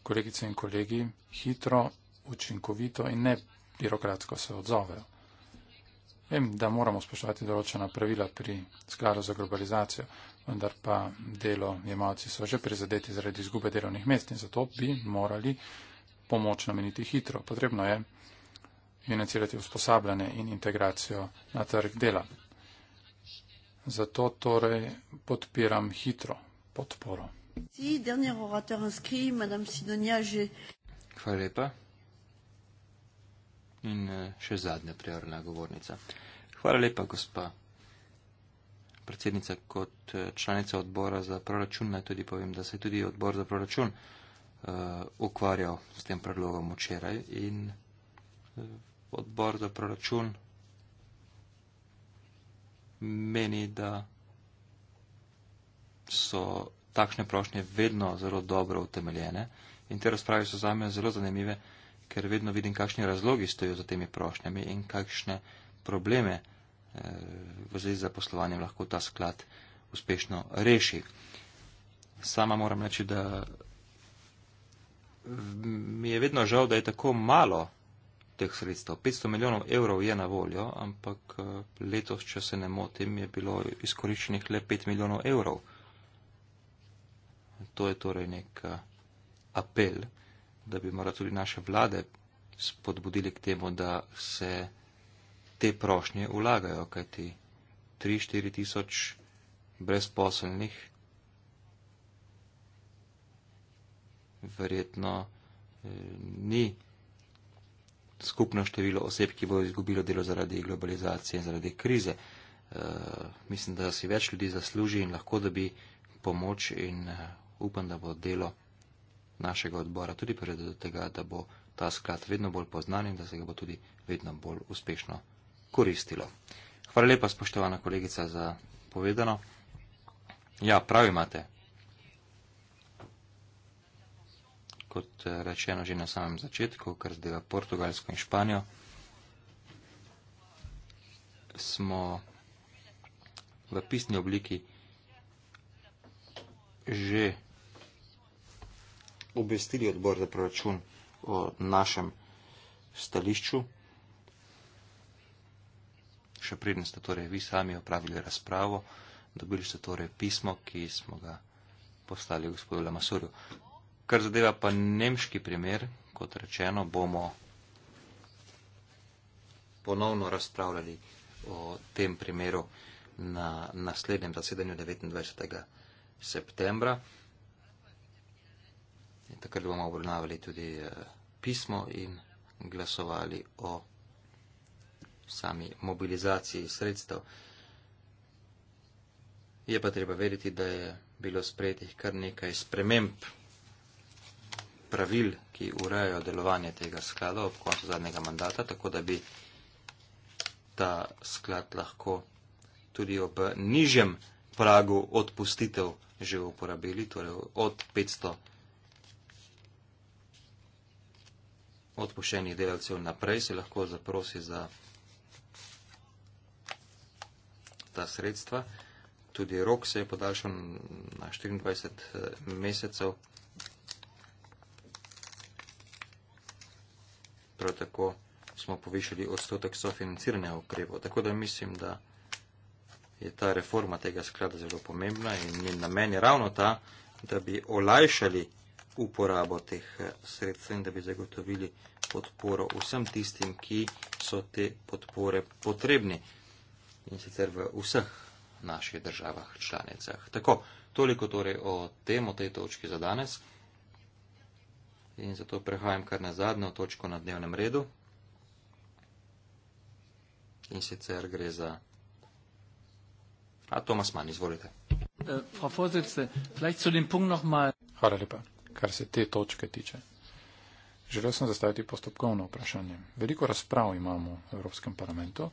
Speaker 3: kolegice in kolegi hitro, učinkovito in ne birokratsko se odzovejo. Vem, da moramo spoštovati določena pravila pri skladu za globalizacijo, vendar pa delo jemalci so že prizadeti zaradi izgube delovnih mest in zato bi morali pomoč nameniti hitro. Potrebno je financirati usposabljanje in integracijo na trg dela. Zato torej podpiram hitro podporo.
Speaker 2: Hvala lepa. In eh, še zadnja prijavljena govornica. Hvala lepa, gospa predsednica. Kot eh, članica odbora za proračun naj tudi povem, da se je tudi odbor za proračun uh, ukvarjal s tem predlogom včeraj in uh, odbor za proračun meni, da so takšne prošnje vedno zelo dobro utemeljene in te razprave so zame zelo zanimive, ker vedno vidim, kakšni razlogi stojijo za temi prošnjami in kakšne probleme eh, v zvezi z zaposlovanjem lahko ta sklad uspešno reši. Sama moram reči, da mi je vedno žal, da je tako malo teh sredstev. 500 milijonov evrov je na voljo, ampak eh, letos, če se ne motim, je bilo izkoriščenih le 5 milijonov evrov. To je torej nek eh, apel, da bi morali tudi naše vlade spodbudili k temu, da se te prošnje ulagajo, kajti 3-4 tisoč brezposelnih. Verjetno eh, ni skupno število oseb, ki bo izgubilo delo zaradi globalizacije in zaradi krize. Eh, mislim, da si več ljudi zasluži in lahko dobi pomoč in eh, upam, da bo delo našega odbora tudi pred do tega, da bo ta sklad vedno bolj poznan in da se ga bo tudi vedno bolj uspešno koristilo. Hvala lepa, spoštovana kolegica, za povedano. Ja, pravi imate, kot eh, rečeno že na samem začetku, kar zdaj Portugalsko in Španijo, smo v pisni obliki že obvestili odbor za proračun o našem stališču. Še preden ste torej vi sami opravili razpravo, dobili ste torej pismo, ki smo ga poslali gospodu Lamasurju. Kar zadeva pa nemški primer, kot rečeno, bomo ponovno razpravljali o tem primeru na naslednjem zasedanju 29. septembra. In takrat bomo obravnavali tudi eh, pismo in glasovali o sami mobilizaciji sredstev. Je pa treba veriti, da je bilo sprejetih kar nekaj sprememb pravil, ki urejajo delovanje tega sklada ob koncu zadnjega mandata, tako da bi ta sklad lahko tudi ob nižjem pragu odpustitev že uporabili, torej od 500 odpuščenih delavcev naprej se lahko zaprosi za ta sredstva. Tudi rok se je podaljšal na 24 eh, mesecev. prav tako smo povišali odstotek sofinanciranja ukrepov. Tako da mislim, da je ta reforma tega sklada zelo pomembna in njen namen je ravno ta, da bi olajšali uporabo teh eh, sredstev in da bi zagotovili podporo vsem tistim, ki so te podpore potrebni in sicer v vseh naših državah članicah. Tako, toliko torej o tem, o tej točki za danes. In zato prehajam kar na zadnjo točko na dnevnem redu. In sicer gre za. A Tomas Mann, izvolite.
Speaker 3: Eh, Hvala lepa, kar se te točke tiče. Želel sem zastaviti postopkovno vprašanje. Veliko razprav imamo v Evropskem parlamentu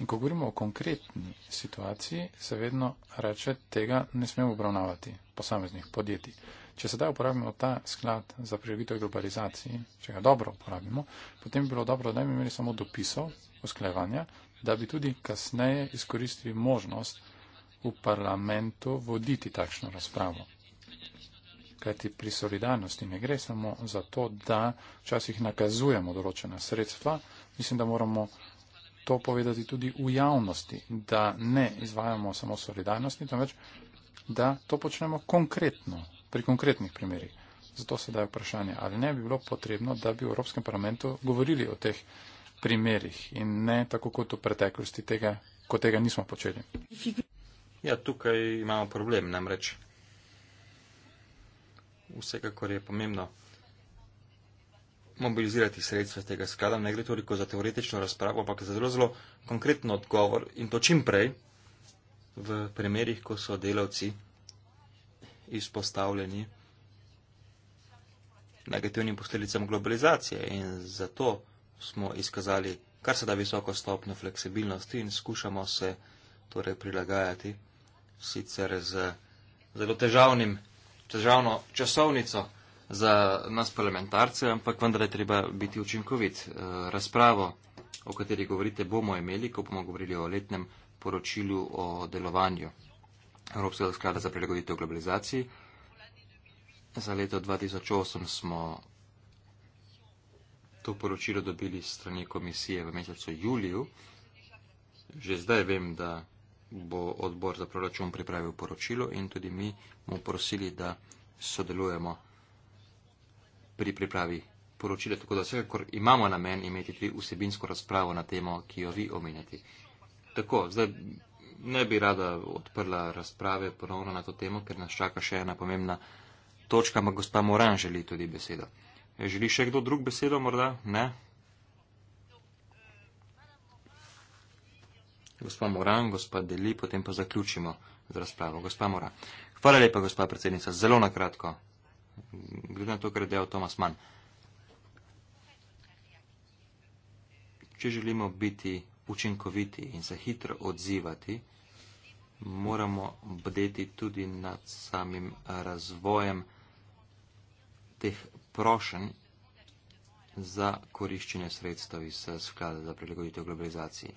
Speaker 3: in ko govorimo o konkretni situaciji, se vedno reče, tega ne smemo obravnavati posameznih podjetij. Če sedaj uporabimo ta sklad za preživitev globalizacije, če ga dobro uporabimo, potem bi bilo dobro, da bi imeli samo dopisov usklajevanja, da bi tudi kasneje izkoristili možnost v parlamentu voditi takšno razpravo. Kajti pri solidarnosti ne gre samo za to, da včasih nakazujemo določena sredstva, mislim, da moramo to povedati tudi v javnosti, da ne izvajamo samo solidarnosti, temveč da to počnemo konkretno pri konkretnih primerjih. Zato se daje vprašanje, ali ne bi bilo potrebno, da bi v Evropskem parlamentu govorili o teh primerjih in ne tako kot v preteklosti, tega, ko tega nismo počeli.
Speaker 2: Ja, tukaj imamo problem, namreč vsekakor je pomembno mobilizirati sredstva tega sklada. Ne gre toliko za teoretično razpravo, ampak za zelo, zelo konkretno odgovor in to čim prej v primerjih, ko so delavci izpostavljeni negativnim posledicam globalizacije in zato smo izkazali kar se da visoko stopno fleksibilnosti in skušamo se torej prilagajati sicer z zelo težavnim, težavno časovnico za nas parlamentarce, ampak vendar je treba biti učinkovit. Eh, razpravo, o kateri govorite, bomo imeli, ko bomo govorili o letnem poročilu o delovanju. Evropskega sklada za prilagoditev globalizaciji. Za leto 2008 smo to poročilo dobili strani komisije v mesecu juliju. Že zdaj vem, da bo odbor za proračun pripravil poročilo in tudi mi mu prosili, da sodelujemo pri pripravi poročila. Tako da vsekakor imamo namen imeti tudi vsebinsko razpravo na temo, ki jo vi omenjate. Tako, zdaj ne bi rada odprla razprave ponovno na to temo, ker nas čaka še ena pomembna točka, ampak gospa Moran želi tudi besedo. E, želi še kdo drug besedo morda? Ne? Gospa Moran, gospa Deli, potem pa zaključimo z razpravo. Gospa Moran. Hvala lepa, gospa predsednica. Zelo nakratko. Glede na to, kar je dejal Tomas Mann. Če želimo biti učinkoviti in se hitro odzivati, moramo bdeti tudi nad samim eh, razvojem teh prošen za koriščenje sredstev iz eh, sklada za prilagoditev globalizaciji.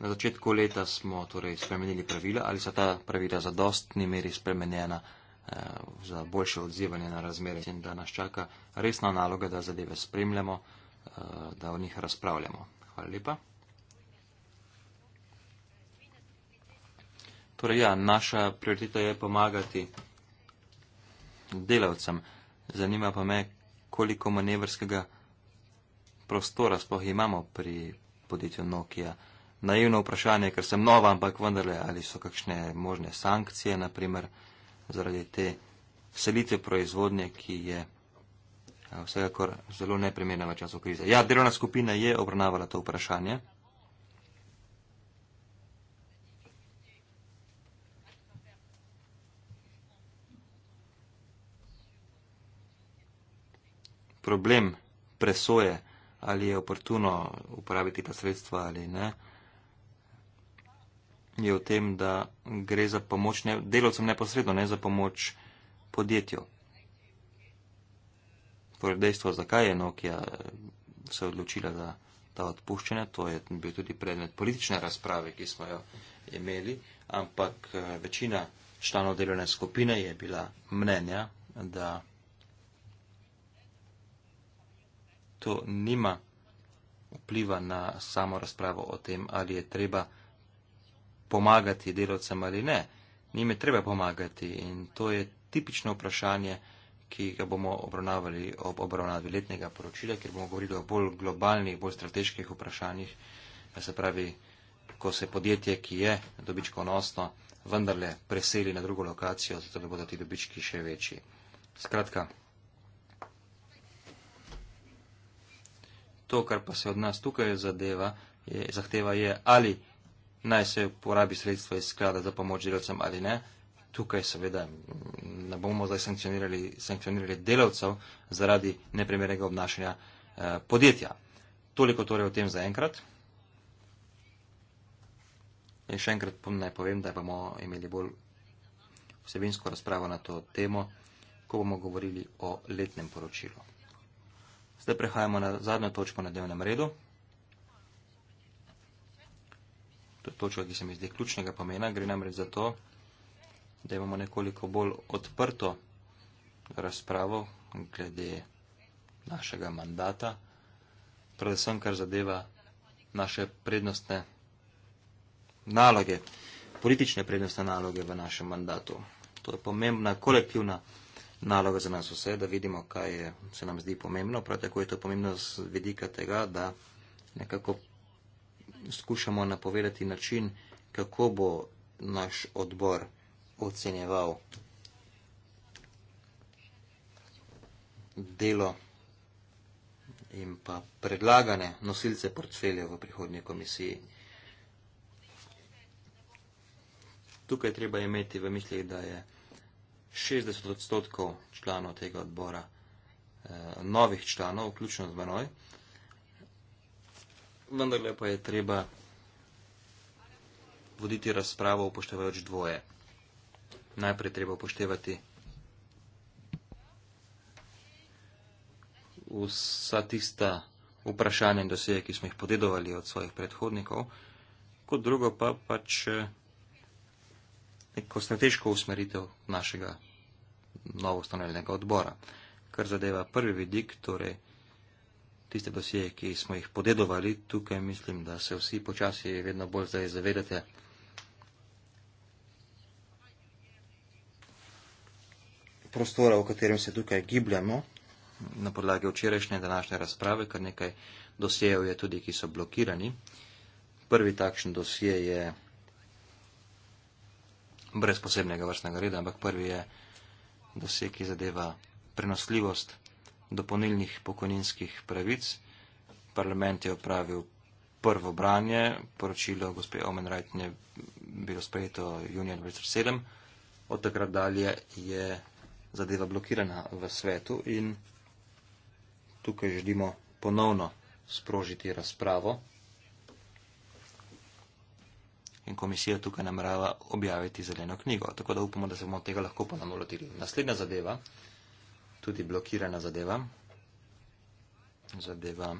Speaker 2: Na začetku leta smo torej spremenili pravila, ali so ta pravila za dostni meri spremenjena eh, za boljše odzivanje na razmere in da nas čaka resna naloga, da zadeve spremljamo, eh, da o njih razpravljamo. Hvala lepa. Torej, ja, naša prioriteta je pomagati delavcem. Zanima pa me, koliko manevrskega prostora sploh imamo pri podjetju Nokia. Naivno vprašanje, ker sem nova, ampak vendarle, ali so kakšne možne sankcije, naprimer, zaradi te selitve proizvodnje, ki je eh, vsekakor zelo neprimerna v času krize. Ja, delovna skupina je obravnavala to vprašanje. problem presoje, ali je oportuno uporabiti ta sredstva ali ne, je v tem, da gre za pomoč ne, delovcem neposredno, ne za pomoč podjetju. Torej dejstvo, zakaj je Nokia eh, se odločila, da ta odpuščanja, to je bil tudi predmet politične razprave, ki smo jo imeli, ampak eh, večina članov delovne skupine je bila mnenja, da to nima vpliva na samo razpravo o tem, ali je treba pomagati delovcem ali ne. Nime treba pomagati in to je tipično vprašanje, ki ga bomo obravnavali ob obravnavi letnega poročila, ker bomo govorili o bolj globalnih, bolj strateških vprašanjih, se pravi, ko se podjetje, ki je dobičkonosno, vendarle preseli na drugo lokacijo, zato da bodo ti dobički še večji. Skratka, To, kar pa se od nas tukaj zadeva, je, zahteva je, ali naj se porabi sredstva iz sklada za pomoč delavcem ali ne. Tukaj seveda ne bomo zdaj sankcionirali, sankcionirali delavcev zaradi neprimernega obnašanja eh, podjetja. Toliko torej o tem zaenkrat. In še enkrat naj povem, da bomo imeli bolj vsebinsko razpravo na to temo, ko bomo govorili o letnem poročilu. Zdaj prehajamo na zadnjo točko na dnevnem redu. To je točka, ki se mi zdi ključnega pomena. Gre namreč za to, da imamo nekoliko bolj odprto razpravo glede našega mandata, predvsem kar zadeva naše prednostne naloge, politične prednostne naloge v našem mandatu. To je pomembna kolektivna naloga za nas vse, da vidimo, kaj je, se nam zdi pomembno. Prav tako je to pomembno z vidika tega, da nekako skušamo napovedati način, kako bo naš odbor ocenjeval delo in pa predlagane nosilce portfelja v prihodnji komisiji. Tukaj treba imeti v mislih, da je 60 odstotkov članov tega odbora, eh, novih članov, vključno z menoj. Vendar pa je treba voditi razpravo upoštevajoč dvoje. Najprej treba upoštevati vsa tista vprašanja in doseje, ki smo jih podedovali od svojih predhodnikov, kot drugo pa pač. Eh, neko strateško usmeritev našega novostanovljenega odbora. Kar zadeva prvi vidik, torej tiste dosije, ki smo jih podedovali, tukaj mislim, da se vsi počasi vedno bolj zdaj zavedate, prostora, v katerem se tukaj gibljamo, na podlagi včerajšnje današnje razprave, kar nekaj dosijev je tudi, ki so blokirani. Prvi takšen dosije je brez posebnega vrstnega reda, ampak prvi je doseg, ki zadeva prenosljivost dopolnilnih pokojninskih pravic. Parlament je opravil prvo branje, poročilo gospe Omenrajtne je bilo sprejeto junija 2007, od takrat dalje je zadeva blokirana v svetu in tukaj želimo ponovno sprožiti razpravo in komisija tukaj namerava objaviti zeleno knjigo. Tako da upamo, da se bomo tega lahko ponovno lotili. Naslednja zadeva, tudi blokirana zadeva, zadeva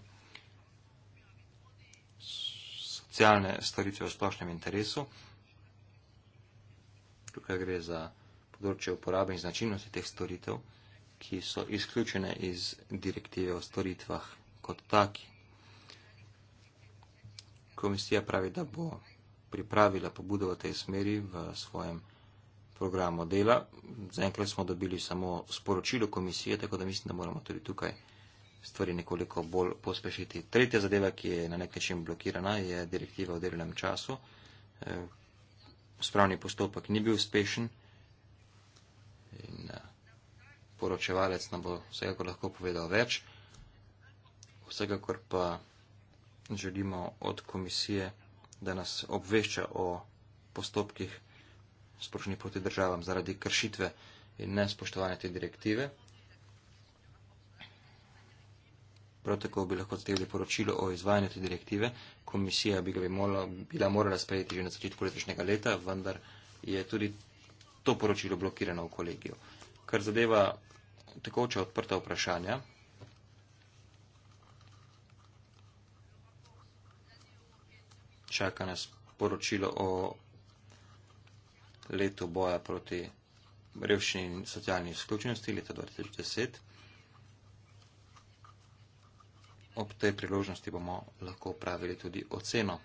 Speaker 2: socialne storitve v splošnem interesu. Tukaj gre za področje uporabe in značilnosti teh storitev, ki so izključene iz direktive o storitvah kot taki. Komisija pravi, da bo pripravila pobudo v tej smeri v svojem programu dela. Zaenkrat smo dobili samo sporočilo komisije, tako da mislim, da moramo tudi tukaj stvari nekoliko bolj pospešiti. Tretja zadeva, ki je na nek način blokirana, je direktiva o delovnem času. Eh, spravni postopek ni bil uspešen in eh, poročevalec nam bo vsekakor lahko povedal več. Vsekakor pa želimo od komisije da nas obvešča o postopkih sprošnji poti državam zaradi kršitve in nespoštovanja te direktive. Prav tako bi lahko zatevili poročilo o izvajanju te direktive. Komisija bi ga bi mola, bila morala sprejeti že na začetku letošnjega leta, vendar je tudi to poročilo blokirano v kolegiju. Kar zadeva tekoče odprta vprašanja, čaka nas poročilo o letu boja proti revščini in socialni izključenosti leta 2010. Ob tej priložnosti bomo lahko pravili tudi oceno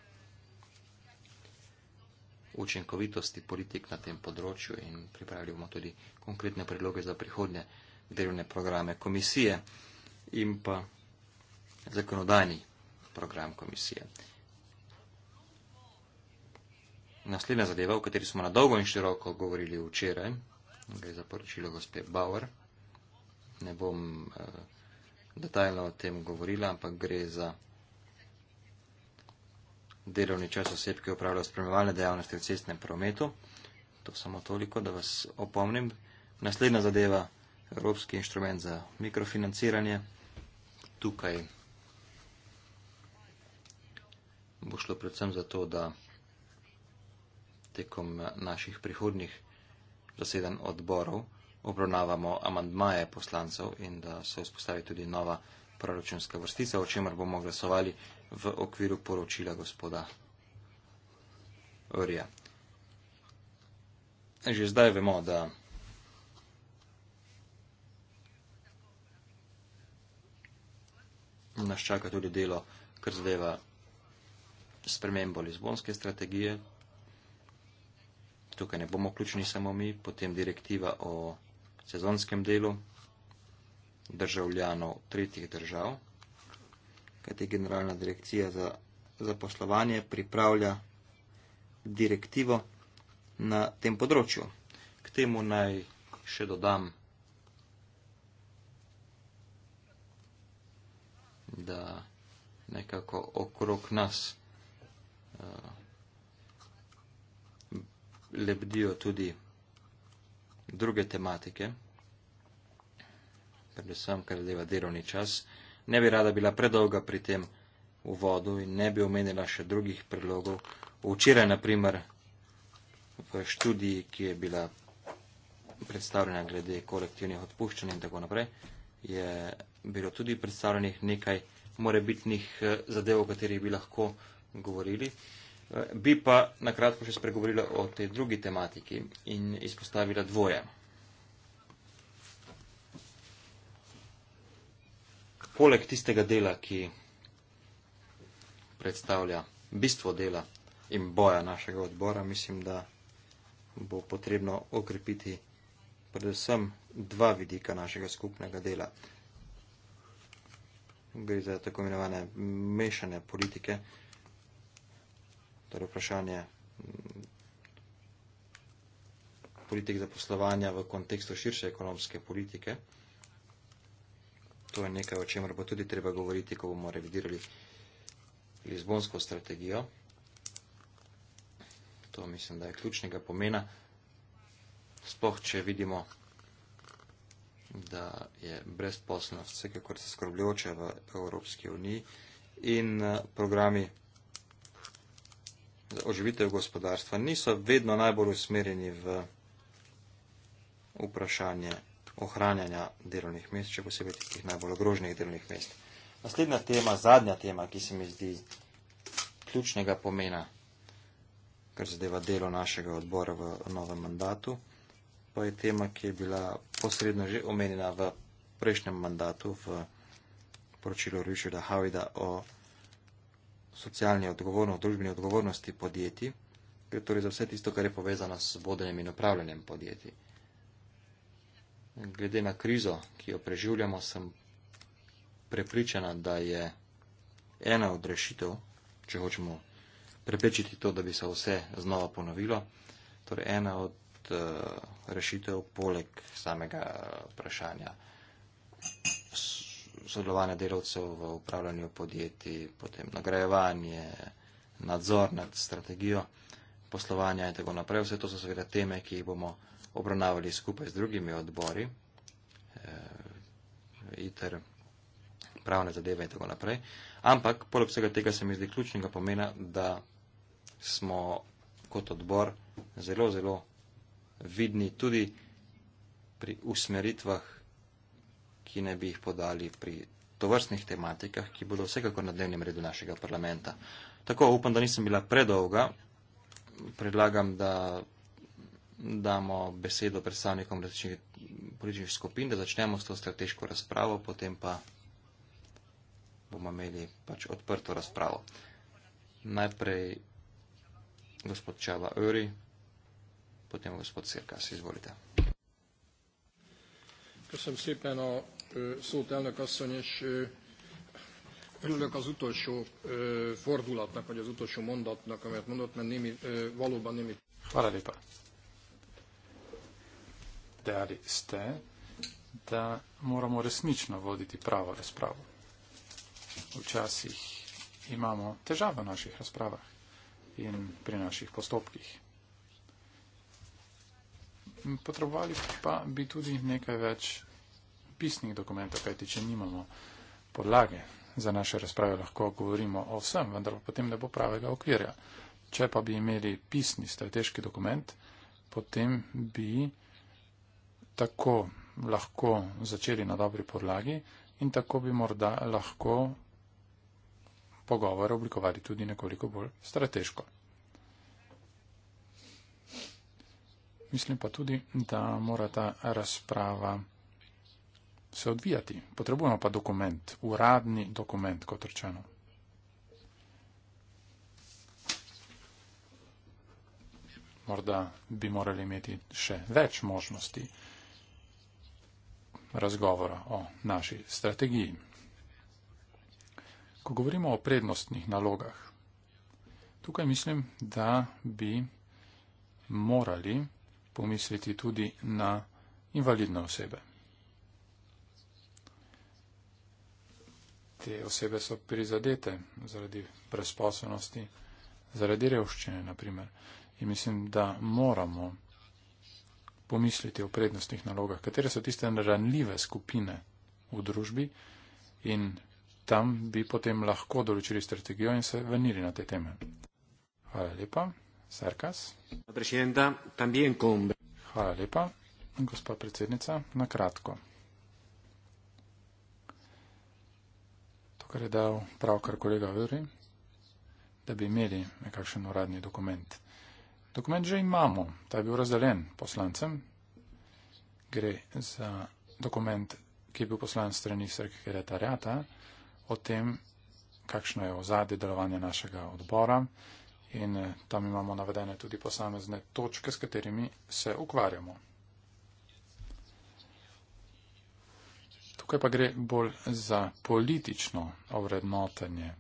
Speaker 2: učinkovitosti politik na tem področju in pripravili bomo tudi konkretne predloge za prihodnje delovne programe komisije in pa zakonodajni program komisije. Naslednja zadeva, o kateri smo na dolgo in široko govorili včeraj, gre za poročilo gospe Bauer. Ne bom uh, eh, detaljno o tem govorila, ampak gre za delovni čas oseb, ki upravljajo spremljevalne dejavnosti v cestnem prometu. To samo toliko, da vas opomnim. Naslednja zadeva, Evropski inštrument za mikrofinanciranje. Tukaj bo šlo predvsem za to, da tekom naših prihodnih zaseden odborov obravnavamo amandmaje poslancev in da se vzpostavi tudi nova proračunska vrstica, o čemer bomo glasovali v okviru poročila gospoda Orija. Že zdaj vemo, da nas čaka tudi delo, kar zadeva spremembo Lizbonske strategije, tukaj ne bomo vključeni samo mi, potem direktiva o sezonskem delu državljanov tretjih držav, kajti Generalna direkcija za zaposlovanje pripravlja direktivo na tem področju. K temu naj še dodam, da nekako okrog nas uh, lebdijo tudi druge tematike, predvsem kar zadeva delovni čas. Ne bi rada bila predolga pri tem uvodu in ne bi omenila še drugih predlogov. Včeraj, na primer, v študiji, ki je bila predstavljena glede kolektivnih odpuščanj in tako naprej, je bilo tudi predstavljenih nekaj morebitnih eh, zadev, o katerih bi lahko govorili. Bi pa nakratko še spregovorila o tej drugi tematiki in izpostavila dvoje. Poleg tistega dela, ki predstavlja bistvo dela in boja našega odbora, mislim, da bo potrebno okrepiti predvsem dva vidika našega skupnega dela. Gre za tako imenovane mešane politike, torej vprašanje mm, politik zaposlovanja v kontekstu širše ekonomske politike. To je nekaj, o čemer bo tudi treba govoriti, ko bomo revidirali Lizbonsko strategijo. To mislim, da je ključnega pomena. Sploh, če vidimo, da je brezposlenost vsekakor se skrbljoče v Evropski uniji in eh, programi za oživitev gospodarstva, niso vedno najbolj usmerjeni v vprašanje ohranjanja delovnih mest, če posebej tistih najbolj ogroženih delovnih mest. Naslednja tema, zadnja tema, ki se mi zdi ključnega pomena, kar zadeva delo našega odbora v novem mandatu, pa je tema, ki je bila posredno že omenjena v prejšnjem mandatu v poročilu Richarda Havida o socialni odgovornosti, družbeni odgovornosti podjetij, gre torej za vse tisto, kar je povezano s vodenjem in upravljanjem podjetij. Glede na krizo, ki jo preživljamo, sem prepričana, da je ena od rešitev, če hočemo preprečiti to, da bi se vse znova ponovilo, torej ena od uh, rešitev poleg samega vprašanja uh, sodelovanja delavcev v upravljanju podjetij, potem nagrajevanje, nadzor nad strategijo poslovanja in tako naprej. Vse to so seveda teme, ki jih bomo obravnavali skupaj z drugimi odbori, eh, ITER, pravne zadeve in tako naprej. Ampak, poleg vsega tega se mi zdi ključnega pomena, da smo kot odbor zelo, zelo vidni tudi pri usmeritvah ki ne bi jih podali pri tovrstnih tematikah, ki bodo vsekakor na dnevnem redu našega parlamenta. Tako, upam, da nisem bila predolga. Predlagam, da damo besedo predstavnikom različnih političnih skupin, da začnemo s to strateško razpravo, potem pa bomo imeli pač odprto razpravo. Najprej gospod Čava Öri, potem gospod Sirkas, izvolite.
Speaker 3: Ko sem si eno szót, elnök asszony, és örülök az utolsó fordulatnak, vagy az utolsó mondatnak, amelyet mondott, mert némi, valóban némi... Hvala lepa. Dali ste, da moramo resnično voditi pravo razpravo. Včasih imamo težavo v naših razpravah in pri naših postopkih. Potrebovali pa bi tudi nekaj več pisnih dokumentov, kajti če nimamo podlage za naše razprave, lahko govorimo o vsem, vendar pa potem ne bo pravega okvirja. Če pa bi imeli pisni strateški dokument, potem bi tako lahko začeli na dobri podlagi in tako bi morda lahko pogovor oblikovali tudi nekoliko bolj strateško. Mislim pa tudi, da mora ta razprava se odvijati. Potrebujemo pa dokument, uradni dokument, kot rečeno. Morda bi morali imeti še več možnosti razgovora o naši strategiji. Ko govorimo o prednostnih nalogah, tukaj mislim, da bi morali pomisliti tudi na invalidne osebe. te osebe so prizadete zaradi brezposobnosti, zaradi revščine, naprimer. In mislim, da moramo pomisliti o prednostnih nalogah, katere so tiste ranljive skupine v družbi in tam bi potem lahko določili strategijo in se venili na te teme. Hvala lepa. Sarkas. Hvala lepa. Gospa predsednica, na kratko. kar je dal pravkar kolega Vrri, da bi imeli nekakšen uradni dokument. Dokument že imamo, ta je bil razdeljen poslancem. Gre za dokument, ki je bil poslan strani sekretarjata o tem, kakšno je ozadje delovanja našega odbora in eh, tam imamo navedene tudi posamezne točke, s katerimi se ukvarjamo. Tukaj pa gre bolj za politično ovrednotenje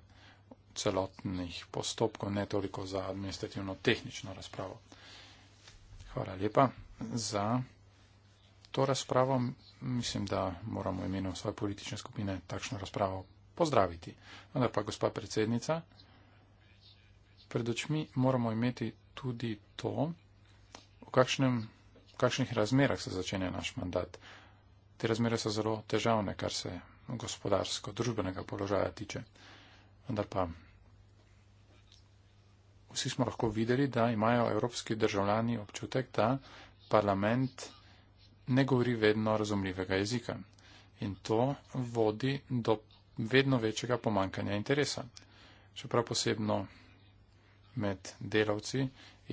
Speaker 3: celotnih postopkov, ne toliko za administrativno-tehnično razpravo. Hvala lepa za to razpravo. Mislim, da moramo imenu svoje politične skupine takšno razpravo pozdraviti. Vendar pa, gospa predsednica, pred očmi moramo imeti tudi to, v, kakšnem, v kakšnih razmerah se začenja naš mandat. Te razmere so zelo težavne, kar se gospodarsko-družbenega položaja tiče. Vendar pa vsi smo lahko videli, da imajo evropski državljani občutek, da parlament ne govori vedno razumljivega jezika. In to vodi do vedno večjega pomankanja interesa. Čeprav posebno med delavci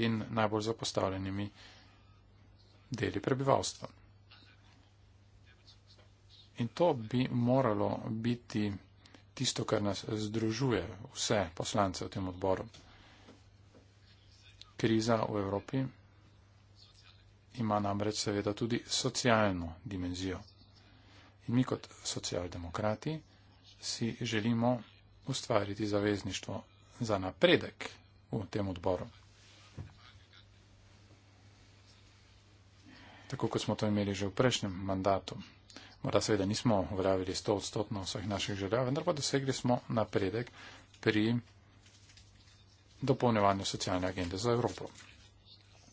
Speaker 3: in najbolj zapostavljenimi deli prebivalstva. In to bi moralo biti tisto, kar nas združuje vse poslance v tem odboru. Kriza v Evropi ima namreč seveda tudi socialno dimenzijo. In mi kot socialdemokrati si želimo ustvariti zavezništvo za napredek v tem odboru. Tako kot smo to imeli že v prejšnjem mandatu. Morda seveda nismo uravili 100 odstotno vseh naših želja, vendar pa dosegli smo napredek pri dopolnjevanju socialne agende za Evropo.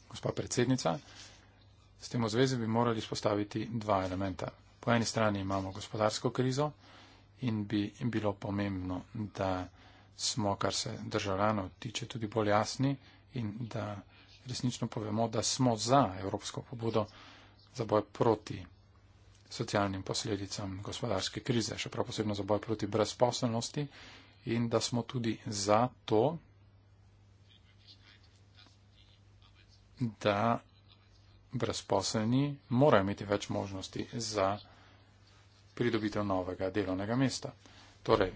Speaker 3: Gospa predsednica, s tem v zvezi bi morali spostaviti dva elementa. Po eni strani imamo gospodarsko krizo in bi bilo pomembno, da smo, kar se državljanov tiče, tudi bolj jasni in da resnično povemo, da smo za evropsko pobudo za boj proti socialnim posledicam gospodarske krize, še prav posebno za boj proti brezposelnosti in da smo tudi za to, da brezposelni morajo imeti več možnosti za pridobitev novega delovnega mesta. Torej,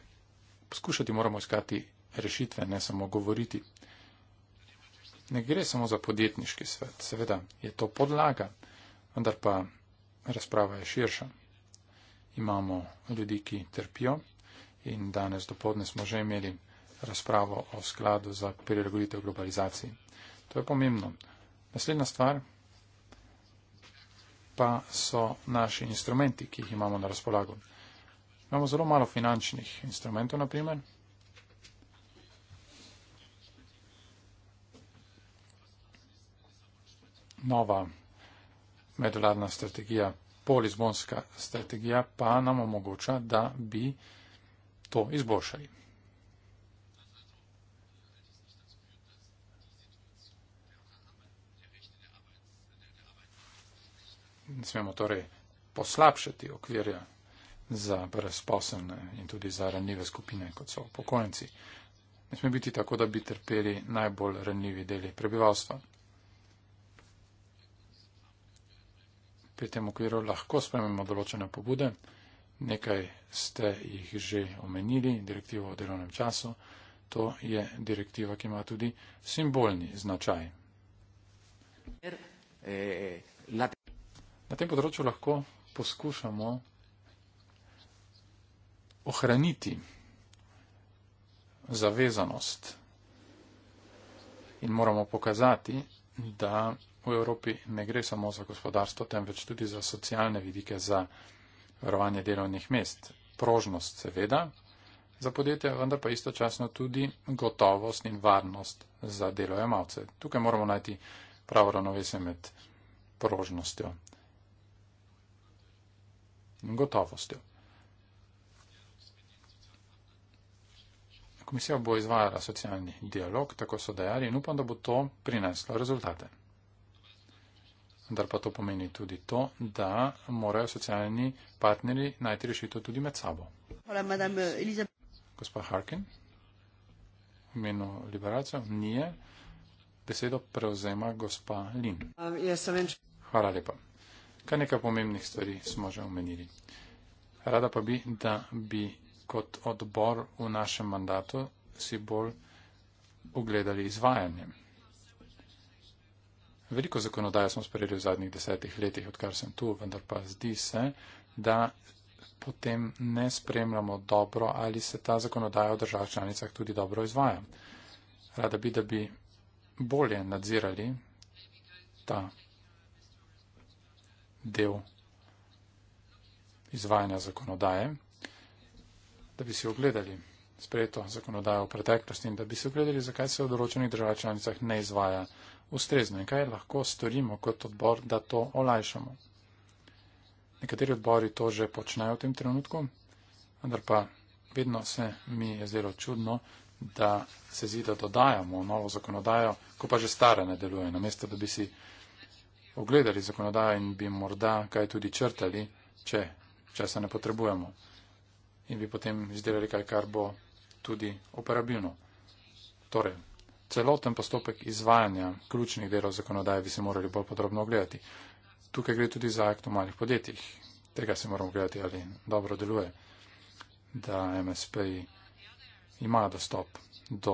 Speaker 3: poskušati moramo iskati rešitve, ne samo govoriti. Ne gre samo za podjetniški svet, seveda je to podlaga, vendar pa razprava je širša. Imamo ljudi, ki trpijo in danes dopoledne smo že imeli razpravo o skladu za prilagoditev globalizaciji. To je pomembno. Naslednja stvar pa so naši instrumenti, ki jih imamo na razpolago. Imamo zelo malo finančnih instrumentov, naprimer. Nova medvladna strategija, polizbonska strategija pa nam omogoča, da bi to izboljšali. Smemo torej poslabšati okvirja za brezposobne in tudi za ranljive skupine, kot so upokojenci. Ne sme biti tako, da bi trpeli najbolj ranljivi deli prebivalstva. pri tem okviru lahko spremenimo določene pobude. Nekaj ste jih že omenili, direktivo o delovnem času. To je direktiva, ki ima tudi simbolni značaj. Na tem področju lahko poskušamo ohraniti zavezanost in moramo pokazati, da v Evropi ne gre samo za gospodarstvo, temveč tudi za socialne vidike, za varovanje delovnih mest. Prožnost seveda za podjetja, vendar pa istočasno tudi gotovost in varnost za delojemalce. Tukaj moramo najti pravo ravnovesje med prožnostjo in gotovostjo. Komisija bo izvajala socialni dialog, tako so dejali, in upam, da bo to prineslo rezultate vendar pa to pomeni tudi to, da morajo socialni partneri najti rešitev tudi med sabo.
Speaker 1: Hvala, madame Elizabeth.
Speaker 3: Gospa Harkin, v imenu liberacijo, nije. Besedo prevzema gospa Lin. Uh, Hvala lepa. Kar nekaj pomembnih stvari smo že omenili. Rada pa bi, da bi kot odbor v našem mandatu si bolj ogledali izvajanje. Veliko zakonodaje smo sprejeli v zadnjih desetih letih, odkar sem tu, vendar pa zdi se, da potem ne spremljamo dobro, ali se ta zakonodaja v državah članicah tudi dobro izvaja. Rada bi, da bi bolje nadzirali ta del izvajanja zakonodaje, da bi si ogledali sprejeto zakonodajo v preteklosti in da bi si ogledali, zakaj se v določenih državah članicah ne izvaja ustrezno in kaj lahko storimo kot odbor, da to olajšamo. Nekateri odbori to že počnejo v tem trenutku, vendar pa vedno se mi je zelo čudno, da se zdi, da dodajamo novo zakonodajo, ko pa že stara ne deluje, namesto da bi si ogledali zakonodajo in bi morda kaj tudi črtali, če časa ne potrebujemo in bi potem izdelali kaj, kar bo tudi operabilno. Torej, celoten postopek izvajanja ključnih delov zakonodaje bi se morali bolj podrobno ogledati. Tukaj gre tudi za akt o malih podjetjih. Tega se moramo ogledati, ali dobro deluje, da MSP ima dostop do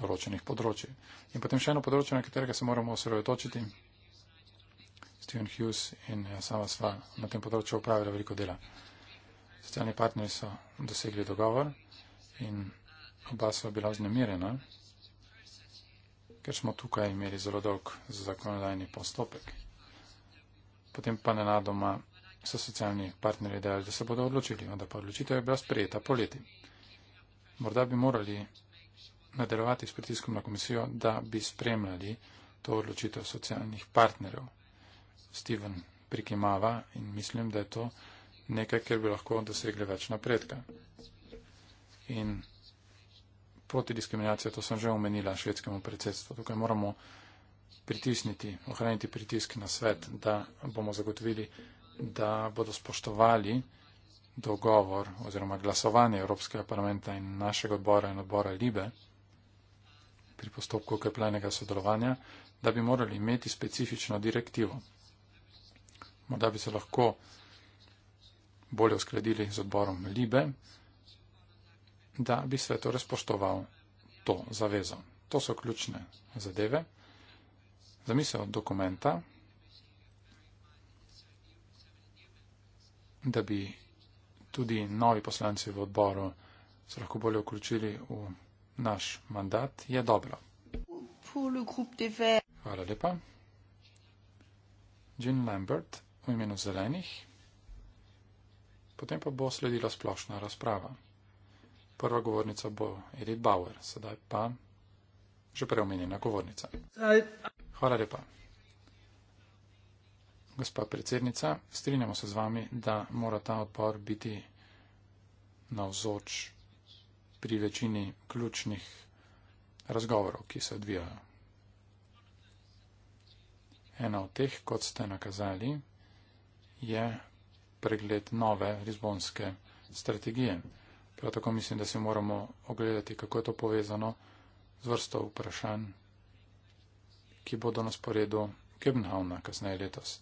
Speaker 3: določenih področji. In potem še eno področje, na katerega se moramo osredotočiti. Steven Hughes in jaz sama sva na tem področju upravila veliko dela. Socialni partneri so dosegli dogovor in oba sva bila vznemirjena ker smo tukaj imeli zelo dolg zakonodajni postopek. Potem pa nenadoma so socialni partnerji dejali, da se bodo odločili, vendar pa odločitev je bila sprejeta poleti. Morda bi morali nadaljevati s pritiskom na komisijo, da bi spremljali to odločitev socialnih partnerjev. Steven prikimava in mislim, da je to nekaj, kjer bi lahko dosegli več napredka. In proti diskriminaciji, to sem že omenila švedskemu predsedstvu. Tukaj moramo pritisniti, ohraniti pritisk na svet, da bomo zagotovili, da bodo spoštovali dogovor oziroma glasovanje Evropskega parlamenta in našega odbora in odbora Libe pri postopku okrepljenega sodelovanja, da bi morali imeti specifično direktivo. Morda bi se lahko bolje uskladili z odborom Libe, da bi svet torej spoštoval to zavezo. To so ključne zadeve. Zamisel dokumenta, da bi tudi novi poslanci v odboru se lahko bolje vključili v naš mandat, je dobro. Hvala lepa. Jean Lambert v imenu zelenih. Potem pa bo sledila splošna razprava. Prva govornica bo Edith Bauer, sedaj pa že preomenjena govornica. Hvala lepa. Gospa predsednica, strinjamo se z vami, da mora ta odpor biti navzoč pri večini ključnih razgovorov, ki se odvijajo. Ena od teh, kot ste nakazali, je pregled nove lizbonske strategije. Prav tako mislim, da si moramo ogledati, kako je to povezano z vrsto vprašanj, ki bodo na sporedu Kebnhavna kasneje letos.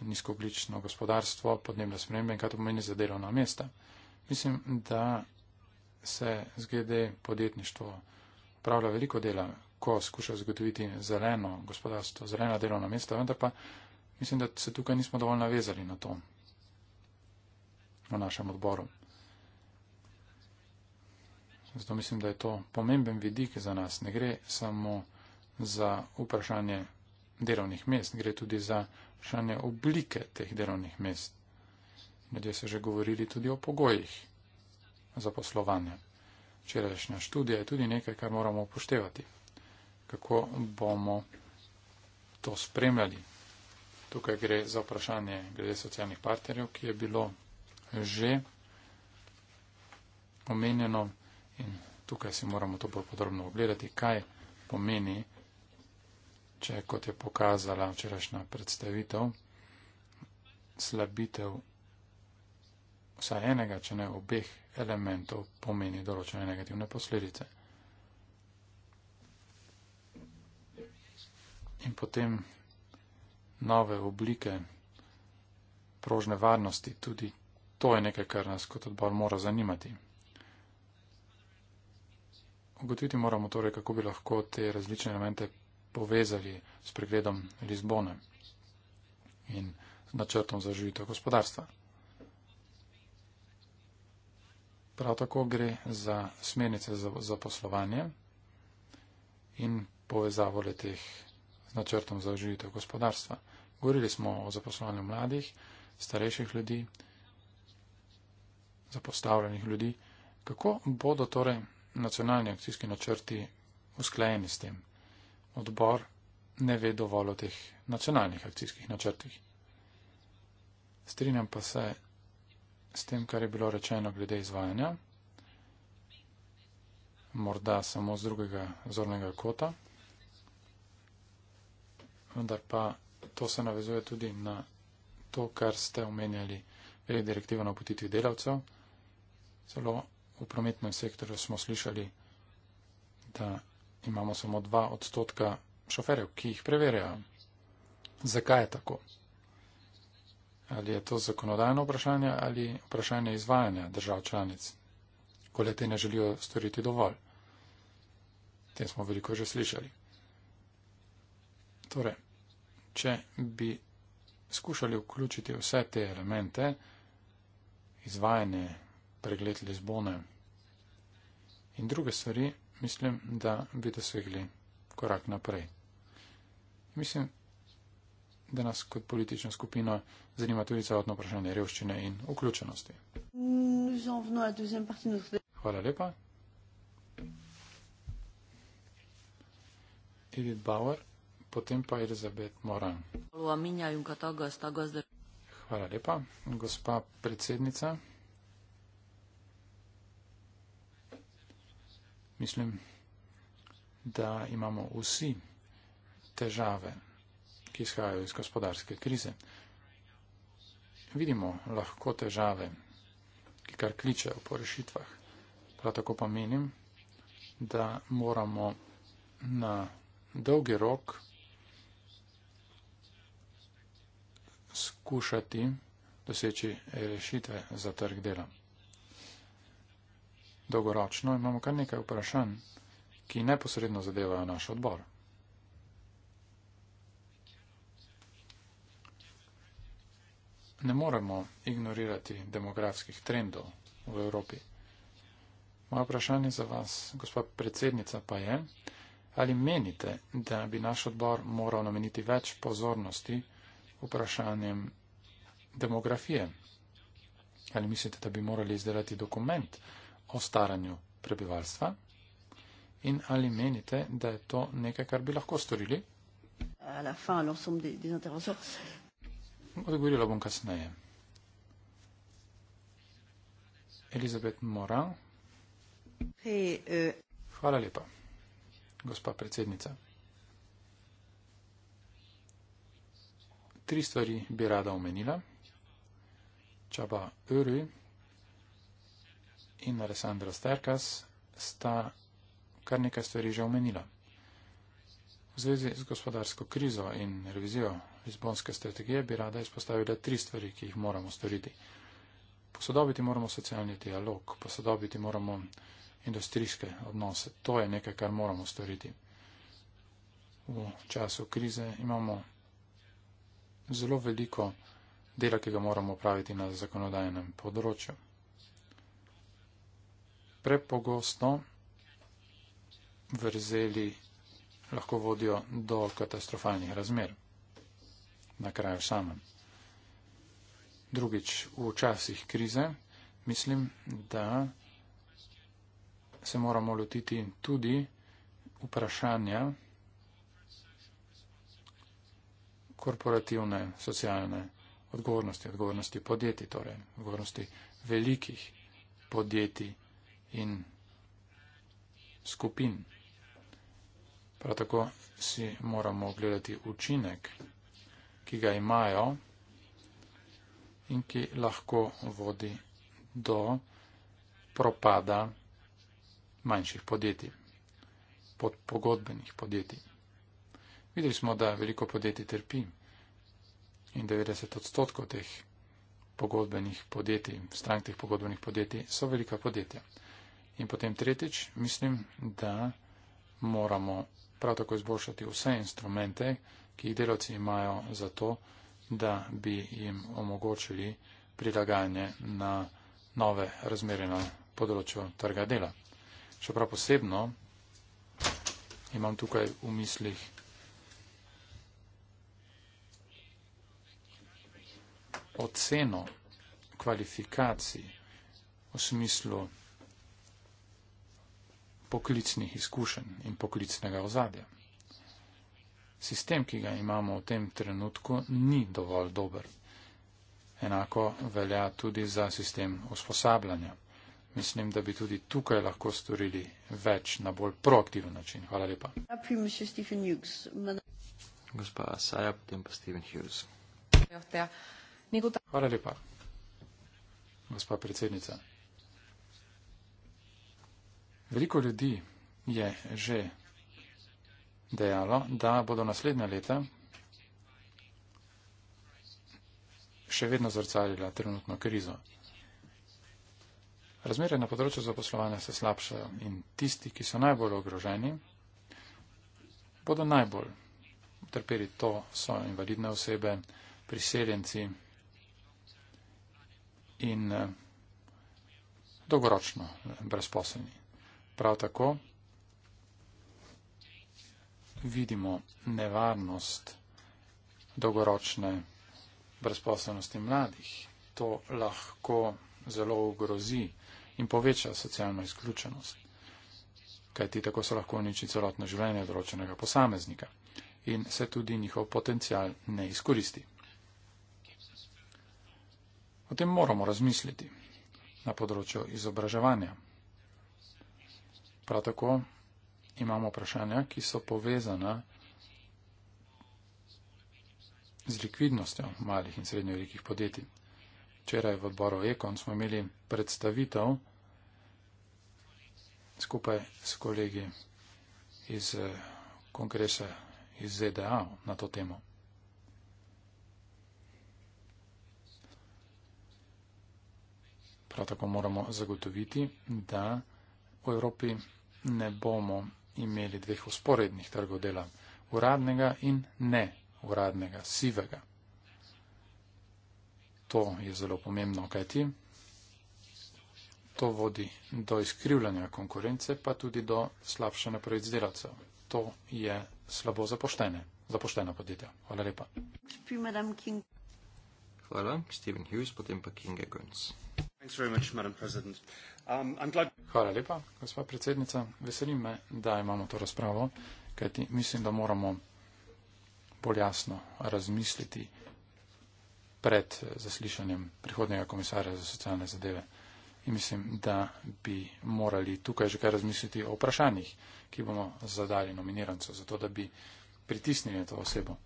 Speaker 3: Nizkoglično gospodarstvo, podnebne spremembe in kaj to pomeni za delovna mesta. Mislim, da se z GD podjetništvo upravlja veliko dela, ko skuša zagotoviti zeleno gospodarstvo, zelena delovna mesta, vendar pa mislim, da se tukaj nismo dovolj navezali na to v našem odboru. Zato mislim, da je to pomemben vidik za nas. Ne gre samo za vprašanje delovnih mest, gre tudi za vprašanje oblike teh delovnih mest. Ljudje so že govorili tudi o pogojih za poslovanje. Včerajšnja študija je tudi nekaj, kar moramo upoštevati. Kako bomo to spremljali? Tukaj gre za vprašanje glede socialnih partnerjev, ki je bilo že omenjeno. In tukaj si moramo to bolj podrobno ogledati, kaj pomeni, če kot je pokazala včerajšnja predstavitev, slabitev vsaj enega, če ne obeh elementov, pomeni določene negativne posledice. In potem nove oblike prožne varnosti, tudi to je nekaj, kar nas kot odbor mora zanimati. Ugotoviti moramo torej, kako bi lahko te različne elemente povezali s pregledom Lizbone in načrtom za živitev gospodarstva. Prav tako gre za smernice za, za poslovanje in povezavo le teh z načrtom za živitev gospodarstva. Govorili smo o zaposlovanju mladih, starejših ljudi, zapostavljenih ljudi. Kako bodo torej nacionalni akcijski načrti usklajeni s tem. Odbor ne ve dovolj o teh nacionalnih akcijskih načrtih. Strinjam pa se s tem, kar je bilo rečeno glede izvajanja, morda samo z drugega zornega kota, vendar pa to se navezuje tudi na to, kar ste omenjali, direktiva na potitvi delavcev, celo V prometnem sektorju smo slišali, da imamo samo dva odstotka šoferjev, ki jih preverjajo. Zakaj je tako? Ali je to zakonodajno vprašanje ali vprašanje izvajanja držav članic, ko le te ne želijo storiti dovolj? Te smo veliko že slišali. Torej, če bi skušali vključiti vse te elemente, izvajanje pregled Lizbone in druge stvari, mislim, da bi dosegli korak naprej. Mislim, da nas kot politično skupino zanima tudi zavodno vprašanje revščine in vključenosti. Hvala lepa. Edith Bauer, potem pa Elizabeth Moran. Hvala lepa, gospa predsednica. Mislim, da imamo vsi težave, ki izhajajo iz gospodarske krize. Vidimo lahko težave, ki kar kličejo po rešitvah. Prav tako pa menim, da moramo na dolgi rok skušati doseči rešitve za trg dela. Dolgoročno imamo kar nekaj vprašanj, ki neposredno zadevajo naš odbor. Ne moremo ignorirati demografskih trendov v Evropi. Moje vprašanje za vas, gospod predsednica, pa je, ali menite, da bi naš odbor moral nameniti več pozornosti vprašanjem demografije? Ali mislite, da bi morali izdelati dokument, o staranju prebivalstva in ali menite, da je to nekaj, kar bi lahko storili? Odgovorila bom kasneje. Elizabeth Moran.
Speaker 1: Euh,
Speaker 3: Hvala lepa, gospa predsednica. Tri stvari bi rada omenila. Čaba Uri, in Alessandro Sterkas sta kar nekaj stvari že omenila. V zvezi z gospodarsko krizo in revizijo izbonske strategije bi rada izpostavila tri stvari, ki jih moramo storiti. Posodobiti moramo socialni dialog, posodobiti moramo industrijske odnose. To je nekaj, kar moramo storiti. V času krize imamo zelo veliko dela, ki ga moramo praviti na zakonodajnem področju prepogosto vrzeli lahko vodijo do katastrofalnih razmer na kraju samem. Drugič, v časih krize mislim, da se moramo lotiti tudi vprašanja korporativne socialne odgovornosti, odgovornosti podjetij, torej odgovornosti velikih podjetij in skupin. Prav tako si moramo gledati učinek, ki ga imajo in ki lahko vodi do propada manjših podjetij, pod pogodbenih podjetij. Videli smo, da veliko podjetij trpi in 90 odstotkov teh pogodbenih podjetij, strank teh pogodbenih podjetij so velika podjetja. In potem tretjič, mislim, da moramo prav tako izboljšati vse instrumente, ki jih delavci imajo za to, da bi jim omogočili prilagajanje na nove razmere na področju trga dela. Še prav posebno imam tukaj v mislih oceno kvalifikacij v smislu poklicnih izkušenj in poklicnega ozadja. Sistem, ki ga imamo v tem trenutku, ni dovolj dober. Enako velja tudi za sistem usposabljanja. Mislim, da bi tudi tukaj lahko storili več na bolj proaktiven način. Hvala lepa. Gospa Saja, potem pa Steven Hughes. Hvala lepa. Gospa predsednica. Veliko ljudi je že dejalo, da bodo naslednja leta še vedno zrcalila trenutno krizo. Razmere na področju zaposlovanja se slabšajo in tisti, ki so najbolj ogroženi, bodo najbolj trpeli to, so invalidne osebe, priseljenci in eh, dolgoročno brezposobni. Prav tako vidimo nevarnost dolgoročne brezposobnosti mladih. To lahko zelo ogrozi in poveča socialno izključenost, kajti tako se lahko uniči celotno življenje določenega posameznika in se tudi njihov potencial ne izkoristi. O tem moramo razmisliti na področju izobraževanja. Prav tako imamo vprašanja, ki so povezana z likvidnostjo malih in srednjo velikih podjetij. Včeraj v odboru Ekon smo imeli predstavitev skupaj s kolegi iz eh, kongresa iz ZDA na to temo. Prav tako moramo zagotoviti, da v Evropi ne bomo imeli dveh usporednih trgov dela, uradnega in ne uradnega, sivega. To je zelo pomembno, kajti to vodi do izkrivljanja konkurence, pa tudi do slabšanja pravic delavcev. To je slabo za poštene, za poštena podjetja. Hvala lepa. Hvala, Steven Hughes, potem pa King Eggins. Um, glad... Hvala lepa, gospa predsednica. Veselim me, da imamo to razpravo, kajti mislim, da moramo bolj jasno razmisliti pred eh, zaslišanjem prihodnega komisarja za socialne zadeve. In mislim, da bi morali tukaj že kaj razmisliti o vprašanjih, ki bomo zadali nominirancu, zato da bi pritisnili to osebo.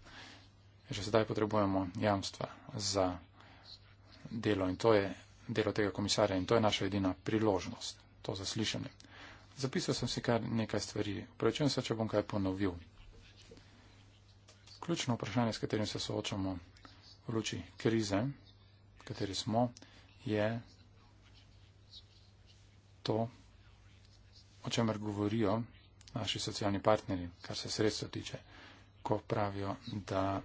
Speaker 3: Že sedaj potrebujemo jamstva za delo in to je delo tega komisarja in to je naša edina priložnost to zaslišanje. Zapisal sem si kar nekaj stvari. Prečujem se, če bom kaj ponovil. Ključno vprašanje, s katerim se soočamo v luči krize, v kateri smo, je to, o čemer govorijo naši socialni partnerji, kar se sredstva tiče, ko pravijo, da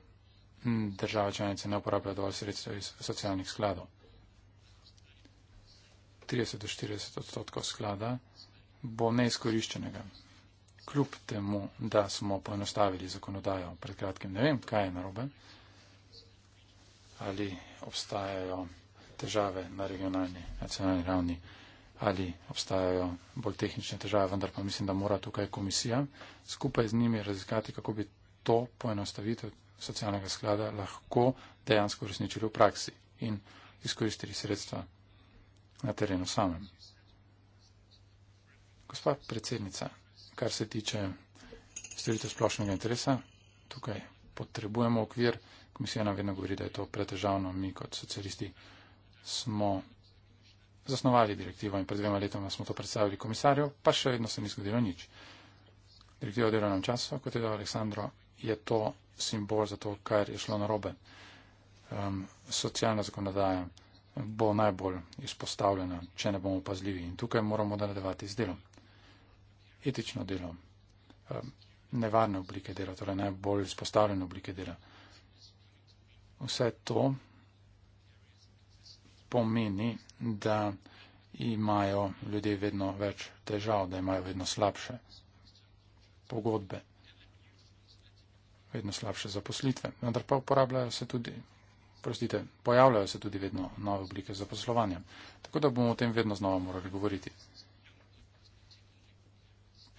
Speaker 3: država članice ne uporablja dovolj sredstev iz socialnih skladov. 30 do 40 odstotkov sklada bo neizkoriščenega. Kljub temu, da smo poenostavili zakonodajo pred kratkim, ne vem, kaj je narobe, ali obstajajo težave na regionalni, nacionalni ravni, ali obstajajo bolj tehnične težave, vendar pa mislim, da mora tukaj komisija skupaj z njimi raziskati, kako bi to poenostavitev socialnega sklada lahko dejansko uresničili v praksi in izkoristili sredstva na terenu samem. Gospa predsednica, kar se tiče storitev splošnega interesa, tukaj potrebujemo okvir. Komisija nam vedno govori, da je to pretežavno. Mi kot socialisti smo zasnovali direktivo in pred dvema letoma smo to predstavili komisarju, pa še vedno se ni zgodilo nič. Direktiva o delovnem času, kot je dal Aleksandro, je to simbol za to, kar je šlo narobe. Um, socialna zakonodaja bo najbolj izpostavljena, če ne bomo pazljivi. In tukaj moramo nadaljevati z delom. Etično delo, ehm, nevarne oblike dela, torej najbolj izpostavljene oblike dela. Vse to pomeni, da imajo ljudje vedno več težav, da imajo vedno slabše pogodbe, vedno slabše zaposlitve. Vendar pa uporabljajo se tudi, prostite, pojavljajo se tudi vedno nove oblike zaposlovanja. Tako da bomo o tem vedno znova morali govoriti.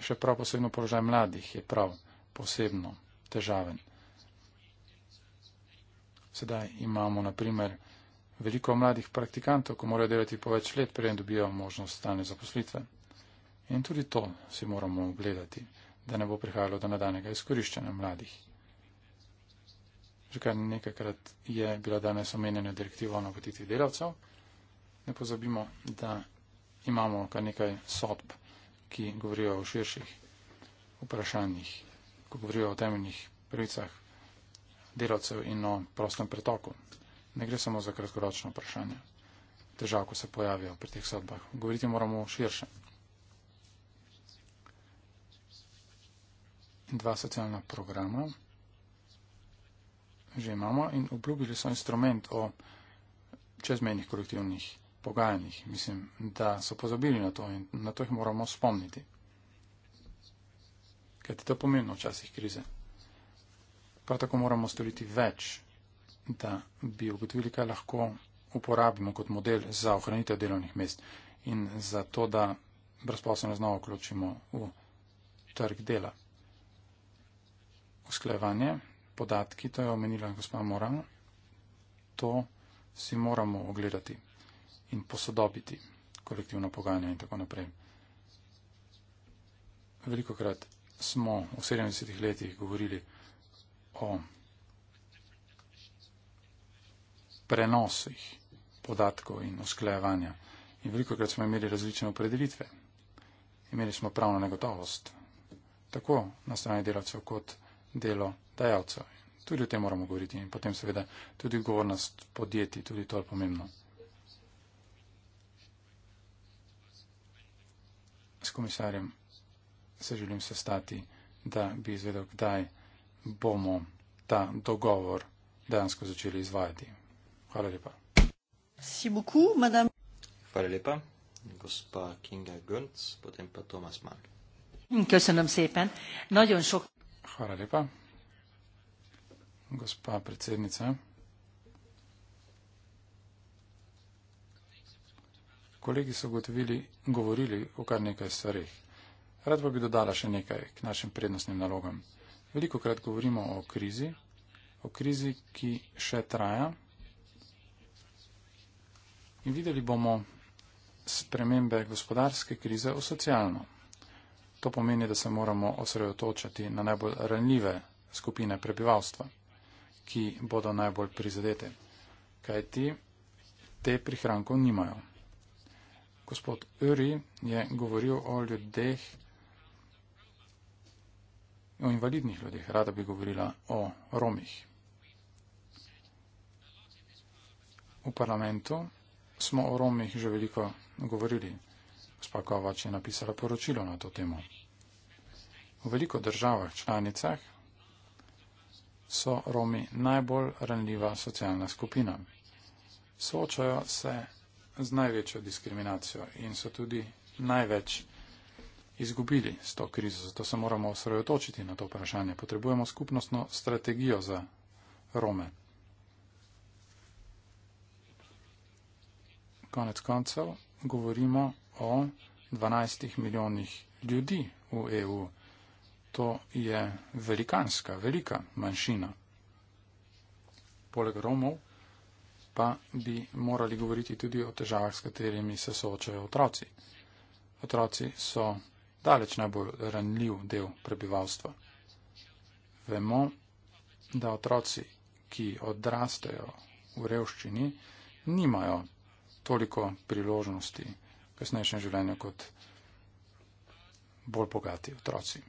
Speaker 3: Še prav posebno položaj mladih je prav posebno težaven. Sedaj imamo na primer veliko mladih praktikantov, ko morajo delati po več let, preden dobijo možnost stane zaposlitve. In tudi to si moramo ogledati, da ne bo prihajalo do nadaljnega izkoriščanja mladih že kar nekajkrat je bila danes omenjena direktiva o napotitvi delavcev. Ne pozabimo, da imamo kar nekaj sodb, ki govorijo o širših vprašanjih, ko govorijo o temeljnih pravicah delavcev in o prostem pretoku. Ne gre samo za kratkoročno vprašanje težav, ko se pojavijo pri teh sodbah. Govoriti moramo širše. In dva socialna programa že imamo in obljubili so instrument o čezmenih kolektivnih pogajanjih. Mislim, da so pozabili na to in na to jih moramo spomniti. Kaj ti to pomeni v časih krize? Prav tako moramo storiti več, da bi ugotovili, kaj lahko uporabimo kot model za ohranitev delovnih mest in za to, da brezposobno znovo vključimo v trg dela. Usklajevanje podatki, to je omenila gospa Moran, to si moramo ogledati in posodobiti kolektivno pogajanje in tako naprej. Veliko krat smo v 70-ih letih govorili o prenosih podatkov in usklajevanja. In veliko krat smo imeli različne opredelitve. Imeli smo pravno negotovost, tako na strani delavcev kot delo dajalcev. Tudi o tem moramo govoriti in potem seveda tudi odgovornost podjetij, tudi to je pomembno. S komisarjem se želim sestati, da bi izvedel, kdaj bomo ta dogovor dejansko
Speaker 2: začeli izvajati. Hvala lepa. Hvala lepa. Gospa Kinga Gönc, potem pa Tomas
Speaker 1: Mann.
Speaker 2: Hvala lepa gospa predsednica.
Speaker 3: Kolegi so gotovili, govorili o kar nekaj stvarih. Rad pa bi dodala še nekaj k našim prednostnim nalogam. Veliko krat govorimo o krizi, o krizi, ki še traja. In videli bomo spremembe gospodarske krize v socialno. To pomeni, da se moramo osredotočati na najbolj ranljive skupine prebivalstva ki bodo najbolj prizadete, kajti te prihrankov nimajo. Gospod Uri je govoril o ljudeh, o invalidnih ljudeh, rada bi govorila o Romih. V parlamentu smo o Romih že veliko govorili. Gospa Kovač je napisala poročilo na to temo. V veliko državah članicah so Romi najbolj ranljiva socialna skupina. Soočajo se z največjo diskriminacijo in so tudi največ izgubili s to krizo. Zato se moramo osredotočiti na to vprašanje. Potrebujemo skupnostno strategijo za Rome. Konec koncev govorimo o 12 milijonih ljudi v EU to je velikanska, velika manjšina. Poleg Romov pa bi morali govoriti tudi o težavah, s katerimi se soočajo otroci. Otroci so daleč najbolj ranljiv del prebivalstva. Vemo, da otroci, ki odrastejo v revščini, nimajo toliko priložnosti v kasnejšem življenju kot bolj bogati otroci.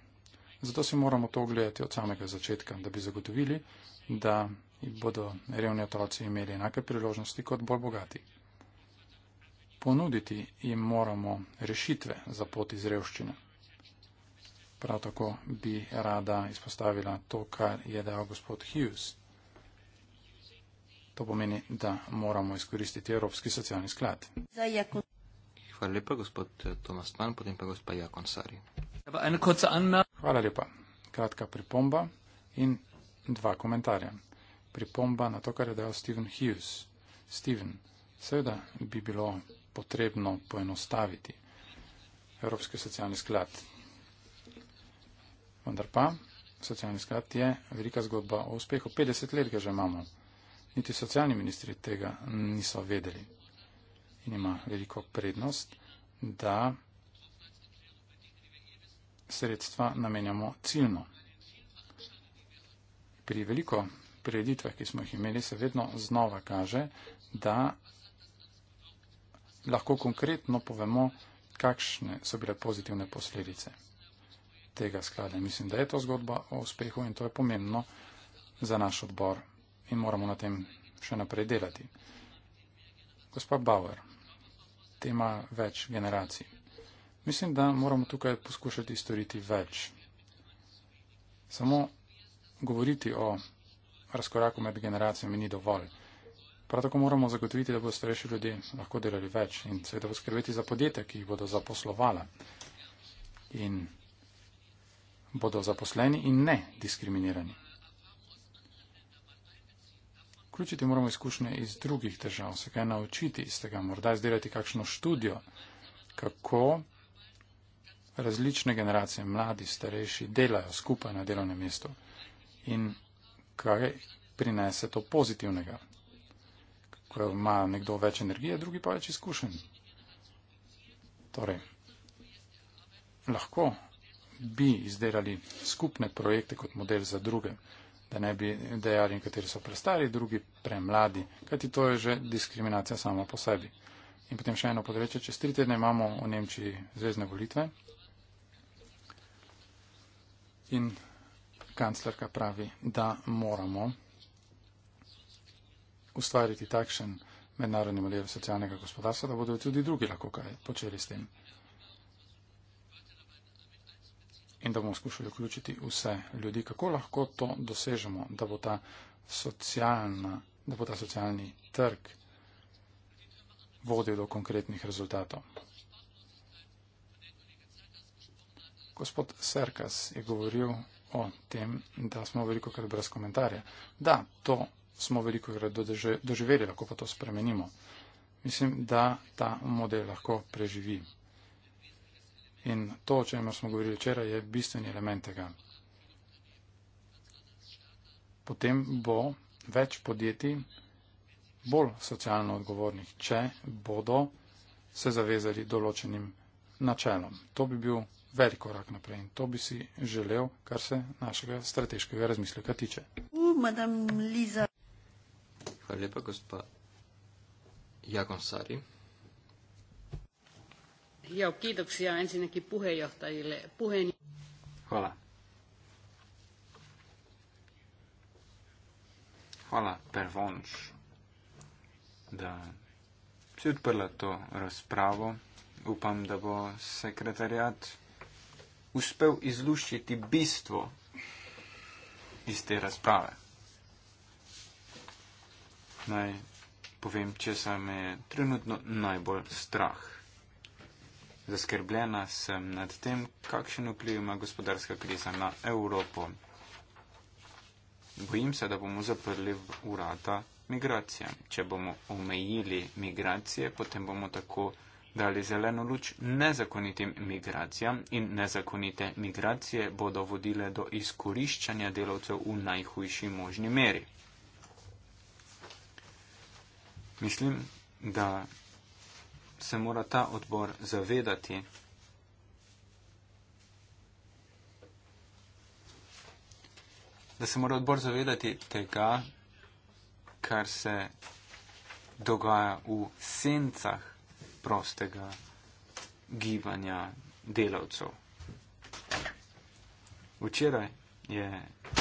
Speaker 3: Zato si moramo to ogledati od samega začetka, da bi zagotovili, da bodo revni otroci imeli enake priložnosti kot bolj bogati. Ponuditi jim moramo rešitve za pot iz revščine. Prav tako bi rada izpostavila to, kar je dal gospod Hughes. To pomeni, da moramo izkoristiti Evropski socialni sklad.
Speaker 2: Hvala lepa, gospod Tomas Pan, potem pa gospod Jakon Sari.
Speaker 4: Hvala
Speaker 3: lepa. Kratka pripomba in dva komentarja. Pripomba na to, kar je dejal Steven Hughes. Steven, seveda bi bilo potrebno poenostaviti Evropski socialni sklad. Vendar pa, socialni sklad je velika zgodba o uspehu. 50 let ga že imamo. Niti socialni ministri tega niso vedeli. In ima veliko prednost, da sredstva namenjamo ciljno. Pri veliko preditvah, ki smo jih imeli, se vedno znova kaže, da lahko konkretno povemo, kakšne so bile pozitivne posledice tega sklada. Mislim, da je to zgodba o uspehu in to je pomembno za naš odbor in moramo na tem še naprej delati. Gospod Bauer, tema več generacij. Mislim, da moramo tukaj poskušati storiti več. Samo govoriti o razkoraku med generacijami ni dovolj. Prav tako moramo zagotoviti, da bodo starejši ljudje lahko delali več in seveda poskrbeti za podjetja, ki jih bodo zaposlovala in bodo zaposleni in ne diskriminirani. Vključiti moramo izkušnje iz drugih držav, se kaj naučiti iz tega, morda izdelati kakšno študijo, kako različne generacije, mladi, starejši, delajo skupaj na delovnem mestu. In kaj prinese to pozitivnega? Ko ima nekdo več energije, drugi pa več izkušenj. Torej, lahko bi izdelali skupne projekte kot model za druge, da ne bi dejali, kateri so prestari, drugi premladi, kajti to je že diskriminacija sama po sebi. In potem še eno področje, čez tri tedne imamo v Nemčiji zvezdne volitve, In kanclerka pravi, da moramo ustvariti takšen mednarodni model socialnega gospodarstva, da bodo tudi drugi lahko kaj počeli s tem. In da bomo skušali vključiti vse ljudi, kako lahko to dosežemo, da bo ta, socialna, da bo ta socialni trg vodil do konkretnih rezultatov. Gospod Serkas je govoril o tem, da smo veliko krat brez komentarja. Da, to smo veliko krat doživeli, lahko pa to spremenimo. Mislim, da ta model lahko preživi. In to, o čemer smo govorili včeraj, je bistveni element tega. Potem bo več podjetij bolj socialno odgovornih, če bodo se zavezali določenim načelom. To bi bil velik korak naprej in to bi si želel, kar se našega strateškega razmisleka tiče.
Speaker 1: Uh,
Speaker 2: Hvala lepa, gospa Jagon Sari.
Speaker 1: Ja, kiitoksia ensinnäkin puheenjohtajille. Puheen...
Speaker 2: Hola.
Speaker 4: Hola, pervonš, da si odprla to razpravo. Upam, da bo sekretariat uspel izluščiti bistvo iz te razprave. Naj povem, če se me je trenutno najbolj strah. Zaskrbljena sem nad tem, kakšen vpliv ima gospodarska kriza na Evropo. Bojim se, da bomo zaprli urada migracijam. Če bomo omejili migracije, potem bomo tako dali zeleno luč nezakonitim migracijam in nezakonite migracije bodo vodile do izkoriščanja delavcev v najhujši možni meri. Mislim, da se mora ta odbor zavedati, da se mora odbor zavedati tega, kar se dogaja v sencah prostega gibanja delavcev. Včeraj je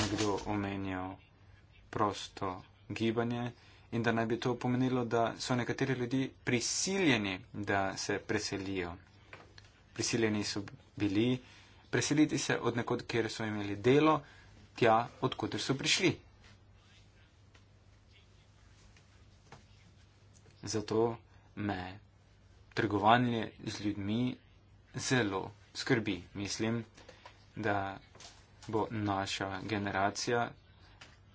Speaker 4: nekdo omenjal prosto gibanje in da naj bi to pomenilo, da so nekateri ljudi prisiljeni, da se preselijo. Prisiljeni so bili preseliti se od nekod, kjer so imeli delo, tja, odkud so prišli. Zato me trgovanje z ljudmi zelo skrbi. Mislim, da bo naša generacija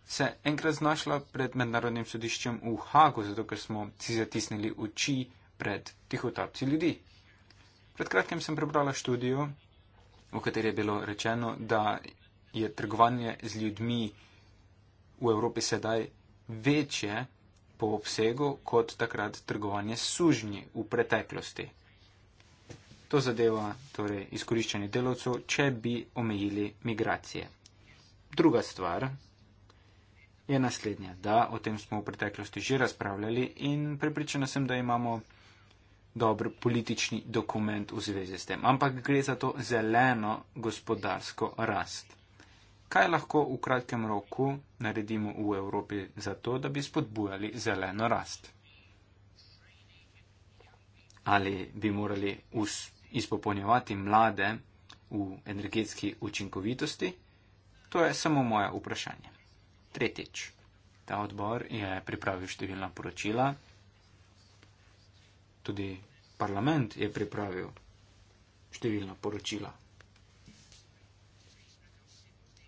Speaker 4: se enkrat znašla pred mednarodnim sodiščem v Hagu, zato ker smo si zatisnili oči pred tihotapci ljudi. Pred kratkim sem prebrala študijo, v kateri je bilo rečeno, da je trgovanje z ljudmi v Evropi sedaj večje po obsegu kot takrat trgovanje sužnji v preteklosti. To zadeva torej izkoriščanje delavcev, če bi omejili migracije. Druga stvar je naslednja, da o tem smo v preteklosti že razpravljali in prepričana sem, da imamo dober politični dokument v zvezi s tem, ampak gre za to zeleno gospodarsko rast kaj lahko v kratkem roku naredimo v Evropi za to, da bi spodbujali zeleno rast. Ali bi morali izpopolnjevati mlade v energetski učinkovitosti? To je samo moje vprašanje. Tretjič. Ta odbor je pripravil številna poročila. Tudi parlament je pripravil številna poročila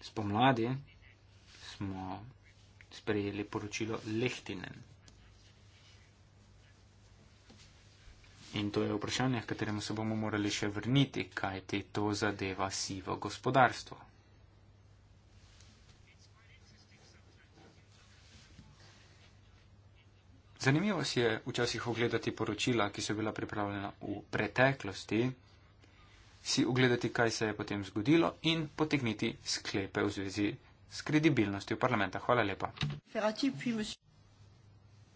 Speaker 4: Spomladi smo sprejeli poročilo Lehtinen. In to je vprašanje, k kateremu se bomo morali še vrniti, kaj te to zadeva sivo gospodarstvo. Zanimivo si je včasih ogledati poročila, ki so bila pripravljena v preteklosti si ogledati, kaj se je potem zgodilo in potegniti sklepe v zvezi s kredibilnostjo parlamenta. Hvala lepa.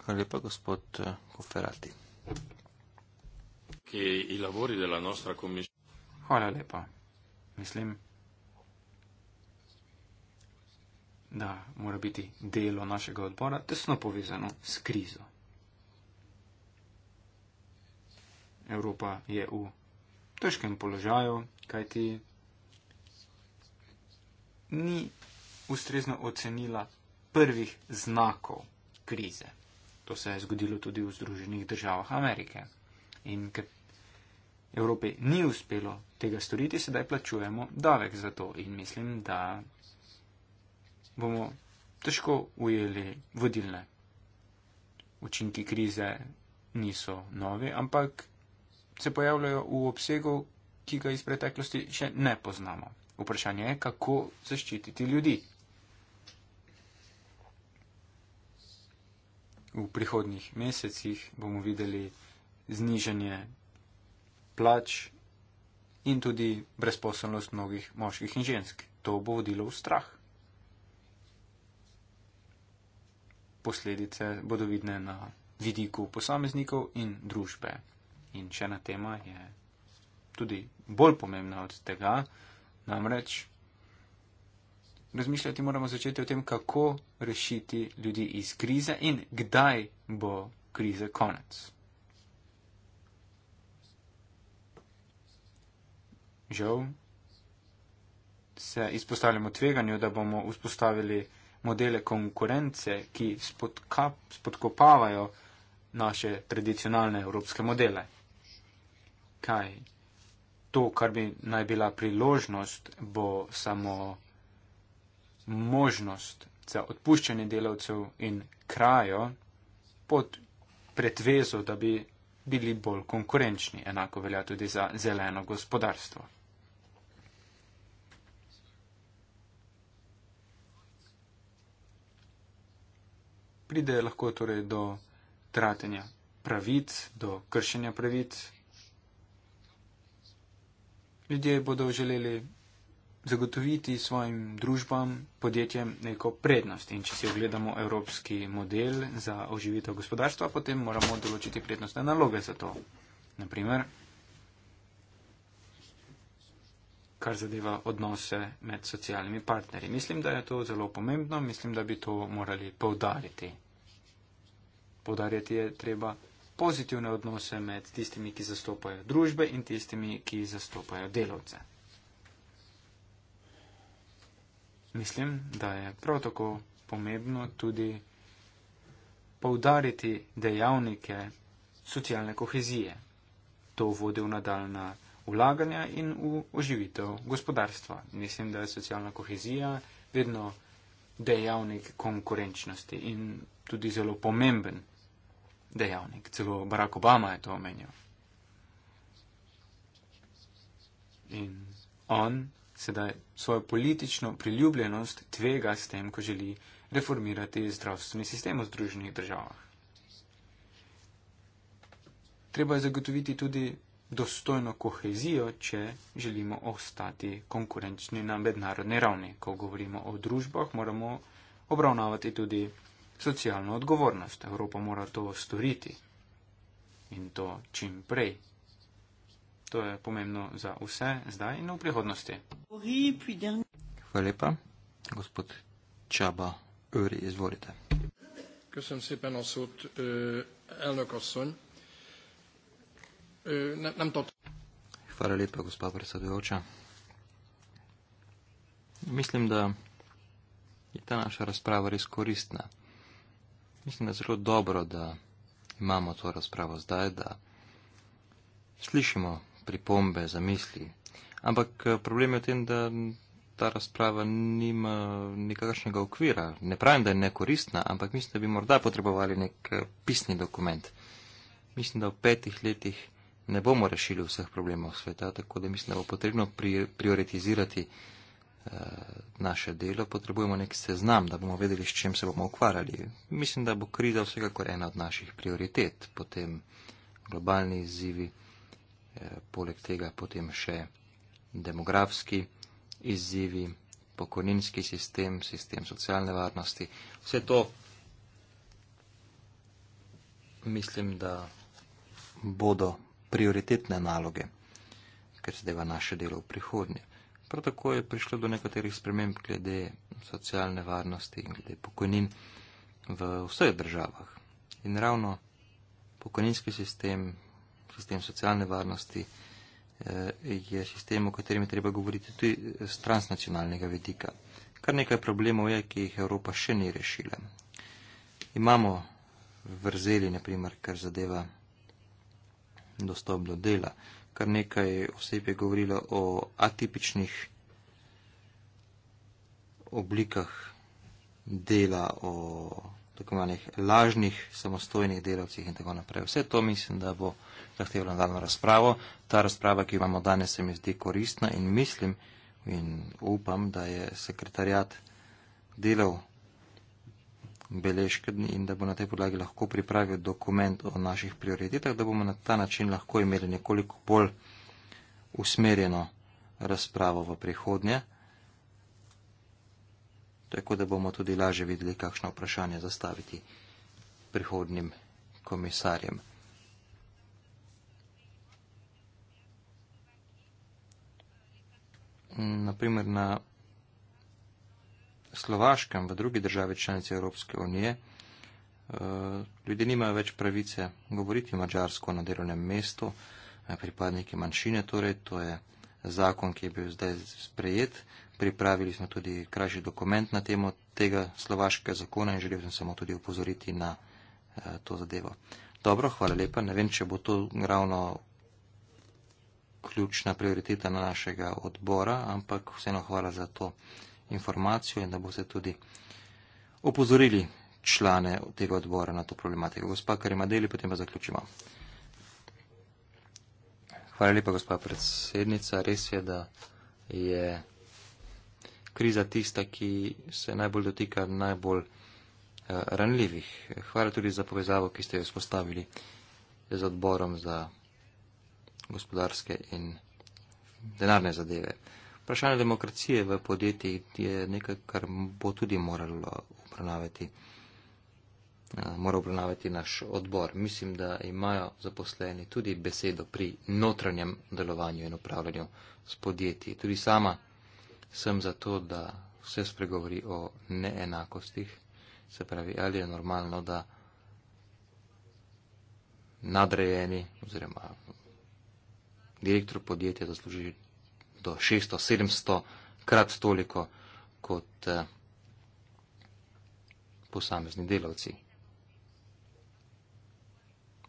Speaker 2: Hvala lepa, gospod eh, Koferati. Hvala lepa. Mislim,
Speaker 4: da mora biti delo našega odbora tesno povezano s krizo. Evropa je v težkem položaju, kajti ni ustrezno ocenila prvih znakov krize. To se je zgodilo tudi v Združenih državah Amerike. In ker Evropi ni uspelo tega storiti, sedaj plačujemo davek za to. In mislim, da bomo težko ujeli vodilne. Učinki krize niso novi, ampak se pojavljajo v obsegu, ki ga iz preteklosti še ne poznamo. Vprašanje je, kako zaščititi ljudi. V prihodnjih mesecih bomo videli znižanje plač in tudi brezposobnost mnogih moških in žensk. To bo vodilo v strah. Posledice bodo vidne na vidiku posameznikov in družbe. In še ena tema je tudi bolj pomembna od tega, namreč razmišljati moramo začeti o tem, kako rešiti ljudi iz krize in kdaj bo krize konec. Žal se izpostavljamo tveganju, da bomo vzpostavili modele konkurence, ki spodkopavajo naše tradicionalne evropske modele kaj. To, kar bi naj bila priložnost, bo samo možnost za odpuščanje delavcev in krajo pod pretvezo, da bi bili bolj konkurenčni. Enako velja tudi za zeleno gospodarstvo. Pride lahko torej do tratenja pravic, do kršenja pravic ljudje bodo želeli zagotoviti svojim družbam, podjetjem neko prednost. In če si ogledamo evropski model za oživitev gospodarstva, potem moramo določiti prednostne naloge za to. Naprimer, kar zadeva odnose med socialnimi partnerji. Mislim, da je to zelo pomembno, mislim, da bi to morali povdariti. Povdarjati je treba pozitivne odnose med tistimi, ki zastopajo družbe in tistimi, ki zastopajo delavce. Mislim, da je prav tako pomembno tudi poudariti dejavnike socialne kohezije. To vodi v nadaljna vlaganja in v oživitev gospodarstva. Mislim, da je socialna kohezija vedno dejavnik konkurenčnosti in tudi zelo pomemben dejavnik. Celo Barack Obama je to omenil. In on sedaj svojo politično priljubljenost tvega s tem, ko želi reformirati zdravstveni sistem v združenih državah. Treba je zagotoviti tudi dostojno kohezijo, če želimo ostati konkurenčni na mednarodni ravni. Ko govorimo o družbah, moramo obravnavati tudi socialno odgovornost. Evropa mora to storiti in to čim prej. To je pomembno za vse zdaj in v prihodnosti.
Speaker 2: Hvala lepa. Gospod Čaba, Uri, izvolite.
Speaker 3: Köszönöm szépen a szót, elnök asszony. Ne, nem tartom.
Speaker 2: Hvala lepa, gospa predsedujoča. Mislim, da je ta naša razprava res koristna. Mislim, da je zelo dobro, da imamo to razpravo zdaj, da slišimo pripombe, zamisli. Ampak eh, problem je v tem, da ta razprava nima nikakršnega okvira. Ne pravim, da je nekoristna, ampak mislim, da bi morda potrebovali nek eh, pisni dokument. Mislim, da v petih letih ne bomo rešili vseh problemov sveta, tako da mislim, da bo potrebno prioritizirati. Eh, naše delo, potrebujemo nek seznam, da bomo vedeli, s čim se bomo ukvarjali. Mislim, da bo kriza vsekakor ena od naših prioritet, potem globalni izzivi, eh, poleg tega potem še demografski izzivi, pokojninski sistem, sistem socialne varnosti. Vse to mislim, da bodo prioritetne naloge, ker se deva naše delo v prihodnje. Prav tako je prišlo do nekaterih sprememb glede socialne varnosti in glede pokojnin v vseh državah. In ravno pokojninski sistem, sistem socialne varnosti eh, je sistem, o katerem je treba govoriti tudi z transnacionalnega vidika. Kar nekaj problemov je, ki jih Evropa še ni rešila. Imamo vrzeli, naprimer, kar zadeva dostop do dela kar nekaj oseb je govorilo o atipičnih oblikah dela, o tako manjih lažnih samostojnih delavcih in tako naprej. Vse to mislim, da bo zahtevalo nadaljno razpravo. Ta razprava, ki jo imamo danes, se mi zdi koristna in mislim in upam, da je sekretarjat delal beležke in da bo na tej podlagi lahko pripravil dokument o naših prioritetah, da bomo na ta način lahko imeli nekoliko bolj usmerjeno razpravo v prihodnje, tako da bomo tudi laže videli, kakšno vprašanje zastaviti prihodnim komisarjem. Naprimer, na Slovaškem, v drugi državi članici Evropske unije, eh, ljudje nimajo več pravice govoriti mačarsko na delovnem mestu, eh, pripadniki manjšine, torej to je zakon, ki je bil zdaj sprejet. Pripravili smo tudi krajši dokument na temo tega slovaškega zakona in želel sem samo tudi upozoriti na eh, to zadevo. Dobro, hvala lepa. Ne vem, če bo to ravno ključna prioriteta na našega odbora, ampak vseeno hvala za to informacijo in da boste tudi opozorili člane tega odbora na to problematiko. Gospa Karimadeli, potem pa zaključimo. Hvala lepa, gospa predsednica. Res je, da je kriza tista, ki se najbolj dotika najbolj eh, ranljivih. Hvala tudi za povezavo, ki ste jo spostavili z odborom za gospodarske in denarne zadeve. Vprašanje demokracije v podjetjih je nekaj, kar bo tudi moralo obravnavati, eh, mora obravnavati naš odbor. Mislim, da imajo zaposleni tudi besedo pri notranjem delovanju in upravljanju s podjetji. Tudi sama sem za to, da vse spregovori o neenakostih. Se pravi, ali je normalno, da nadrejeni oziroma direktor podjetja zasluži do 600, 700 krat toliko kot eh, posamezni delavci.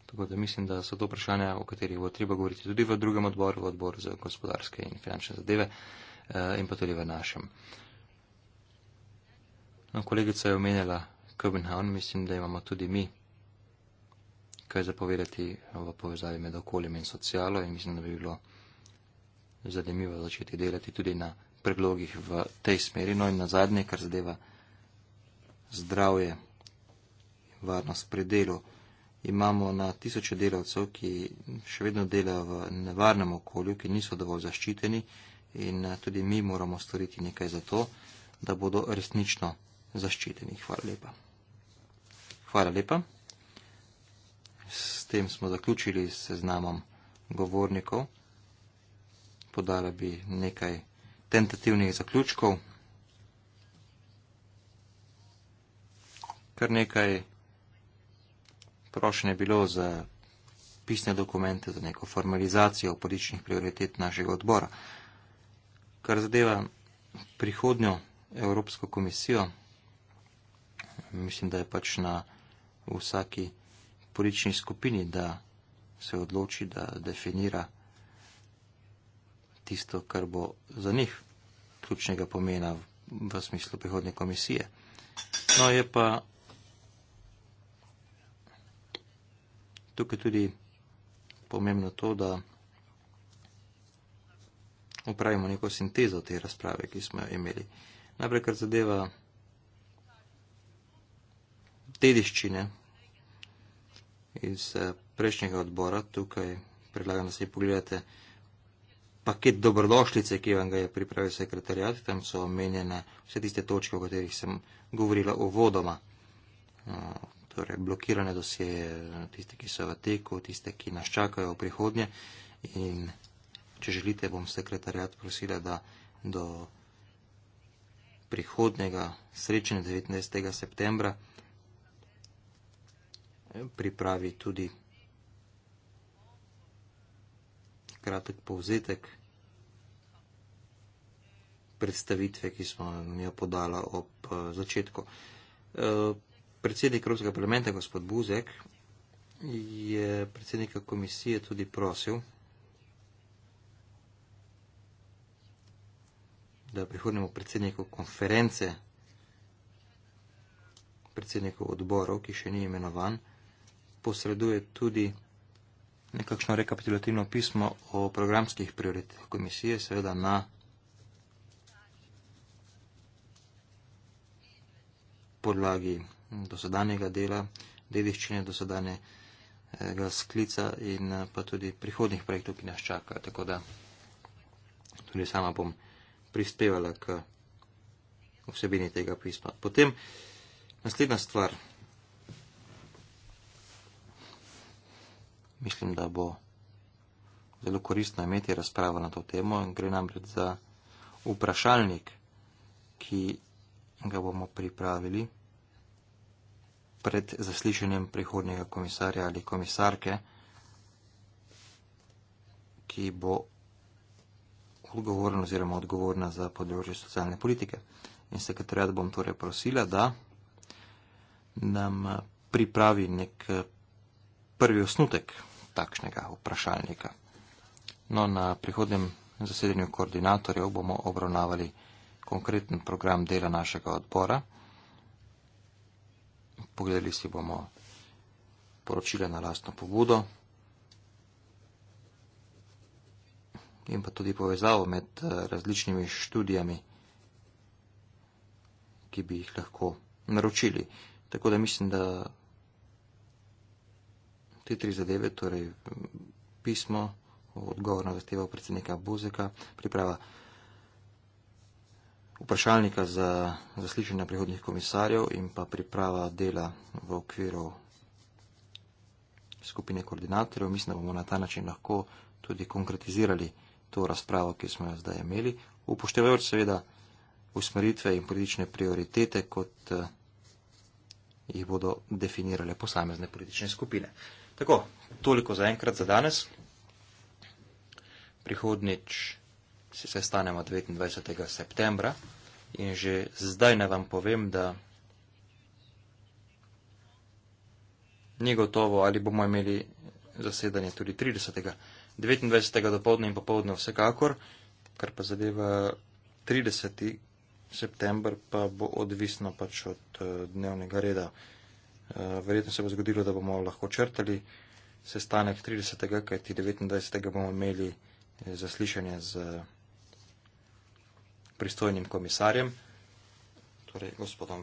Speaker 2: Tako da mislim, da so to vprašanja, o katerih bo treba govoriti tudi v drugem odboru, v odboru za gospodarske in finančne zadeve eh, in pa tudi v našem. No, kolegica je omenjala Copenhagen, mislim, da imamo tudi mi kaj zapovedati v povezavi med okoljem in socialo in mislim, da bi bilo zanimivo začeti delati tudi na predlogih v tej smeri. No in na zadnje, kar zadeva zdravje in varnost pri delu, imamo na tisoče delavcev, ki še vedno delajo v nevarnem okolju, ki niso dovolj zaščiteni in eh, tudi mi moramo storiti nekaj za to, da bodo resnično zaščiteni. Hvala lepa. Hvala lepa. S tem smo zaključili seznamom govornikov podala bi nekaj tentativnih zaključkov. Kar nekaj prošnje bilo za pisne dokumente, za neko formalizacijo političnih prioritet našega odbora. Kar zadeva prihodnjo Evropsko komisijo, mislim, da je pač na vsaki politični skupini, da se odloči, da definira tisto, kar bo za njih ključnega pomena v smislu prihodnje komisije. No, je pa tukaj tudi pomembno to, da upravimo neko sintezo te razprave, ki smo jo imeli. Najprej, kar zadeva dediščine iz eh, prejšnjega odbora, tukaj predlagam, da se jih pogledate paket dobrodošlice, ki vam ga je pripravil sekretarjat, tam so omenjene vse tiste točke, o katerih sem govorila uvodoma. No, torej, blokirane dosjeje, tiste, ki so v teku, tiste, ki nas čakajo v prihodnje. In če želite, bom sekretarjat prosila, da do prihodnega srečanja 19. septembra pripravi tudi kratek povzetek predstavitve, ki smo jo podala ob uh, začetku. Uh, predsednik Evropskega parlamenta, gospod Buzek, je predsednika komisije tudi prosil, da prihodnemu predsedniku konference, predsedniku odborov, ki še ni imenovan, posreduje tudi nekakšno rekapitulativno pismo o programskih prioritetih komisije, seveda na podlagi dosedanjega dela, dediščine dosedanjega sklica in eh, pa tudi prihodnih projektov, ki nas čakajo. Tako da tudi sama bom prispevala k vsebini tega pisma. Potem naslednja stvar. mislim, da bo zelo koristno imeti razpravo na to temo. Gre namreč za vprašalnik, ki ga bomo pripravili pred zaslišanjem prihodnega komisarja ali komisarke, ki bo odgovorna oziroma odgovorna za področje socialne politike. In sekretariat bom torej prosila, da nam pripravi nek eh, prvi osnutek takšnega vprašalnika. No, na prihodnem zasedanju koordinatorjev bomo obravnavali konkreten program dela našega odbora. Pogledali si bomo poročile na lastno pobudo in pa tudi povezavo med eh, različnimi študijami, ki bi jih lahko naročili. Tako da mislim, da te tri zadeve, torej pismo, odgovor na zahtevo predsednika Bozeka, priprava vprašalnika za zaslišanje prihodnih komisarjev in pa priprava dela v okviru skupine koordinatorjev. Mislim, da bomo na ta način lahko tudi konkretizirali to razpravo, ki smo jo zdaj imeli, upoštevajoč seveda usmeritve in politične prioritete, kot eh, jih bodo definirale posamezne politične skupine. Tako, toliko za enkrat za danes. Prihodnič se sestanemo 29. septembra in že zdaj ne vam povem, da ni gotovo, ali bomo imeli zasedanje tudi 30. 29. dopoldne in popoldne vsekakor, kar pa zadeva 30. september, pa bo odvisno pač od eh, dnevnega reda. Eh, verjetno se bo zgodilo, da bomo lahko črtali sestanek 30. kajti 29. bomo imeli eh, zaslišanje z pristojnim komisarjem, torej gospodom